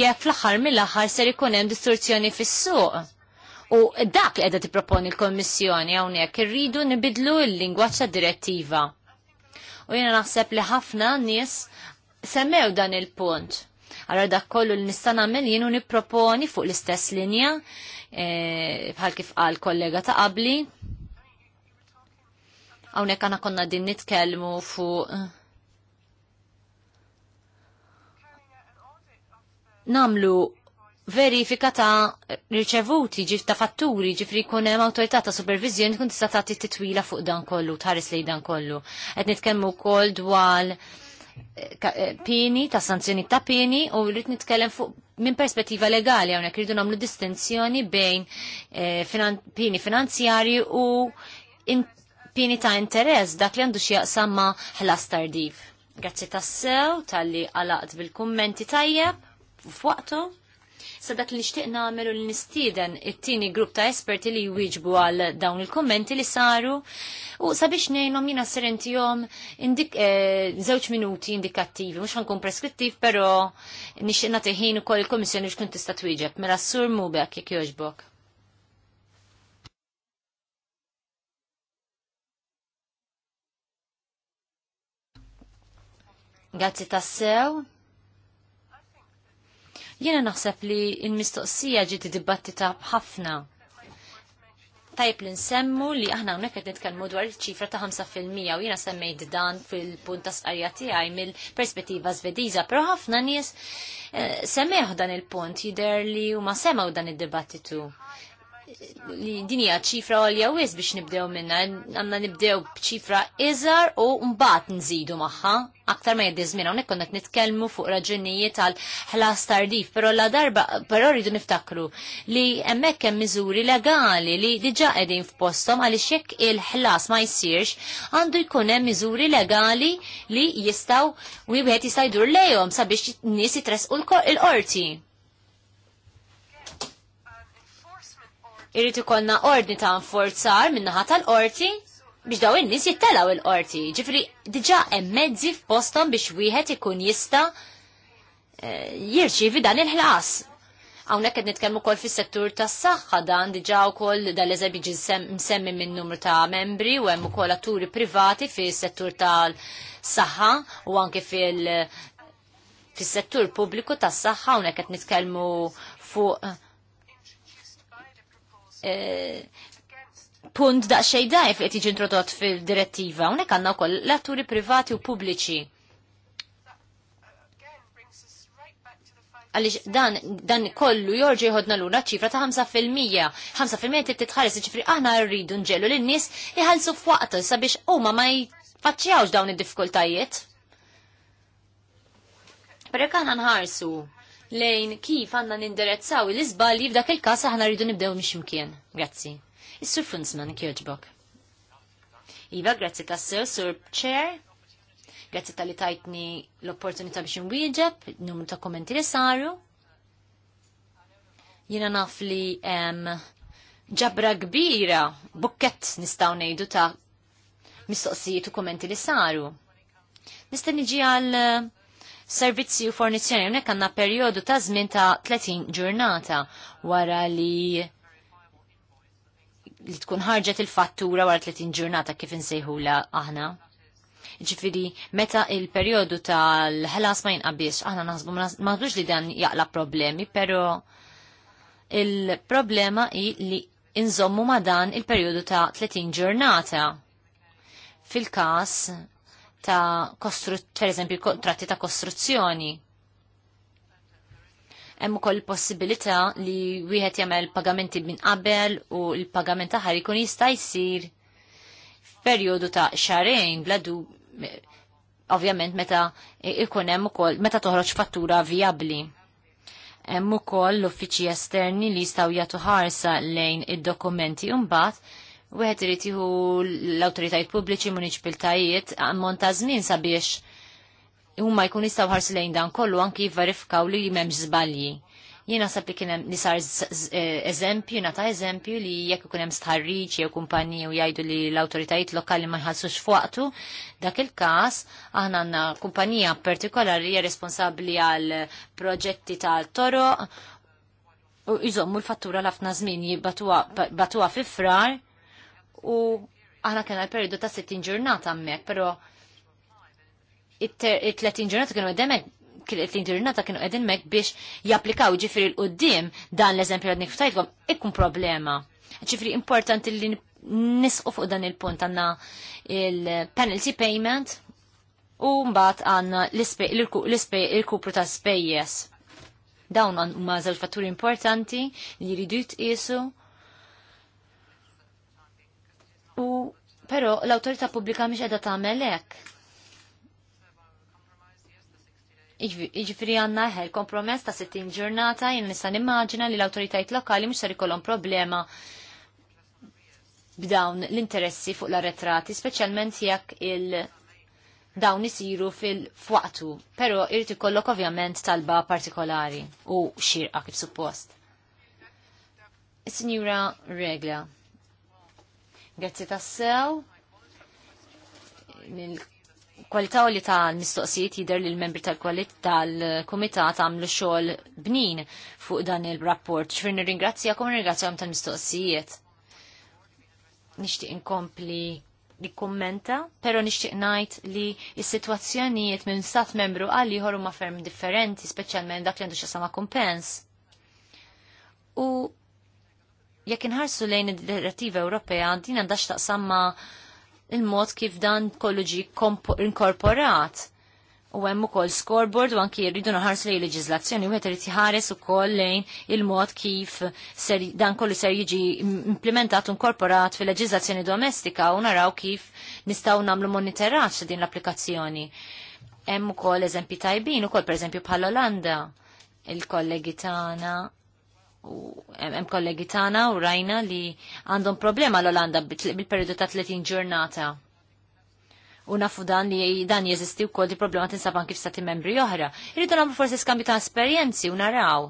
jekk fl-aħħar mill-aħħar ser ikun hemm distorzjoni fis-suq. U dak li qiegħda tipproponi l-Kommissjoni hawnhekk irridu nibidlu l-lingwaġġ ta' direttiva. U jiena naħseb li ħafna nies semmew dan il-punt. Għara dak kollu li nista' nagħmel jienu nipproponi fuq l-istess linja eh, bħal kif għal kollega ta' qabli. Hawnhekk għana konna din nitkellmu fuq namlu verifika ta' riċevuti, ġif ta' fatturi, ġifri kun hemm awtorità ta' supervizjoni tkun tista' tagħti titwila fuq dan kollu, tħares lej dan kollu. Qed nitkellmu wkoll dwar eh, eh, pieni, ta' sanzjoni ta' pieni u rrid nitkellem fuq minn perspettiva legali hawnhekk iridu nagħmlu distinzjoni bejn eh, pieni finanzjari u pieni ta' interess dak li għandu xi jaqsam ma' ħlas tardiv. Grazzi tassew, tal-li għalaqt bil-kummenti tajjeb f'waqtu. Sa dak li nixtieq nagħmel li nistieden it-tieni grupp ta' esperti li jwieġbu għal dawn il-kummenti li saru u sabiex ngħinhom jiena serentihom indik eh, żewġ minuti indikattivi, mhux ħankun preskrittiv, però nixtieq nagħti ħin ukoll il-Kummissjoni x'kun tista' twieġeb mela s-sur Mubek jekk jogħġbok. Grazie tassew. Jena naħseb li il-mistoqsija ġiet dibattita ħafna. Tajb li nsemmu li aħna hawnhekk qed nitkellmu dwar iċ-ċifra ta' 5% u jiena semmejt dan fil-punt ta' sqarja tiegħi mill-perspettiva Svediża, però ħafna nies eh, semmejħu dan il-punt jidher li huma semgħu dan id-dibattitu li dinja ċifra għalja wis biex nibdew minna, għanna nibdew bċifra iżar u mbaħt nżidu maħħa. Aktar ma jeddi zmin, għonek konnet nitkelmu fuq raġunijiet tal ħlas tardif, pero la darba, pero rridu niftakru li emmek hemm miżuri legali li diġa qegħdin f'postom għal xekk il-ħlas ma jsirx, għandu jkun hemm miżuri legali li jistaw wieħed jista' jdur lejom sabiex nies jitresqu l-qorti. Irrid ikollna ordni ta' nforzar minnaħa tal-qorti biex daw in-nies jittelaw il-qorti. Ġifri diġà hemm mezzi f'postom biex wieħed ikun jista' eh, jirċivi dan il-ħlas. Hawnhekk qed nitkellmu wkoll fis-settur tas-saħħa dan u wkoll dal-eżempju ġi msemmi minn numru ta' membri u hemm ukoll atturi privati fis-settur tal-saħħa u anke fil- settur pubbliku tas-saħħa hawnhekk qed nitkellmu fuq Eh, punt daqsxejn jif li tiġi introdott fil-direttiva, unek għanna wkoll l-atturi privati u pubbliċi. Għalix dan, dan kollu jorġi jħodna l una ċifra ta' 5%. 5% titħares ċifri aħna rridu nġellu l-nis jħalsu f'waqtu sabiex huma ma jfaċċjawx dawn id-diffikultajiet. Perekan aħna nħarsu lejn kif għanna nindirezzaw l-izballi f'dak il-kas aħna rridu nibdew mix Grazzi. Is-Sur Funzman kjoġbok. Iva, grazzi sir, Sur Chair. Grazzi ta' li tajtni l-opportunità biex nwieġeb, numru ta' kommenti li saru. Jina naf li ġabra kbira, bukket nistaw nejdu ta' mistoqsijiet u kommenti li saru. Nistenni ġi għal servizzi u fornizzjoni. Unek għanna periodu ta' żmien ta' 30 ġurnata wara li li tkun ħarġet il-fattura wara 30 ġurnata kif insejħula aħna. Ġifiri, meta il-periodu tal-ħelas ma jinqabiex, aħna naħsbu ma li dan jaqla problemi, pero il-problema i li inżommu ma dan il-periodu ta' 30 ġurnata. Fil-kas, ta' per eżempju kontratti ta' kostruzzjoni. Hemm ukoll possibilità li wieħed jagħmel pagamenti minn qabel u l-pagament aħar ikun jista' jsir f'perjodu ta' xarejn bla du ovvjament meta ikun hemm ukoll meta toħroġ fattura vijabbli. Hemm ukoll l-uffiċċji esterni li jistgħu jagħtu ħarsa lejn id-dokumenti u mbagħad Wieħed irid jieħu l-awtoritajiet pubbliċi muniċipiltajiet ammont ta' żmien sabiex huma jkun jistgħu ħarsu lejn dan kollu anki jivverifikaw li m'hemmx żbalji. Jien naħseb li kien hemm li sar e, eżempju, nata eżempju li jekk ikun hemm stħarriġ jew kumpaniji u jgħidu li l-awtoritajiet lokali ma jħassux fuqtu, dak il-każ aħna għandna kumpanija partikolari hija responsabbli għal proġetti tal-toroq u jżommu l-fattura l-ħafna żmien jibbatuha fi frar u aħna kena periodu ta' 60 ġurnata hemmhekk, però it-30 ġurnata kienu għedemek kien ġurnata kienu għedemek biex japplikaw ġifri l-qoddim dan l-eżempju għadnik ftajtkom, ikkun problema. Ġifri importanti li nisqu fuq dan il-punt għanna il-penalty payment u mbagħad għanna l-kupru ta' spejjes. Dawn huma żewġ fatturi importanti li jridu jtqisu. U però l-autorità pubblika mhix qiegħda tagħmel hekk. Iġifri għanna ħel kompromess ta' 60 ġurnata jien nista' nimmaġina li l awtoritajiet lokali mhux ser ikollhom problema b'dawn l-interessi fuq l-arretrati, speċjalment jekk il dawn isiru fil-fwaqtu, pero irrit ikollok ovvjament talba partikolari u xirqa kif suppost. Signora Regla, Grazzi tassew. Kwalità li tal-mistoqsijiet jider li l-membri tal-komitat għamlu xogħol bnin fuq dan il-rapport. Xfir nirringrazzjakom nirringrazzjahom tal-mistoqsijiet. Nixtieq inkompli li kommenta, pero nixtieq ngħid li s-sitwazzjonijiet minn stat membru għal ieħor huma ferm differenti, speċjalment dak li għandu xi sama kumpens. U jekk inħarsu lejn id-direttiva Ewropea din għandax x'taqsam il-mod kif dan kollu ġi inkorporat. U hemm ukoll scoreboard u anki jridu naħarsu lejn leġiżlazzjoni wieħed irid jħares ukoll lejn il-mod kif ser, dan kollu ser jiġi implementat u inkorporat fil-leġiżlazzjoni domestika u naraw kif nistgħu nagħmlu monitoraġġ din l-applikazzjoni. Hemm ukoll eżempji tajbin ukoll pereżempju bħal Olanda il-kollegi tagħna u hemm kollegi tagħna u rajna li għandhom problema l-Olanda bil-periodu ta' 30 ġurnata. U nafu dan li dan jeżisti wkoll di problema tinsab anki f'stati membri oħra. Irridu nagħmlu forsi skambju ta' esperjenzi u naraw.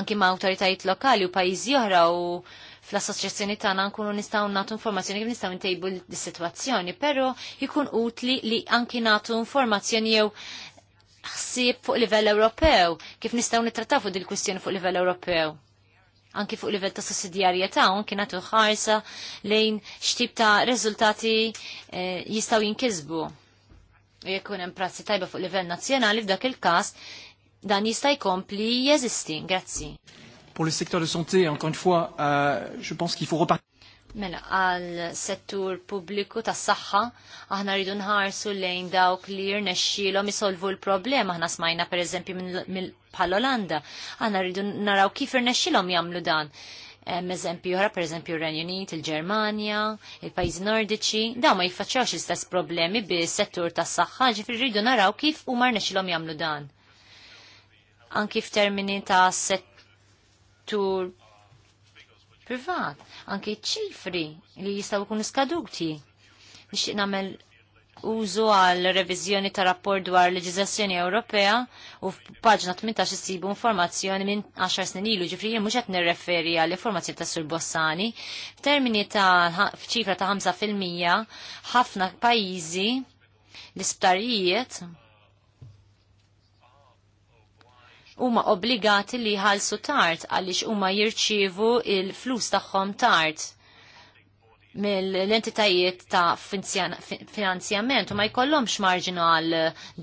Anki ma' awtoritajiet lokali u pajjiżi oħra u fl-assoċjazzjoni tagħna nkunu nistgħu nagħtu informazzjoni kif nistgħu ntejbu l-sitwazzjoni, però jkun utli li anki nagħtu informazzjoni jew ħsieb fuq livell Ewropew, kif nistgħu nittrattaw fuq dil-kwistjoni fuq livell Ewropew. Anki fuq livell ta' sussidjarjetà hawn kien għatu ħarsa lejn x'tip ta' riżultati eh, jistgħu jinkisbu. Jekk hemm prassi tajba fuq livell nazzjonali f'dak il-każ dan jista' jkompli jeżisti. Grazzi. Pour le secteur de santé, encore une fois, euh, je pense qu'il faut repartir. Mela, għal settur pubbliku tas saħħa aħna rridu nħarsu lejn dawk li jirnexxilhom isolvu l-problema. Aħna smajna pereżempju eżempju bħal-Olanda. Aħna rridu naraw kif irnexxilhom jagħmlu dan. Eżempju oħra, pereżempju r-Renju Unit, il-Ġermanja, il-pajjiżi Nordiċi, dawn ma jiffaċċawx l-istess problemi bis-settur tas-saħħa, ġifieri rridu naraw kif huma rnexxilhom jagħmlu dan. Anki f'termini ta' settur privat, anke ċifri li jistaw kun skaduti. Nixtieq nagħmel użu għal reviżjoni ta' rapport dwar leġiżlazzjoni Ewropea u f'paġna 18 issibu informazzjoni minn 10 snin ilu ġifri jien mhux qed nirreferi għall informazzjoni ta' Sur Bossani. F'termini ta' f'ċifra ta' 5% ħafna pajjiżi l-isptarijiet huma obbligati li jħallsu tard għaliex huma jirċievu il-flus tagħhom tard mill-entitajiet ta' finanzjament u ma jkollhomx marġinu għal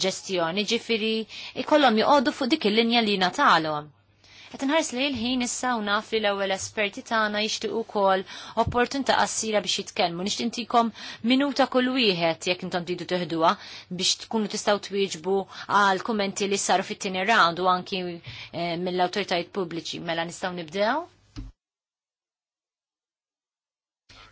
ġestjoni, ġifiri jkollhom joqogħdu fuq dik il-linja li natalhom. Et inħares li l-ħin issa u naf li l-ewwel esperti tagħna jixtiequ wkoll opportunità qassira biex jitkellmu. Nixtieq minuta kull wieħed jekk intom tridu teħduha biex tkunu tistgħu twieġbu għal kummenti li saru fit-tieni round u anki eh, mill-awtoritajiet pubbliċi. Mela nistgħu nibdew?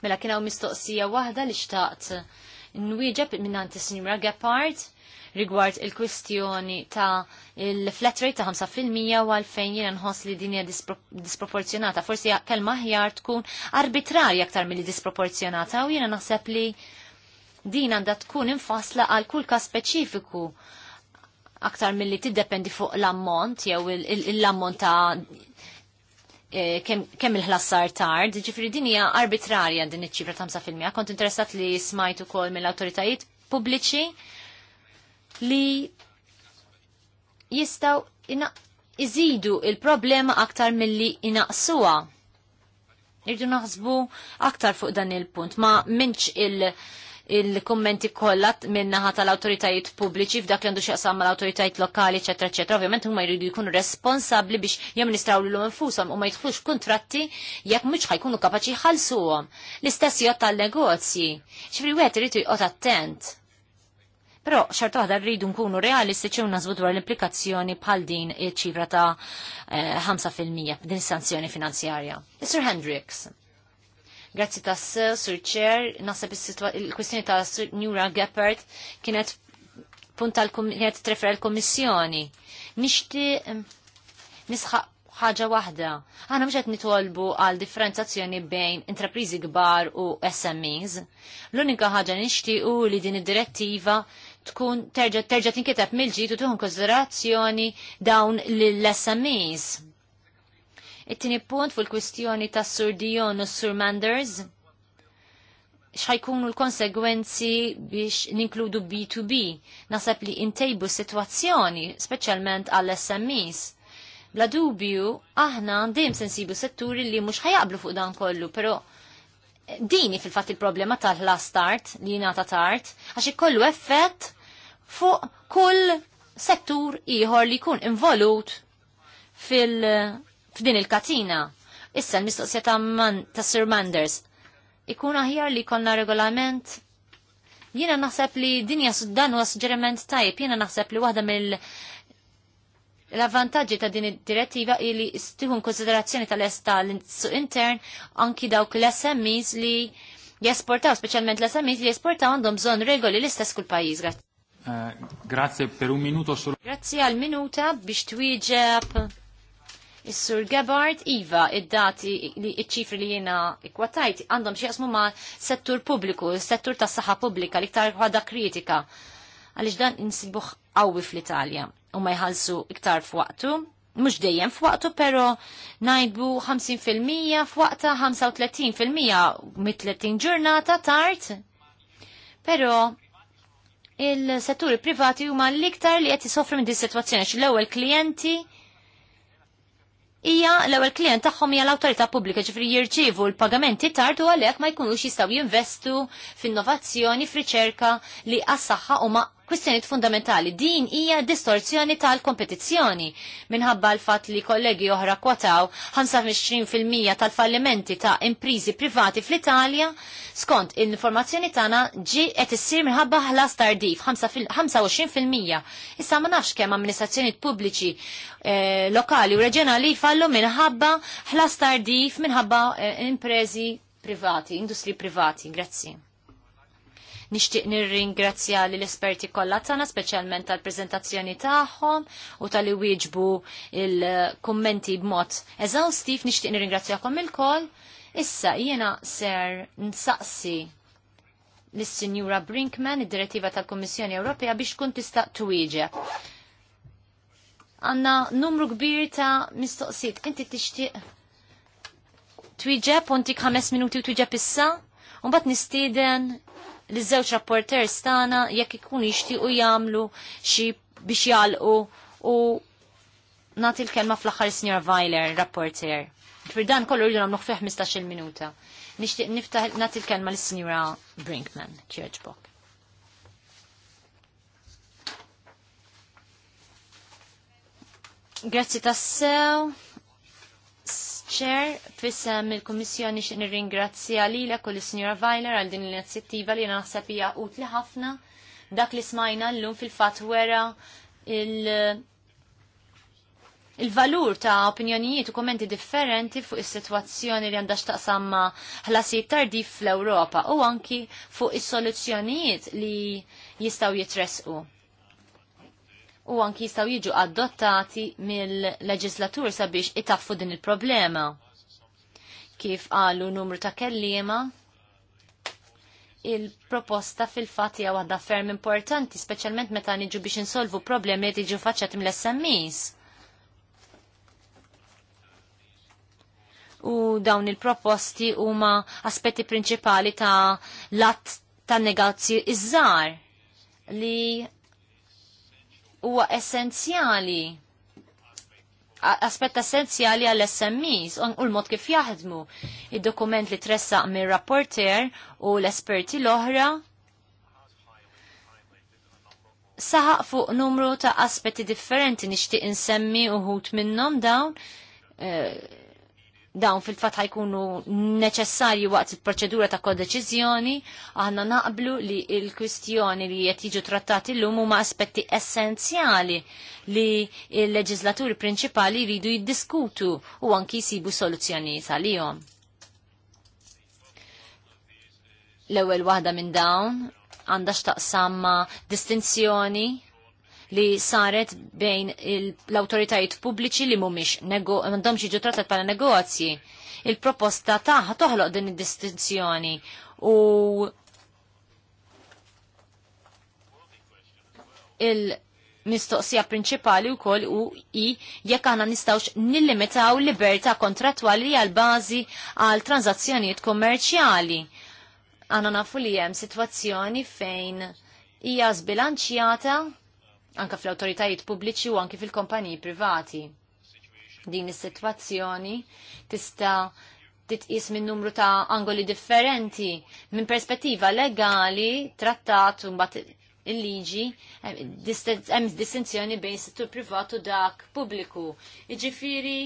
Mela kien hawn mistoqsija waħda li xtaqt nwieġeb minn għandi Sinjura Gepard rigward il-kwistjoni ta' il-flat rate ta' 5% u għalfejn jiena nħoss li dinja disproporzjonata. Forsi kelma ħjar tkun arbitrarja aktar milli disproporzjonata u jiena naħseb li din għandha tkun infasla għal kull każ speċifiku aktar milli tiddependi fuq l-ammont jew l-ammont ta' e, kemm il-ħlassar tard, ġifri din hija arbitrarja din iċ-ċifra ta' 5%. Kont interessat li smajt ukoll mill-awtoritajiet pubbliċi li jistaw iżidu il-problema aktar mill-li inaqsuwa. Irdu naħsbu aktar fuq dan il-punt, ma minċ il- il-kommenti kollat minnaħa tal-autoritajiet pubbliċi f'dak li għandu xaqsam mal autoritajiet lokali, eccetera, eccetera. Ovvjament huma jridu jkunu responsabli biex jamministraw l infushom u ma jidħlux kontratti jekk mhux ħajkunu kapaċi jħallsuhom. L-istess jgħod tal-negozji. Ċifri wieħed irid jqgħod attent Però xart waħda rridu nkunu realistiċi u nażbu dwar l-implikazzjoni bħal din iċ-ċifra ta' 5% eh, din sanzjoni finanzjarja. Mr. Hendricks. Grazzi ta' Sir Chair, nasab il-kwistjoni ta' Nura Geppert kienet punta kienet trefra l-Komissjoni. Nishti nisħa ħaġa waħda. Għana mxet nitolbu għal differenzazzjoni bejn intraprizi gbar u SMEs. L-unika ħaġa nishti u li din id-direttiva tkun terġa' terġa' tinkiteb mill-ġid u tieħu konsiderazzjoni dawn l-SMEs. It-tieni punt fuq il-kwistjoni tas Sur Dion u Sur Manders xħajkunu l-konsegwenzi biex ninkludu B2B. Nasab li intejbu situazzjoni, specialment għall-SMEs. Bla dubju, aħna dim sensibu setturi li mux ħajablu fuq dan kollu, pero dini fil-fat il-problema tal-ħlas tart, li jingħata tard, għax ikollu effett fuq kull settur ieħor li jkun involut fil- f'din il-katina. Issa l-mistoqsija ta' man, ta' Sir Manders. Ikun aħjar li konna regolament Jiena naħseb li dinja suddan huwa suġġeriment tajb, jiena naħseb li waħda mill- L-avvantaġġi ta' din id-direttiva ili stihun konsiderazzjoni tal-esta l-suq intern anki dawk l-SMEs li jesportaw, specialment l-SMEs li jesportaw għandhom zon regoli l-istess kull pajjiż. Eh, grazie per un minuto solo. Grazie għal minuta biex twieġeb Is-Sur Gebhardt, Iva, id-dati, iċ-ċifri li jena ikwatajt, għandhom xieqsmu ma' settur publiku, settur tas saħħa publika, ktar ħada kritika. Għalix dan insibuħ qawwi fl-Italja u ma jħalsu iktar f'waqtu, mux dejjem f'waqtu, pero najdbu 50% f'waqta 35% mit 30 ġurnata tard. Pero il-setturi privati huma l-iktar li qed isofru minn din is-sitwazzjoni l-ewwel klijenti hija l-ewwel klient tagħhom hija l-awtorità pubblika ġifri jirċievu l-pagamenti tard u għalhekk ma jkunux jistgħu jinvestu f'innovazzjoni f'riċerka li għas-saħħa huma kwistjoniet fundamentali. Din hija distorzjoni tal-kompetizzjoni minħabba l-fatt li kollegi oħra kwataw 25% tal-fallimenti ta' imprizi privati fl-Italja skont informazzjoni tagħna ġi qed issir minħabba ħlas tardif 25%. Issa ma nafx kemm amministrazzjonijiet pubbliċi eh, lokali u reġjonali jfallu minħabba ħlas tardif minħabba eh, imprezi privati, industri privati. Grazzi. Nixtieq nirringrazzja lill esperti kollha tagħna speċjalment tal-preżentazzjoni tagħhom u tal-li wieġbu il-kummenti b'mod eżawstiv nixtieq nirringrazzjakom il-koll. Issa jiena ser nsaqsi lis-Sinjura Brinkman id-Direttiva tal-Kummissjoni Ewropea biex tkun tista' twieġeb. Għanna numru kbir ta' mistoqsijiet. Inti tixtieq twieġeb untik ħames minuti u twieġeb issa? bat nistieden li żewġ rapporter stana jekk ikun jixtiequ jagħmlu xi biex jalqu u nagħti l-kelma fl-aħħar Sinjor Weiler, rapporter. Fir dan kollu rridu nagħmlu fih 15-il minuta. Nixtieq niftaħ nagħti l-kelma lis sinjura Brinkman, kjerġbok. Grazzi tassew. Chair, fissem il-Komissjoni xin ringrazzja li l l signora Weiler għal din l-inizjattiva li naħseb hija utli ħafna dak li smajna l-lum fil-fat wera il-valur ta' opinjonijiet u kommenti differenti fuq is-sitwazzjoni li għandha x'taqsam ma' ħlasijiet tardif fl-Ewropa u anki fuq is-soluzzjonijiet li jistgħu jitresqu u anki jistaw jiġu adottati mill-leġislatur sabiex itaffu din il-problema. Kif għalu numru ta' kellima, il-proposta fil-fat hija waħda ferm importanti, speċjalment meta niġu biex insolvu problemi li jiġu faċċat mill-SMEs. U dawn il-proposti huma aspetti prinċipali ta' lat ta' negozju iż-żar li huwa essenzjali aspett essenzjali għall smis u l-mod kif jaħdmu. Id-dokument li tressa mir rapporter u l-esperti l-oħra saħaq fuq numru ta' aspetti differenti nixtieq insemmi uħut minnhom dawn eh, dawn fil-fat ħajkunu neċessarji waqt il-proċedura ta' kodeċizjoni, aħna naqblu li il-kwistjoni li qed jiġu trattati llum huma aspetti essenzjali li il-leġislaturi prinċipali jridu jiddiskutu u anki jsibu soluzzjonijiet għalihom. L-ewwel waħda minn dawn għandha x'taqsam ma' distinzjoni li saret bejn l-autoritajiet pubbliċi li mumiex għandhom ġiġu trattat pala negozji. Il-proposta taħ toħloq din id-distinzjoni u il-mistoqsija prinċipali u koll u i jekk aħna nistawx nillimitaw libertà kontrattwali għal bażi għal tranzazzjonijiet kommerċjali. Għana nafu li hemm sitwazzjoni fejn hija zbilanċjata anka fl-autoritajiet pubbliċi u anki fil-kompaniji privati. Din is-sitwazzjoni tista' titqis minn numru ta' angoli differenti minn perspettiva legali, trattat u mbagħad il-liġi eh, hemm distinzjoni bejn settur privat u dak pubbliku. Jiġifieri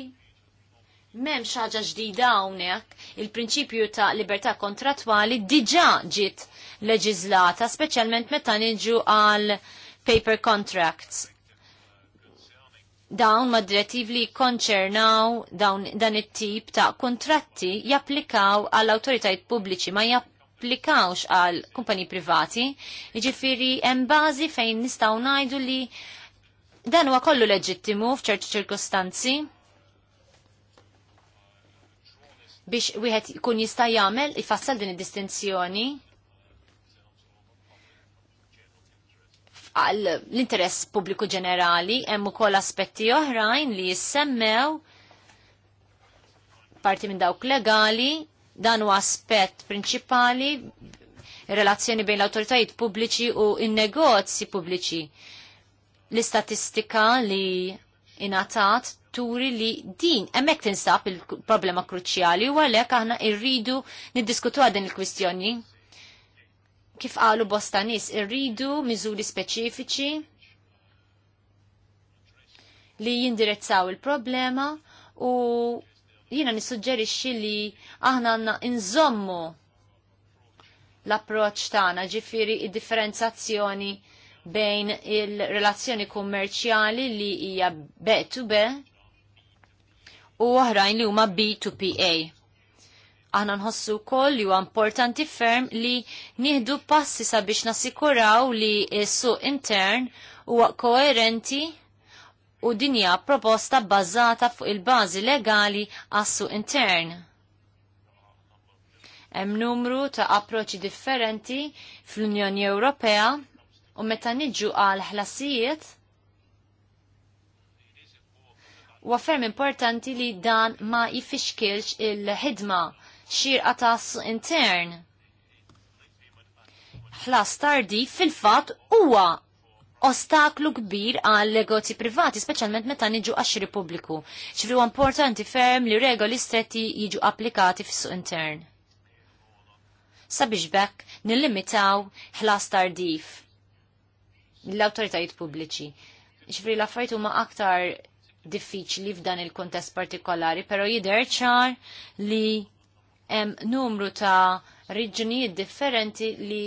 xi ħaġa ġdida hawnhekk il-prinċipju ta' libertà kontrattwali diġà ġiet leġiżlata, speċjalment meta niġu għal paper contracts. Dawn ma direttiv li konċernaw dawn dan it-tip ta' kontratti japplikaw għall autoritajt pubbliċi ma japplikawx għal kumpani privati, jiġifieri hemm bażi fejn nistgħu ngħidu li dan huwa kollu leġittimu f'ċerti ċirkostanzi biex wieħed ikun jista' jagħmel ifassal din id-distinzjoni għal l-interess pubbliku ġenerali, hemm ukoll aspetti oħrajn li jissemmew parti minn dawk legali, dan huwa aspett prinċipali relazzjoni bejn l-autoritajiet pubbliċi u in-negozji pubbliċi. L-istatistika li inatat turi li din hemmhekk tinsab il-problema kruċjali u għalhekk aħna rridu niddiskutu din il-kwistjoni kif qalu bosta nis irridu miżuri speċifiċi li jindirezzaw il-problema u jina nissuġġerixxi li aħna għandna inżommu l-approċ tagħna ġifieri id-differenzjazzjoni bejn il-relazzjoni kummerċjali li hija B2B u oħrajn li huma B2PA. Aħna nħossu wkoll li huwa importanti ferm li nieħdu passi sabiex nassikuraw li s-suq intern huwa koerenti u dinja proposta bbażata fuq il-bażi legali għas-suq intern. Hemm numru ta' approċċi differenti fl-Unjoni Ewropea u meta niġu għal ħlasijiet u ferm importanti li dan ma jifixkilx il-ħidma xirqa tas intern. Ħlas tardi fil-fat huwa ostaklu kbir għal negozji privati, speċjalment meta niġu għax-xiri pubbliku. X'ifri huwa importanti ferm li regoli stretti jiġu applikati fis-suq intern. Sabiex bekk nillimitaw ħlas tardif l-autoritajiet pubbliċi. Ċifri l-affarijiet huma aktar diffiċli f'dan il-kontest partikolari, pero jidher ċar li hemm numru ta' riġunijiet differenti li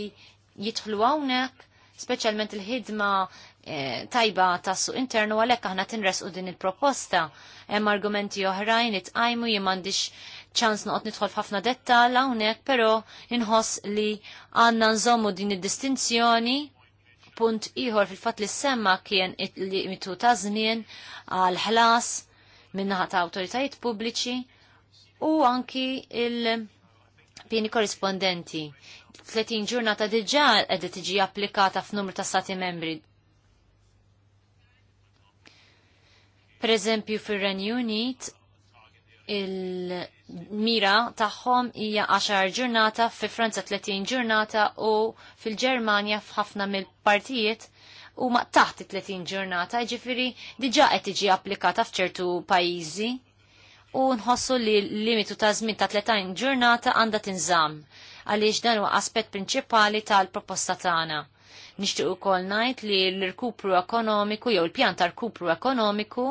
jidħlu hawnhekk, speċjalment il-ħidma eh, tajba tassu internu għalhekk aħna tinresqu din il-proposta. Hemm argumenti oħrajn itqajmu jien m'għandix ċans noqgħod nidħol f'ħafna dettal hawnhekk, però inħoss li għandna nżommu din id-distinzjoni punt ieħor fil-fatt li semma kien it-limitu ta' żmien għal ħlas min-naħa ta' awtoritajiet pubbliċi u anki il-pieni korrispondenti. 30 ġurnata diġà qiegħda tiġi applikata f'numru ta' stati membri. Per eżempju fir-Renju Unit il-mira tagħhom hija 10 ġurnata, fi Franza 30 ġurnata u fil-Ġermanja f'ħafna mill-partijiet u ma taħt 30 ġurnata, ġifiri diġa qed tiġi applikata f'ċertu pajjiżi u nħossu li l-limitu ta' żmien ta' 30 ġurnata għandha tinżamm għaliex dan huwa aspett prinċipali tal-proposta tagħna. Nixtieq ukoll ngħid li l-rkupru ekonomiku jew il-pjan ta' rkupru ekonomiku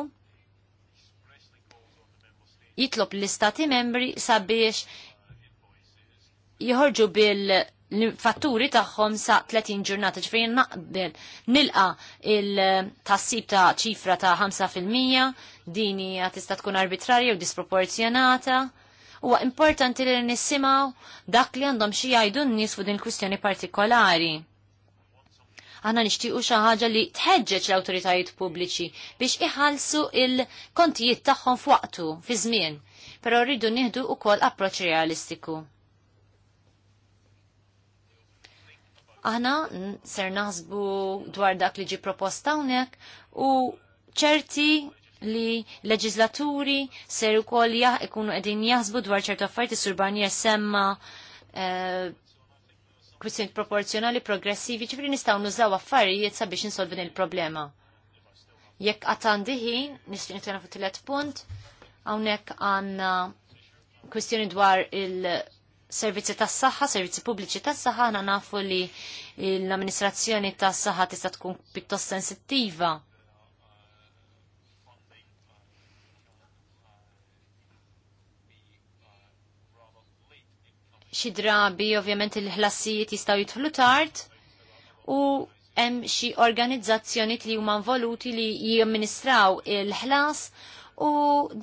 jitlob l-istati membri sabiex jħorġu bil l-fatturi tagħhom sa 30 ġurnata ġifri naqbel nilqa il-tassib ta' ċifra ta' 5% din hija tista' tkun arbitrarja u disproporzjonata. Huwa importanti li nisimgħu dak li għandhom xi jgħidu n-nies fuq din il-kwistjoni partikolari. Aħna nixtiequ xi ħaġa li tħeġġeġ l-awtoritajiet pubbliċi biex iħallsu il-kontijiet tagħhom f'waqtu, fi żmien, però rridu nieħdu wkoll approċċ realistiku Aħna ser naħsbu dwar dak li ġi proposta hawnhekk u ċerti li leġislaturi ser ukoll jah ikunu qegħdin jaħsbu dwar ċertu affarijiet is-surbanija semma eh, proporzjonali progressivi, ċifri nistaw nużaw affarijiet sabiex insolvi il-problema. Jekk għatandi ħin, nistgħu fu fuq punt, hawnhekk għandna kwistjoni dwar il- servizzi tas saħħa servizzi pubbliċi tas saħħa għana nafu li l-amministrazzjoni tas saħħa tista' tkun pjuttost sensittiva. Xi drabi ovvjament il-ħlassijiet jistgħu jidħlu tard u hemm xi organizzazzjonijiet li huma involuti li jamministraw il-ħlas u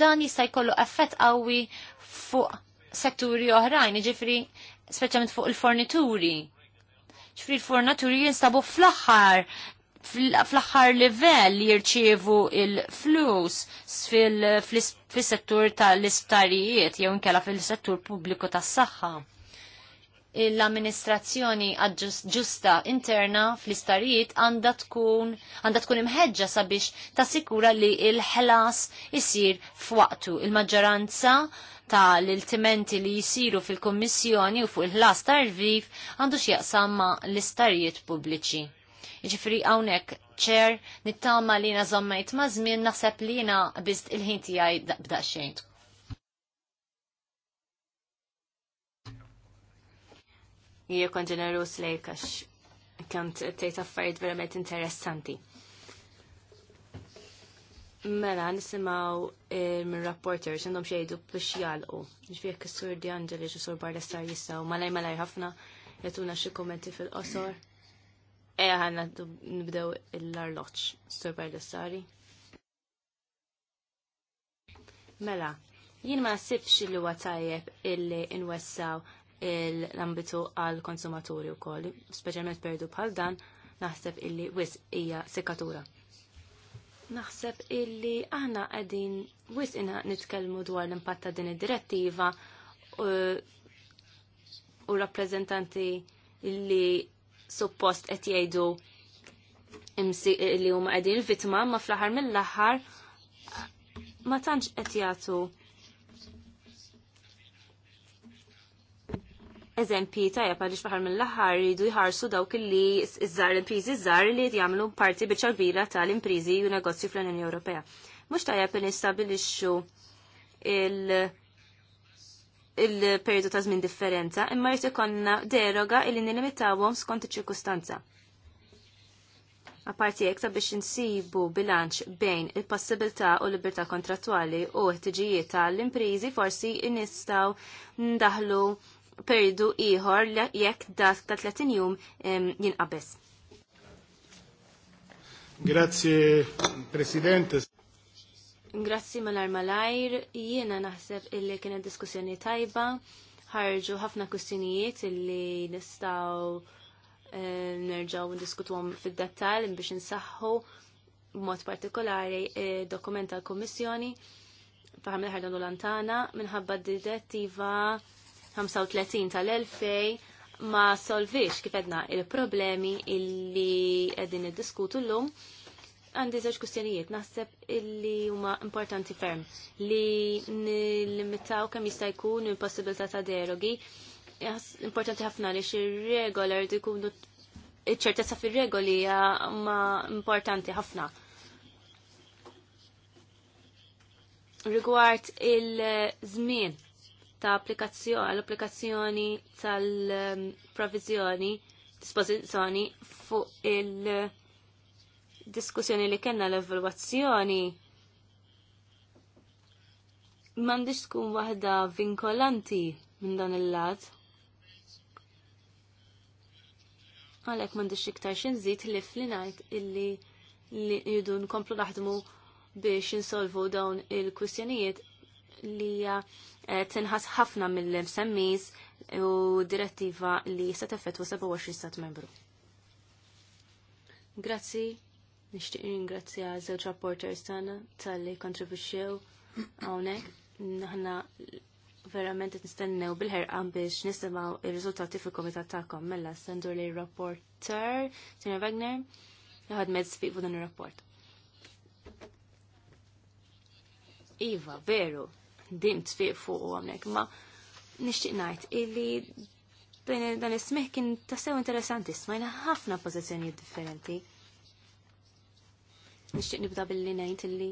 dan jista' jkollu effett qawwi fuq setturi oħrajn, ġifri speċjalment fuq il-fornituri. ċifri il-fornituri jinstabu fl-axħar fl-axħar livell li jirċievu il-flus fil-settur tal istarijiet jew inkella fil-settur pubbliku tas-saħħa. L-amministrazzjoni ġusta interna fl-istarijiet għandha tkun għandha tkun imħeġġa sabiex tassikura li l-ħlas isir f'waqtu. Il-maġġoranza il maġġoranza ta' l-iltimenti li jisiru fil-Kommissjoni u fuq il-ħlas ta' rvif għandu xieqsamma l-istarijiet pubbliċi. Ġifri hawnhekk ċer nittama li na zommajt ma' żmien naħseb li na bizt il-ħin tiegħi bda' xejn. Jie kon ġenerus lejkax kant tejt affarijiet verament interessanti. Mela, nisimaw eh, minn rapporters għandhom xejdu biex jalqu. Ġvijek s-sur Di Angelis u sur Barlestar jistaw, Malaj malaj ħafna jatuna xie kommenti fil-qosor. E ħanna nibdew l-arloċ, sur Barlestari. Mela, jien ma nasibx li huwa tajjeb illi nwessaw l-ambitu għal konsumaturi u koll, specialment perdu bħal dan, naħseb illi wis hija sekatura. Naħseb illi aħna għedin wisqina nitkellmu dwar l-impatt ta' din id-direttiva u rappreżentanti illi suppost qed jgħidu li huma qegħdin il-vittma ma fl-aħħar mill-aħħar ma tantx qed jagħtu eżempji tajja għaliex faħar mill-aħħar jridu jħarsu dawk li iż-żar l-imprizi iż-żar li jagħmlu parti biċċa kbira tal-imprizi u negozju fl-Unjoni Ewropea. Mhux tajja li nistabilixxu il- il-periodu ta' żmien differenza, imma jrid ikonna deroga li nilimitawhom skont iċ-ċirkustanza. Apparti jekk ta' biex insibu bilanċ bejn il-possibilità u l-libertà kontrattwali u ħtiġijiet tal-imprizi forsi nistgħu ndaħlu perdu ieħor jekk dak ta' 30 jum jinqabes. Grazie, Presidente. Grazzi malar malajr, jiena naħseb illi kienet diskussjoni tajba, ħarġu ħafna kustinijiet illi nistaw eh, nerġaw diskutwom fil-dettal biex nsaħħu mod partikolari eh, dokumenta l-Kommissjoni faħam l-ħardan u minħabba d-direttiva 35 tal-2000 ma solvix kif edna il-problemi illi għedin id-diskutu l-lum għandi żewġ kustjonijiet naħseb illi huma importanti ferm li nlimitaw kemm jista' jkun il-possibilità ta' derogi importanti ħafna li xir-regola jrid jkunu iċ-ċertezza fir-regoli ma importanti ħafna. Rigward il-żmien ta' applikazzjoni l-applikazzjoni tal-provizjoni dispożizzjoni fuq il-diskussjoni li kellna l-evalwazzjoni m'għandix tkun waħda vinkolanti minn dan il-lat. Għalhekk m'għandix iktar xinżid li flinajt illi li jidu nkomplu naħdmu biex insolvu dawn il-kwistjonijiet li eh, tinħas ħafna mill semmis u direttiva li se teffettwa 27 stat membru. Grazzi, nixtieq ringrazzja żewġ rapporters tagħna tal-li kontribwixxew hawnhekk. Aħna verament nistennew bil-ħerqan biex nistemaw il riżultati fil komitat takom Mela sendur li rapporter Sina Wagner jħad medz fiq dan ir-rapport. Iva, veru, ħdimt fiq fuq u għamlek, ma nishtiq najt illi dan ismiħ kien tassew interesanti, smajna ħafna pozizjonijiet differenti. Nishtiq nibda billi najt illi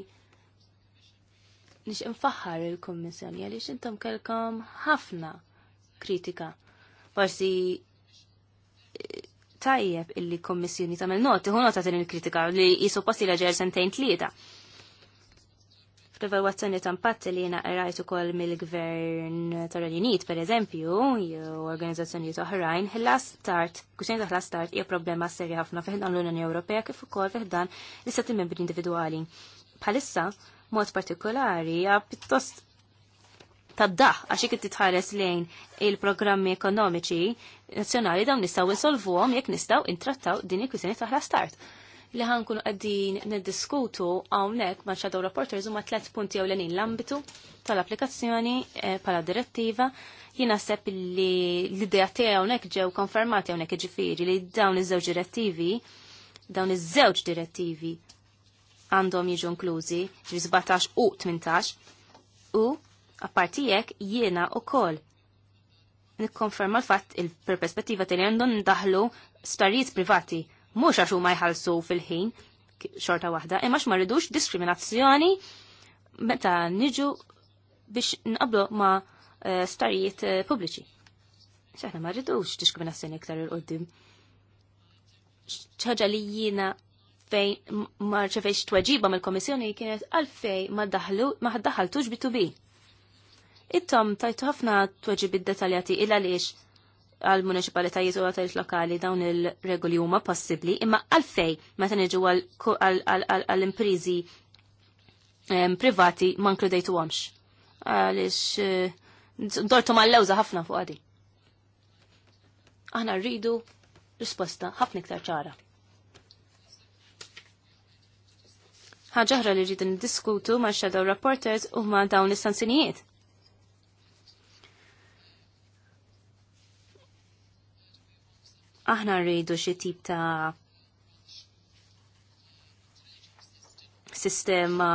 nishtiq infaħħar il-kommissjoni għaliex intom kelkom ħafna kritika. Forsi eh, tajjeb illi kommissjoni tamel noti, hu nota din il-kritika li jisu passi laġer sentejn tlieta. Fl-evalwazzjoni ta' impatt li jena rajtu ukoll mill-Gvern tar per pereżempju, jew organizzazzjonijiet oħrajn, ħlas start, kwistjoni ta' ħlas start hija problema serja ħafna fih dan l-Unjoni Ewropea kif ukoll fih dan l-istati membri individwali. Bħalissa, mod partikolari, hija pjuttost tad-daħ għax kitti tħares lejn il-programmi ekonomiċi nazzjonali dawn nistgħu insolvuhom jekk nistgħu intrattaw din il-kwistjoni ta' start li ħankun għaddin niddiskutu għawnek ma' Shadow Reporters u ma' tlet punti għaw l-għanin l-ambitu tal-applikazzjoni eh, pala direttiva jina sepp li l-ideja tiegħi hawnhekk ġew konfermati hawnhekk ġifieri li dawn iż-żewġ direttivi dawn iż-żewġ direttivi għandhom jiġu inklużi ġi 17 u 18 u apparti jekk jiena wkoll nikkonferma l-fatt il-perspettiva li għandhom ndaħlu starijiet privati mhux għax huma jħallsu fil-ħin xorta waħda, imma ma rridux diskriminazzjoni meta niġu biex nqablu ma e, starijiet e, pubbliċi. Xaħna ma rridux diskriminazzjoni iktar il-qoddim. ċaġa li jina fejn ma ċefejx tweġiba mill-komissjoni kienet għalfej ma daħħaltux bi Ittom tajtu ħafna tweġib id-detaljati il għaliex għal municipalitajiet u għatajiet lokali dawn il-regoli huma possibbli, imma għalfej meta niġu għal imprizi privati ma nkludejtu għamx. Għalix eh, dortu ma l-lewza ħafna fuq għadi. Aħna rridu risposta ħafna iktar ċara. ħaġaħra li rridu diskutu ma' shadow reporters u ma' dawn is aħna rridu xi tip ta' sistema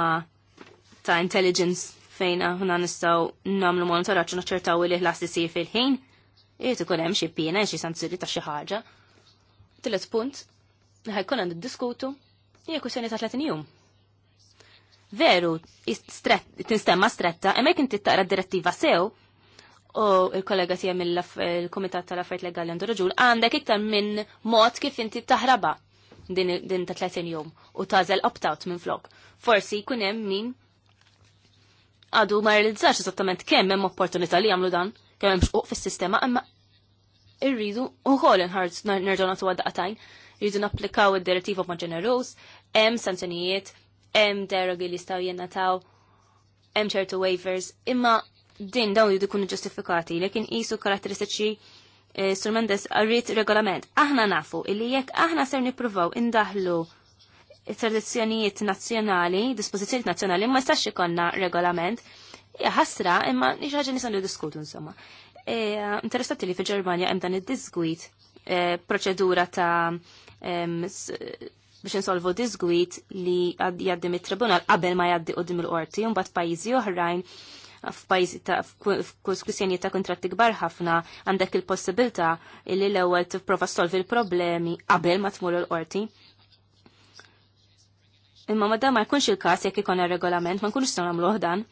ta' intelligence fejn aħna nistgħu nagħmlu monitoraġġ naċċertaw li ħlas isir fil-ħin. jrid ikun hemm xi pjena xi sanzuri ta' xi ħaġa. Tilet punt, ħajkun għandu diskutu hija kwistjoni ta' 30 jum. Veru, tinstemma stretta, emek inti taqra direttiva sew, u il-kollega tiegħi mill-Kumitat tal affert Legali għandu raġul għandek iktar minn mod kif inti taħraba din ta' 30 jum u tażel opt-out minn flok. Forsi jkun hemm min għadu ma realizzax esattament kemm hemm opportunità li jagħmlu dan, kemm hemm xquq fis-sistema, imma irridu ukoll inħarġ nerġgħu nagħtu għaddaqatajn, irridu napplikaw id-direttiva ma' ġeneruż, hemm sanzjonijiet, hemm derogi li jistgħu jennataw, hemm ċertu waivers, imma din dawn li dikunu ġustifikati, lekin jisu karatteristiċi eh, strumendes għarrit regolament. Aħna nafu illi jekk aħna ser nipruvaw indahlu tradizzjonijiet nazzjonali, dispożizzjonijiet nazzjonali, ma jistax ikonna regolament. Ħasra, imma nixħaġa nisan diskutu insomma. E, Interessati li fil-Ġermanja hemm dan id-disgwit, e, proċedura ta' biex insolvu disgwit li jaddim it-tribunal qabel ma jaddi qudiem il-qorti, bat pajizi oħrajn f'pajzi ta' f'kwistjoni ta' kontratti kbar ħafna għandek il-possibilità li l-ewwel tipprova solvi l-problemi qabel ma tmur l-qorti. Imma madam ma jkunx il-każ jekk ikun regolament ma nkunux se nagħmluh dan.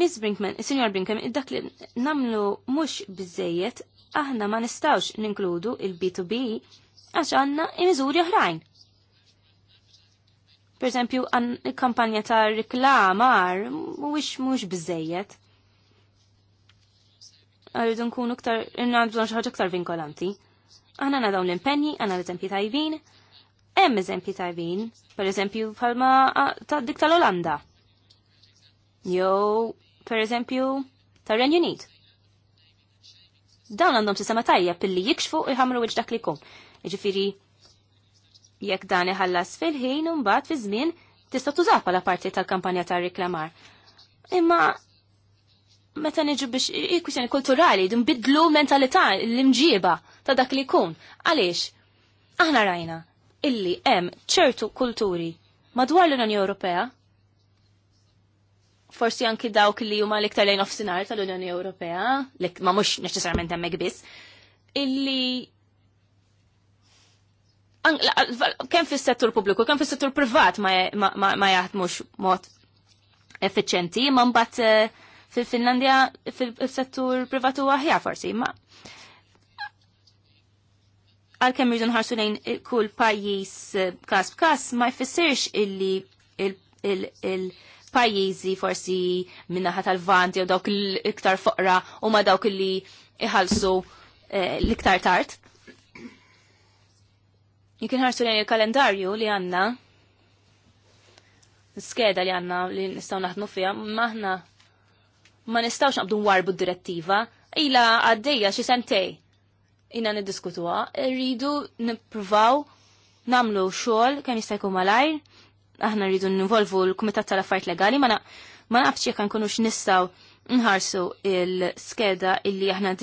Miss Brinkman, Signor Brinkman, dak li namlu mux bizzejiet, aħna ma nistawx ninkludu il-B2B għax għanna imizuri oħrajn. Per eżempju, kampanja ta' riklamar mhuwiex mhux biżejjed. Għaridu nkunu ktar, xi xaħġa ktar vinkolanti. Aħna na dawn l-impenji, għana l-eżempji tajbin, hemm eżempji tajbin, per eżempju bħalma ta' dik tal-Olanda. Jew, per eżempju, tar renju Unit. Dawn għandhom sistema tajja pilli jikxfu iħamru wieġ dak li kum. Jġifieri. Jekk dan iħallas fil-ħin u mbagħad fi żmien tista' tużaw bħala parti tal-kampanja tar-riklamar. Imma meta niġu biex kwistjoni kulturali bidlu mentalità l-imġiba ta' dak li jkun. Għaliex? Aħna rajna illi hemm ċertu kulturi madwar l-Unjoni Ewropea forsi anki dawk li huma l-iktar lejn offsinar tal-Unjoni Ewropea, ma mhux neċessarjament hemmhekk biss, illi kemm fis-settur pubbliku, kemm fis-settur privat ma mux mod efficienti, ma mbagħad eh, fil-Finlandja fil-settur privatu aħjar forsi, ma għal-kemm rridu nħarsu lejn kull pajjiż eh, każ b'każ ma jfissirx illi il-pajjiżi forsi minnaħa tal-vant jew dawk l-iktar foqra u ma dawk li iħallsu eh, l-iktar tard. Jikin ħarsu lejn il-kalendarju li għanna, skeda li għanna li nistaw naħdmu fija, maħna ma nistawx naqbdu warbu d-direttiva, ila għaddeja xi sentej. Ina niddiskutuha, rridu nippruvaw namlu xogħol kemm jista' jkun malajr, aħna rridu nivolvu l-Kumitat tal-Affarijiet Legali, ma naqbx jekk nkunux nistgħu nħarsu il-skeda illi aħna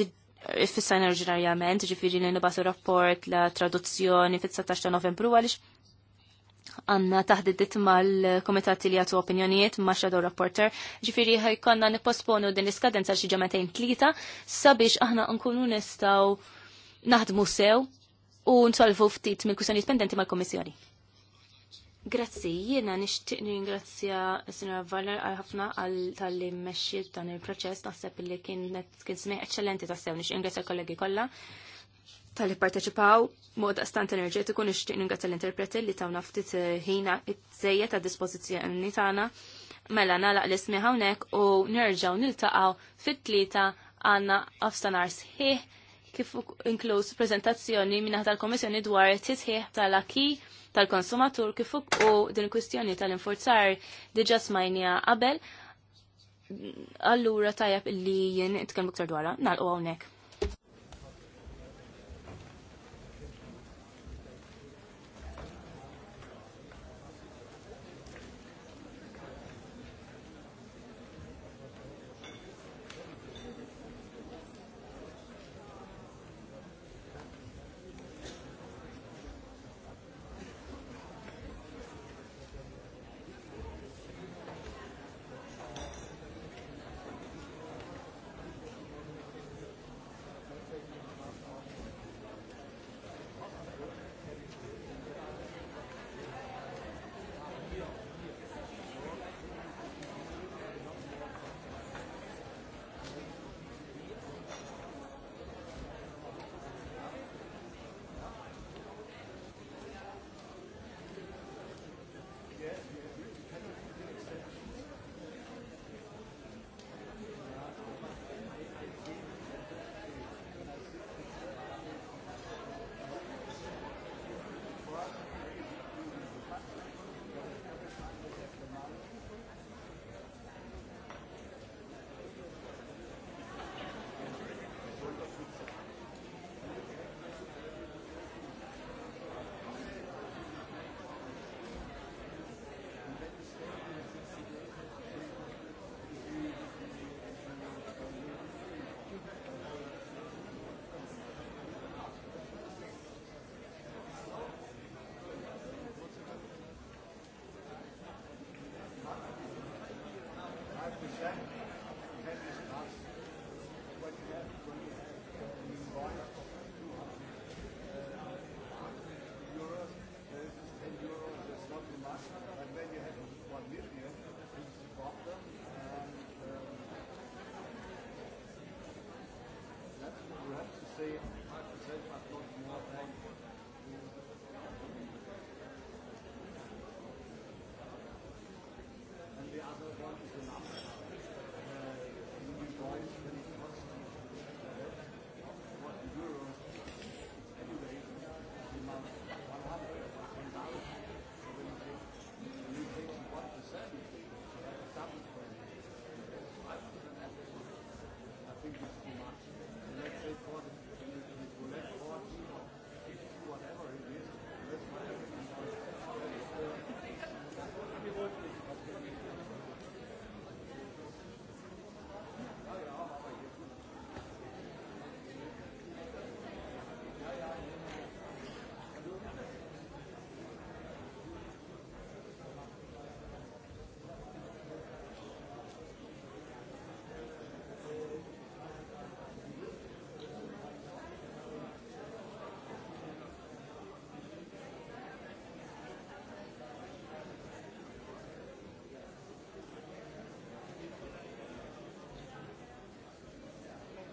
fissajna oriġinarjament, ġifiri li nibasu rapport la traduzzjoni fit-19 ta' novembru għalix għanna taħdiddit mal-komitati li għatu opinjonijiet ma' shadow rapporter, ġifiri ħajkonna nipposponu din l-iskadenza xi ġematejn tlita sabiex aħna nkunu nistaw naħdmu sew u nsolvu ftit mill-kwistjonijiet pendenti mal-Komissjoni. Grazzi, jiena nixtieq ringrazzja s-Sinjora Valler għal ħafna għal tal-li mmexxiet dan il-proċess naħseb li kienet kien smih eċċellenti tassew nixtieq ringrazzja l-kollegi kollha tal-li parteċipaw mod astant enerġetiku nixtieq ningrazzja l-interpreti li tawna ftit ħina it-żejjed ta' dispożizzjoni tagħna. Mela nalaq l-ismi hawnhekk u nerġgħu niltaqgħu fit-tlieta għandna f'sanar sħiħ kif inkluż prezentazzjoni minn tal-Komissjoni dwar it-tisħiħ tal-aki tal-konsumatur kif u din kwistjoni tal-infurzar diġa smajnija qabel allura tajab illi jien itkellmu ktar dwarha nagħlqu hawnhekk. Grazie.